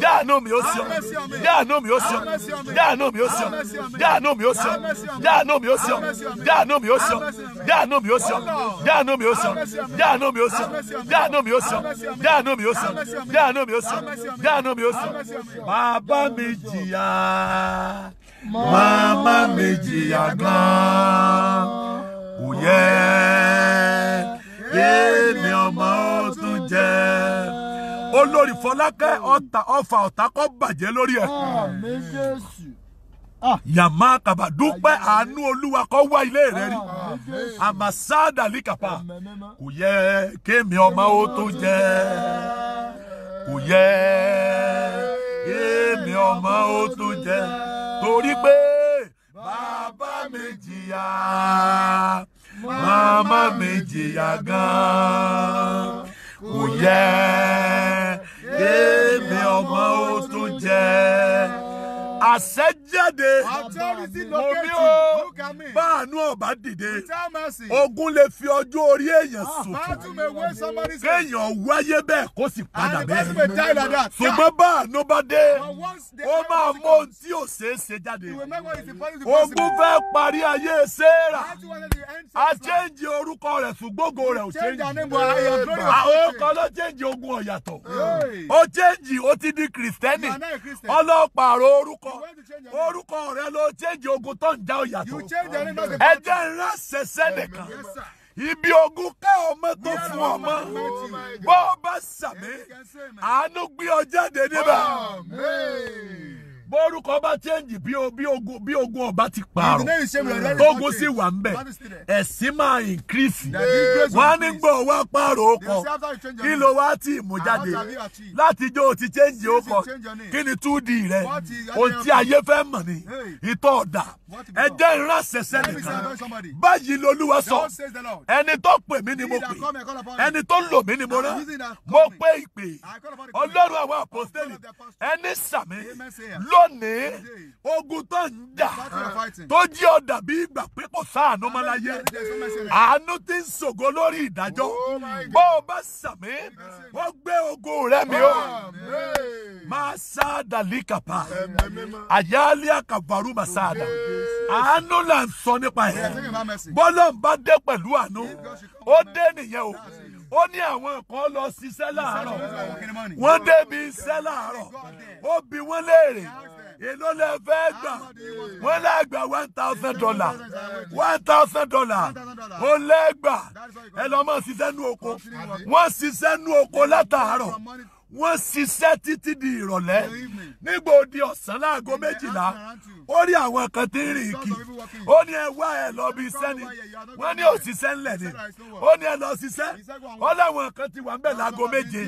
jáàánú mi ó sí ọ jáàánú mi ó sí ọ jáàánú mi ó sí ọ jáàánú mi ó sí ọ jáàánú mi ó sí ọ jáàánú mi ó sí ọ jáàánú mi ó sí ọ jáàánú mi ó sí ọ jáàánú mi ó sí ọ jáàánú mi ó sí ọ jáàánú mi ó sí ọ jáàánú mi ó sí ọ jáàánú mi ó sí ọ. Baba mi mama màmá mi jìyà gan kò yẹ èmi ọmọ ó tún jẹ olórí Fọlákẹ́ ọfà ọ̀tá kọ́ bàjẹ́ lórí ẹ̀ ah, yàmá kàbà dúpẹ́ àánú olúwa kọ́ wá ilé rẹ rí àmàsáàdà ní kàpá kò yẹ kémi ọmọ ó tó jẹ kò yẹ èmi ọmọ ó tún jẹ torí pé bàbá mi jìyà màmá mi jìyà gan kò yẹ èmi ọmọ ó tún jẹ àṣẹ jáde omi o báànú ọba dìde ogun lè fi ọjọ́ orí èèyàn ṣòfò
ah, kéèyàn
wáyé bẹ́ẹ̀ kó sì padà bẹ́ẹ̀ ṣùgbọ́n báànú bá dé ó máa mú ohun tí ò ṣeé ṣe jáde ogun fẹ́ parí ayé Sẹ́rà a chẹ́ǹjì orúkọ rẹ̀ ṣùgbọ́gbò rẹ̀ ò chẹ́ǹjì àwọn ah, kan ló chẹ́ǹjì ogun ọ̀yàtọ̀ ó chẹ́ǹjì ó ti di kìrìsìtẹ́nì ọlọ́pàá àrò orúkọ orúkọ rẹ ló change ogun tó ń já ọ̀yà tó ẹ jẹ́ ìránṣẹ́ sẹ́nìkan ibi ogun ká ọmọ tó fún ọmọ oh bọ́ ọ bá sàmì àánú gbé ọ jáde níbẹ̀ bórúkọ bá change bí ogun bí ogun ọba ti pààrọ̀ ogun mm. sì wà ń bẹ ẹ̀sìn máa increase wọ́n á ní gbọ́ wá pààrọ̀ ọkọ̀ kí ló wá tí ìmú jáde látijọ́ o ti change ọkọ̀ kí ni 2D rẹ ohun tí ayé fẹ́ mọ̀ ni ìtọ́ ọ̀dà ẹ jẹ́ ìránṣẹ́ṣẹ́ nìkan báyìí lolúwa sọ ẹni tó pè mí ni mo pè ẹni tó lò mí ni mo rán mo pé ìpè ọlọ́run àwọn àpòstélì ẹni sàmì lọ lónìí ogun tó ń jà tó jí ọ dàbí ìgbà pé kò sáànú mọ́ láyé àánú ti ń ṣògo lórí ìdájọ́ oh bó o bá sàmí wọ́n gbé ogun rẹ mi o máa sá dàlí kàpá àyálí àkàbàrú máa sá dà àánú là ń sọ nípa ẹ̀ bọ́lá ń bá dé pẹ̀lú àánú ó dé nìyẹn o ó ní àwọn kan lọ ṣiṣẹ́ láàárọ̀ wọ́n débi iṣẹ́ láàárọ̀ ó bi wọ́n léèrè èló lẹ fẹ́ gbà wọ́n lè gbà one thousand dollar one thousand dollar ó lè gbà ẹ lọ́ mọ̀ ṣiṣẹ́ nú oko wọ́n ṣiṣẹ́ nú oko látàárọ̀ wọ́n ṣiṣẹ́ títí di ìrọ̀lẹ́ nígbà odi ọ̀sán láago méjìlá ó rí àwọn kan tí ń rìn kì ó ní ẹ wá ẹ lọ bí iṣẹ́ ni wọ́n ní òṣìṣẹ́ ńlẹ̀ ni ó ní ẹ lọ ṣiṣẹ́ ó láwọn kan ti wà ń bẹ̀ láago méje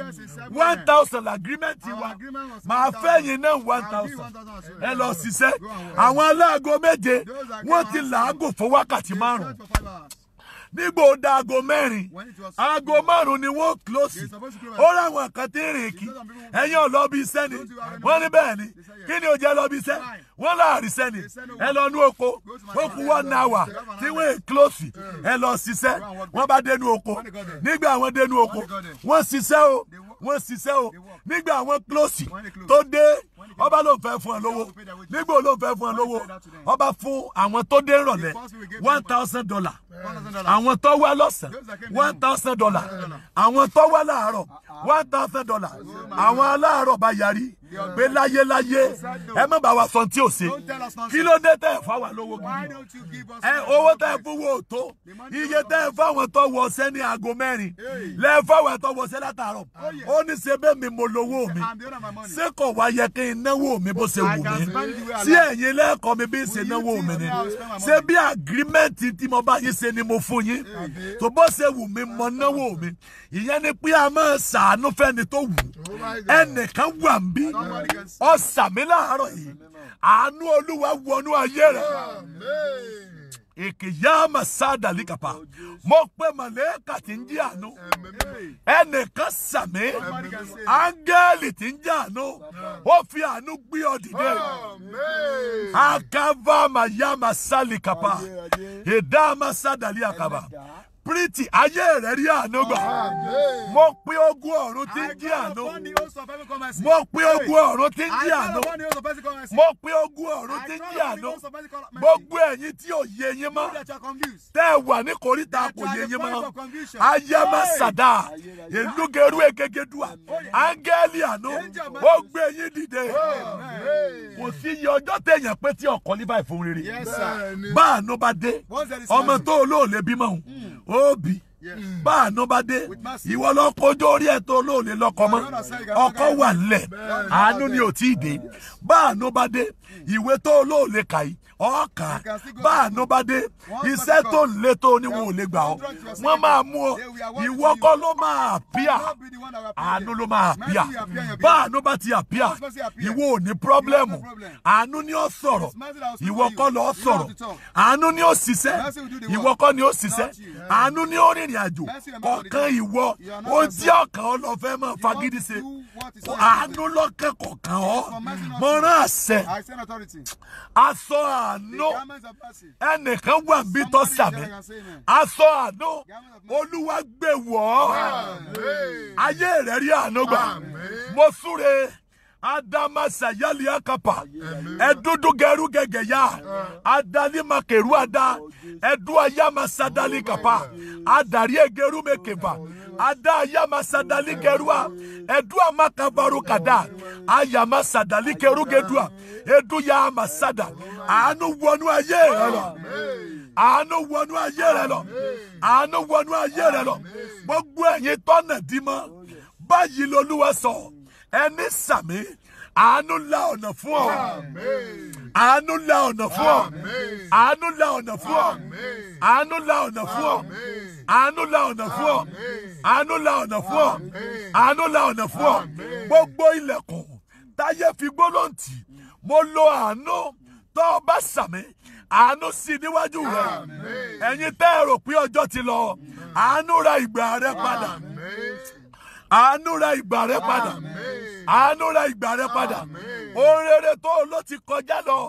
one thousand agreement wa màá fẹ́ yín náà one thousand ẹ lọ ṣiṣẹ́ àwọn aláago méje wọ́n ti làágùn fún wákàtí márùn-ún nígbà ó da aago mẹ́rin aago márùn-ún ni wọ́n kílòsì ó ráwọn kan tí ń rìn kí ẹ̀yin ọ̀ lọ́ọ́ bí iṣẹ́ ni wọ́n ní bẹ́ẹ̀ ni kí ni ò jẹ́ iṣẹ́ wọ́n láàrin iṣẹ́ ni ẹ lọ nú oko ó kú one hour tí wọ́n kílòsì ẹ lọ ṣiṣẹ́ wọ́n bá dénú oko nígbà àwọn dénú oko wọ́n ṣiṣẹ́ o wọ́n ṣiṣẹ́ o nígbà àwọn kílòsì tó dé ọba ló ń fẹ́ fún ẹ lówó nígbò ló ń fẹ́ fún ẹ lówó ọba fún àwọn tó dé ìrọ̀lẹ́ one thousand dollar àwọn tó wá lọ́sàn-án one thousand dollar àwọn tó wá láàárọ̀ one thousand dollar àwọn aláàárọ̀ bá yarí pé láyéláyé ẹ má bá wa sọ tí ò ṣe kí ló dé tẹ́ ẹ fáwa lówó gidi ẹ owó tẹ́ ẹ fún wo tó iye tẹ́ ẹ fáwọn tó wọ ọṣẹ́ ní aago mẹ́rin lẹ́ fáwọn tó wọ ọṣẹ́ látàárọ̀ ó ní ṣe bẹ́ẹ̀ mi mo lówó mi ṣé kò wá yẹ kí n ṣe náwó mi bó ṣe wù mí sí ẹ̀yin lẹ́ẹ̀kọ́ mi bí ṣe náwó mi ni ṣé bí agirímẹ́ǹtì tí mo bá yín ṣe ni mo fún yín tó bó ṣe wù mí mo náwó mi ìyẹn ni pé a máa ṣàánú fẹ́ni tó wù oh
ẹnìkan wà ń bí
ọ̀sàmí láàárọ̀ yìí àánú olúwa wọnú ayé rẹ̀ èkìyàmà sádàlì kàpá mo pe màlẹ́kà tí ń jí àánú ẹnìkan sàmì áńgẹ́lì tí ń jí àánú ó fi àánú gbé ọ dìde akava màyàmà sálì kàpá ìdáàmà sádàlì àkàbà pírítì ayé rẹ̀ rí àánú gbà mo pín ogún ọ̀run tí ń jí àánú mo pín ogún ọ̀run tí ń jí àánú mo pín ogún ọ̀run tí ń jí Mo, gbogbo ẹ̀yin tí ò yé yín mọ́ tẹ́ ẹ wà ní koríta kò yé yín mọ́ ayémá sàdá ìlúgẹrú egegedua áńgẹ́lì àánú ó gbé yín dìde kò sí iye ọjọ́ tẹ̀yàn pé tí ọkọ̀ ní báyìí fún rere báà ló bá dé ọmọ tó olóòlè bímọ Obi, bá àná bá dé ìwọ lọ kójú orí ẹ tó lóòlè lọkọ mọ ọkọ wà nílẹ̀ àánú ni ò tí ì dé bá àná bá dé ìwé tó lóòlè kà yìí ọkàn báànú bá dé iṣẹ́ tó ń lé tó ní wọn ò lè gbà ọ́ wọ́n máa mú ọ ìwọ kọ́ ló máa píà àánú ló máa píà báànú bá ti àpíà ìwọ ò ní pírọ́blẹ́mù àánú ni ó sọ̀rọ̀ ìwọ kọ́ ló sọ̀rọ̀ àánú ni ó ṣiṣẹ́ ìwọ kọ́ ni ó ṣiṣẹ́ eh? àánú ni ó rìnrìn àjò ọ̀kan ìwọ ó jẹ́ ọ̀kan ọlọ́fẹ́ máa fagídí ṣe àánú lọ́kẹ́ kọ̀ọ̀kan ọ́ mọ̀ràn àṣẹ àánú ẹnìkan wà bí tó sàmì
aṣọ àánú
olúwa gbé wọ̀ ọ́ ayé rẹ̀ rí àánú gbà mo súre adama sayali akapa ẹdúdú gẹrú gẹgẹ ya adali makeru ada ẹdú ayama sadali kapa adari egeru mekeba ada ayama sadali gerua ẹdú amakabaru kada ayama sadali keru gedua ẹdú ya ama àánú wọnú ayé rẹ lọ àánú wọnú ayé rẹ lọ àánú wọnú ayé rẹ lọ gbogbo ẹ̀yin tọ́nà dímọ́ báyìí lolúwa sọ ẹni sàmì àánú la ọ̀nà fún ọ àánú la ọ̀nà fún ọ àánú la ọ̀nà fún ọ àánú la ọ̀nà fún ọ àánú la ọ̀nà fún ọ àánú la ọ̀nà fún ọ àánú la ọ̀nà fún ọ gbogbo ilẹ̀kùn táyé fi gbólóǹtì mo lo àánú tó o bá sàmì àánú sí níwájú rẹ ẹ̀yin tẹ́ ẹ rò pé ọjọ́ ti lọ àánú ra ìgbà rẹ padà àánú ra ìgbà rẹ padà àánú ra ìgbà rẹ padà ohun tó ló ti kọjá lọ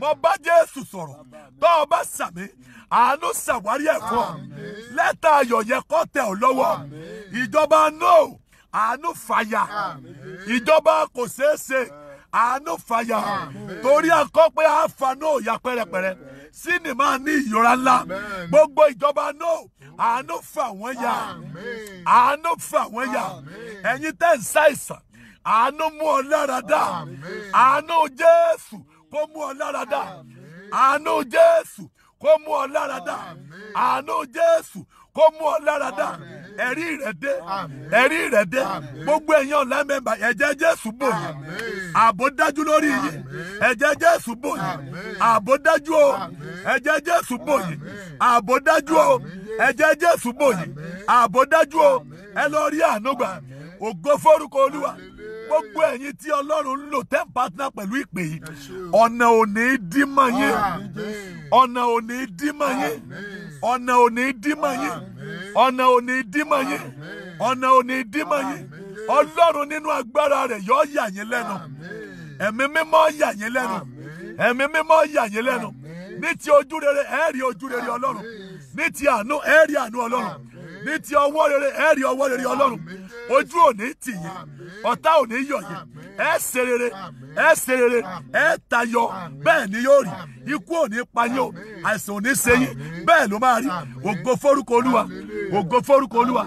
mo bá Jésù sọ̀rọ̀ tó o bá sàmì àánú ṣàwárí ẹ̀kọ́ lẹ́tà ayọ̀ yẹ kó tẹ̀ ọ́ lọ́wọ́ ìjọba no àánú fàyà ìjọba kò ṣeé ṣe àánú fàyà torí àkọ́ pé àfà náà yà pẹ́rẹpẹ́rẹ sínú máa ní ìyọra ńlá gbogbo ìjọba náà àánú fà wọ́n yà àánú fà wọ́n yà ẹ̀yin tẹ́ ń ṣàìsàn àánú mú ọ lára dá àánú Jésù kó mú ọ lára dá àánú Jésù kó mú ọ lára dá àánú Jésù kó mú ọ lára dá ẹ̀rí dé dé gbogbo ẹ̀yin ọ̀la mẹ́mbà Jésù bò
yín
dájú lórí yín Jésù o ẹ̀jẹ̀ Jésù bò yín o ẹ̀jẹ̀ Jésù o ẹ lọ rí ògo gbogbo ẹ̀yin tí ọlọ́run ń lò ten partner pẹ̀lú ìpè yìí ọ̀nà ò dí yín ọ̀nà ọ̀nà ò ní dímọ̀ yín ọ̀nà ò ní dímọ̀ yín ọ̀nà ò ní dímọ̀ yín ọlọ́run nínú agbára rẹ̀ yóò yà yín lẹ́nu ẹ̀mí mímọ́ yà yín lẹ́nu ẹ̀mí mímọ́ yà yín lẹ́nu ní ti ojú rere ẹ rí ojú rere ọlọ́run ní ti àánú ẹ rí àánú ọlọ́run ní ti ọwọ́ rere ẹ rí ọwọ́ rere ọlọ́run ojú ò tì yín ọ̀tá ò yọ̀ yín ẹ ṣe rere ẹ ṣe rere ẹ tayọ bẹ́ẹ̀ ni yóò rí ikú ò ní pa o àìsàn ò ní ṣe ló máa rí ògo forúkọ olúwa ògo forúkọ olúwa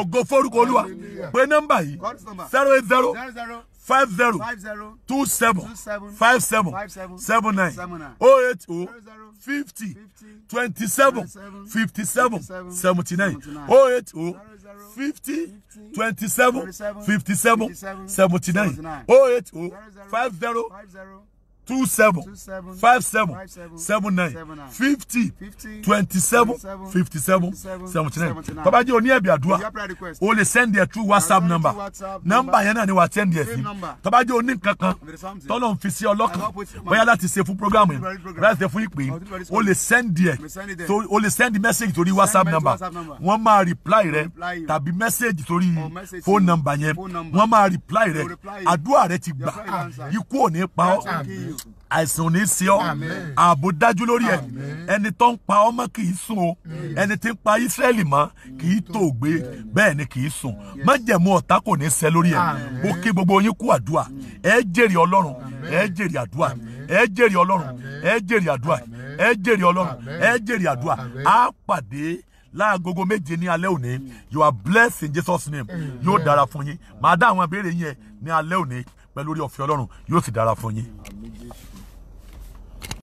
ògo forúkọ olúwa pé nọ́mbà yìí zero eight zero
five zero two seven five seven seven nine oh
eight oh fifty twenty seven fifty seven seventy nine oh eight oh fifty twenty seven fifty seven seventy nine oh eight oh five zero two seven five seven seven nine fifty twenty seven fifty seven seventy nine tó bá oni o adua. ẹ̀bì o lè send ẹ̀ through whatsapp number number yẹn náà ni wà á send ẹ̀ sí tó bá jẹ́ o ní kankan tọ́lọ̀ ń fi sí ọlọ́kan bóyá láti ṣe fún program yẹn láti ṣe fún ìpè o lè send ẹ̀ o lè send message torí whatsapp number wọ́n máa reply rẹ tàbí message torí phone number yẹn wọ́n máa reply rẹ Adua rẹ ti gbà ikú ò ní pa ọ́ àìsàn ò ní sí ọ ààbò dájú lórí ẹ ẹni tó ń pa ọmọ kì í sùn o ẹni tí ń pa Ísírẹ́lì mọ́ kì í tòògbé bẹ́ẹ̀ ni kì í sùn májẹ̀mú ọ̀tá kò ní ṣẹ lórí ẹ mo kí gbogbo yín kú àdúrà ẹ jèrè Ọlọ́run ẹ jèrè àdúrà ẹ jèrè Ọlọ́run ẹ jèrè àdúrà ẹ jèrè Ọlọ́run ẹ jèrè àdúrà á pàdé láagogo méje ní alẹ́ òní you are blessed in Jesus name yóò dára fún yín màá dá àwọn ìbéèrè yín ẹ ní alẹ́ òní pẹ̀lú orí ọ̀fẹ́ Ọlọ́run yóò sì dára fún yín.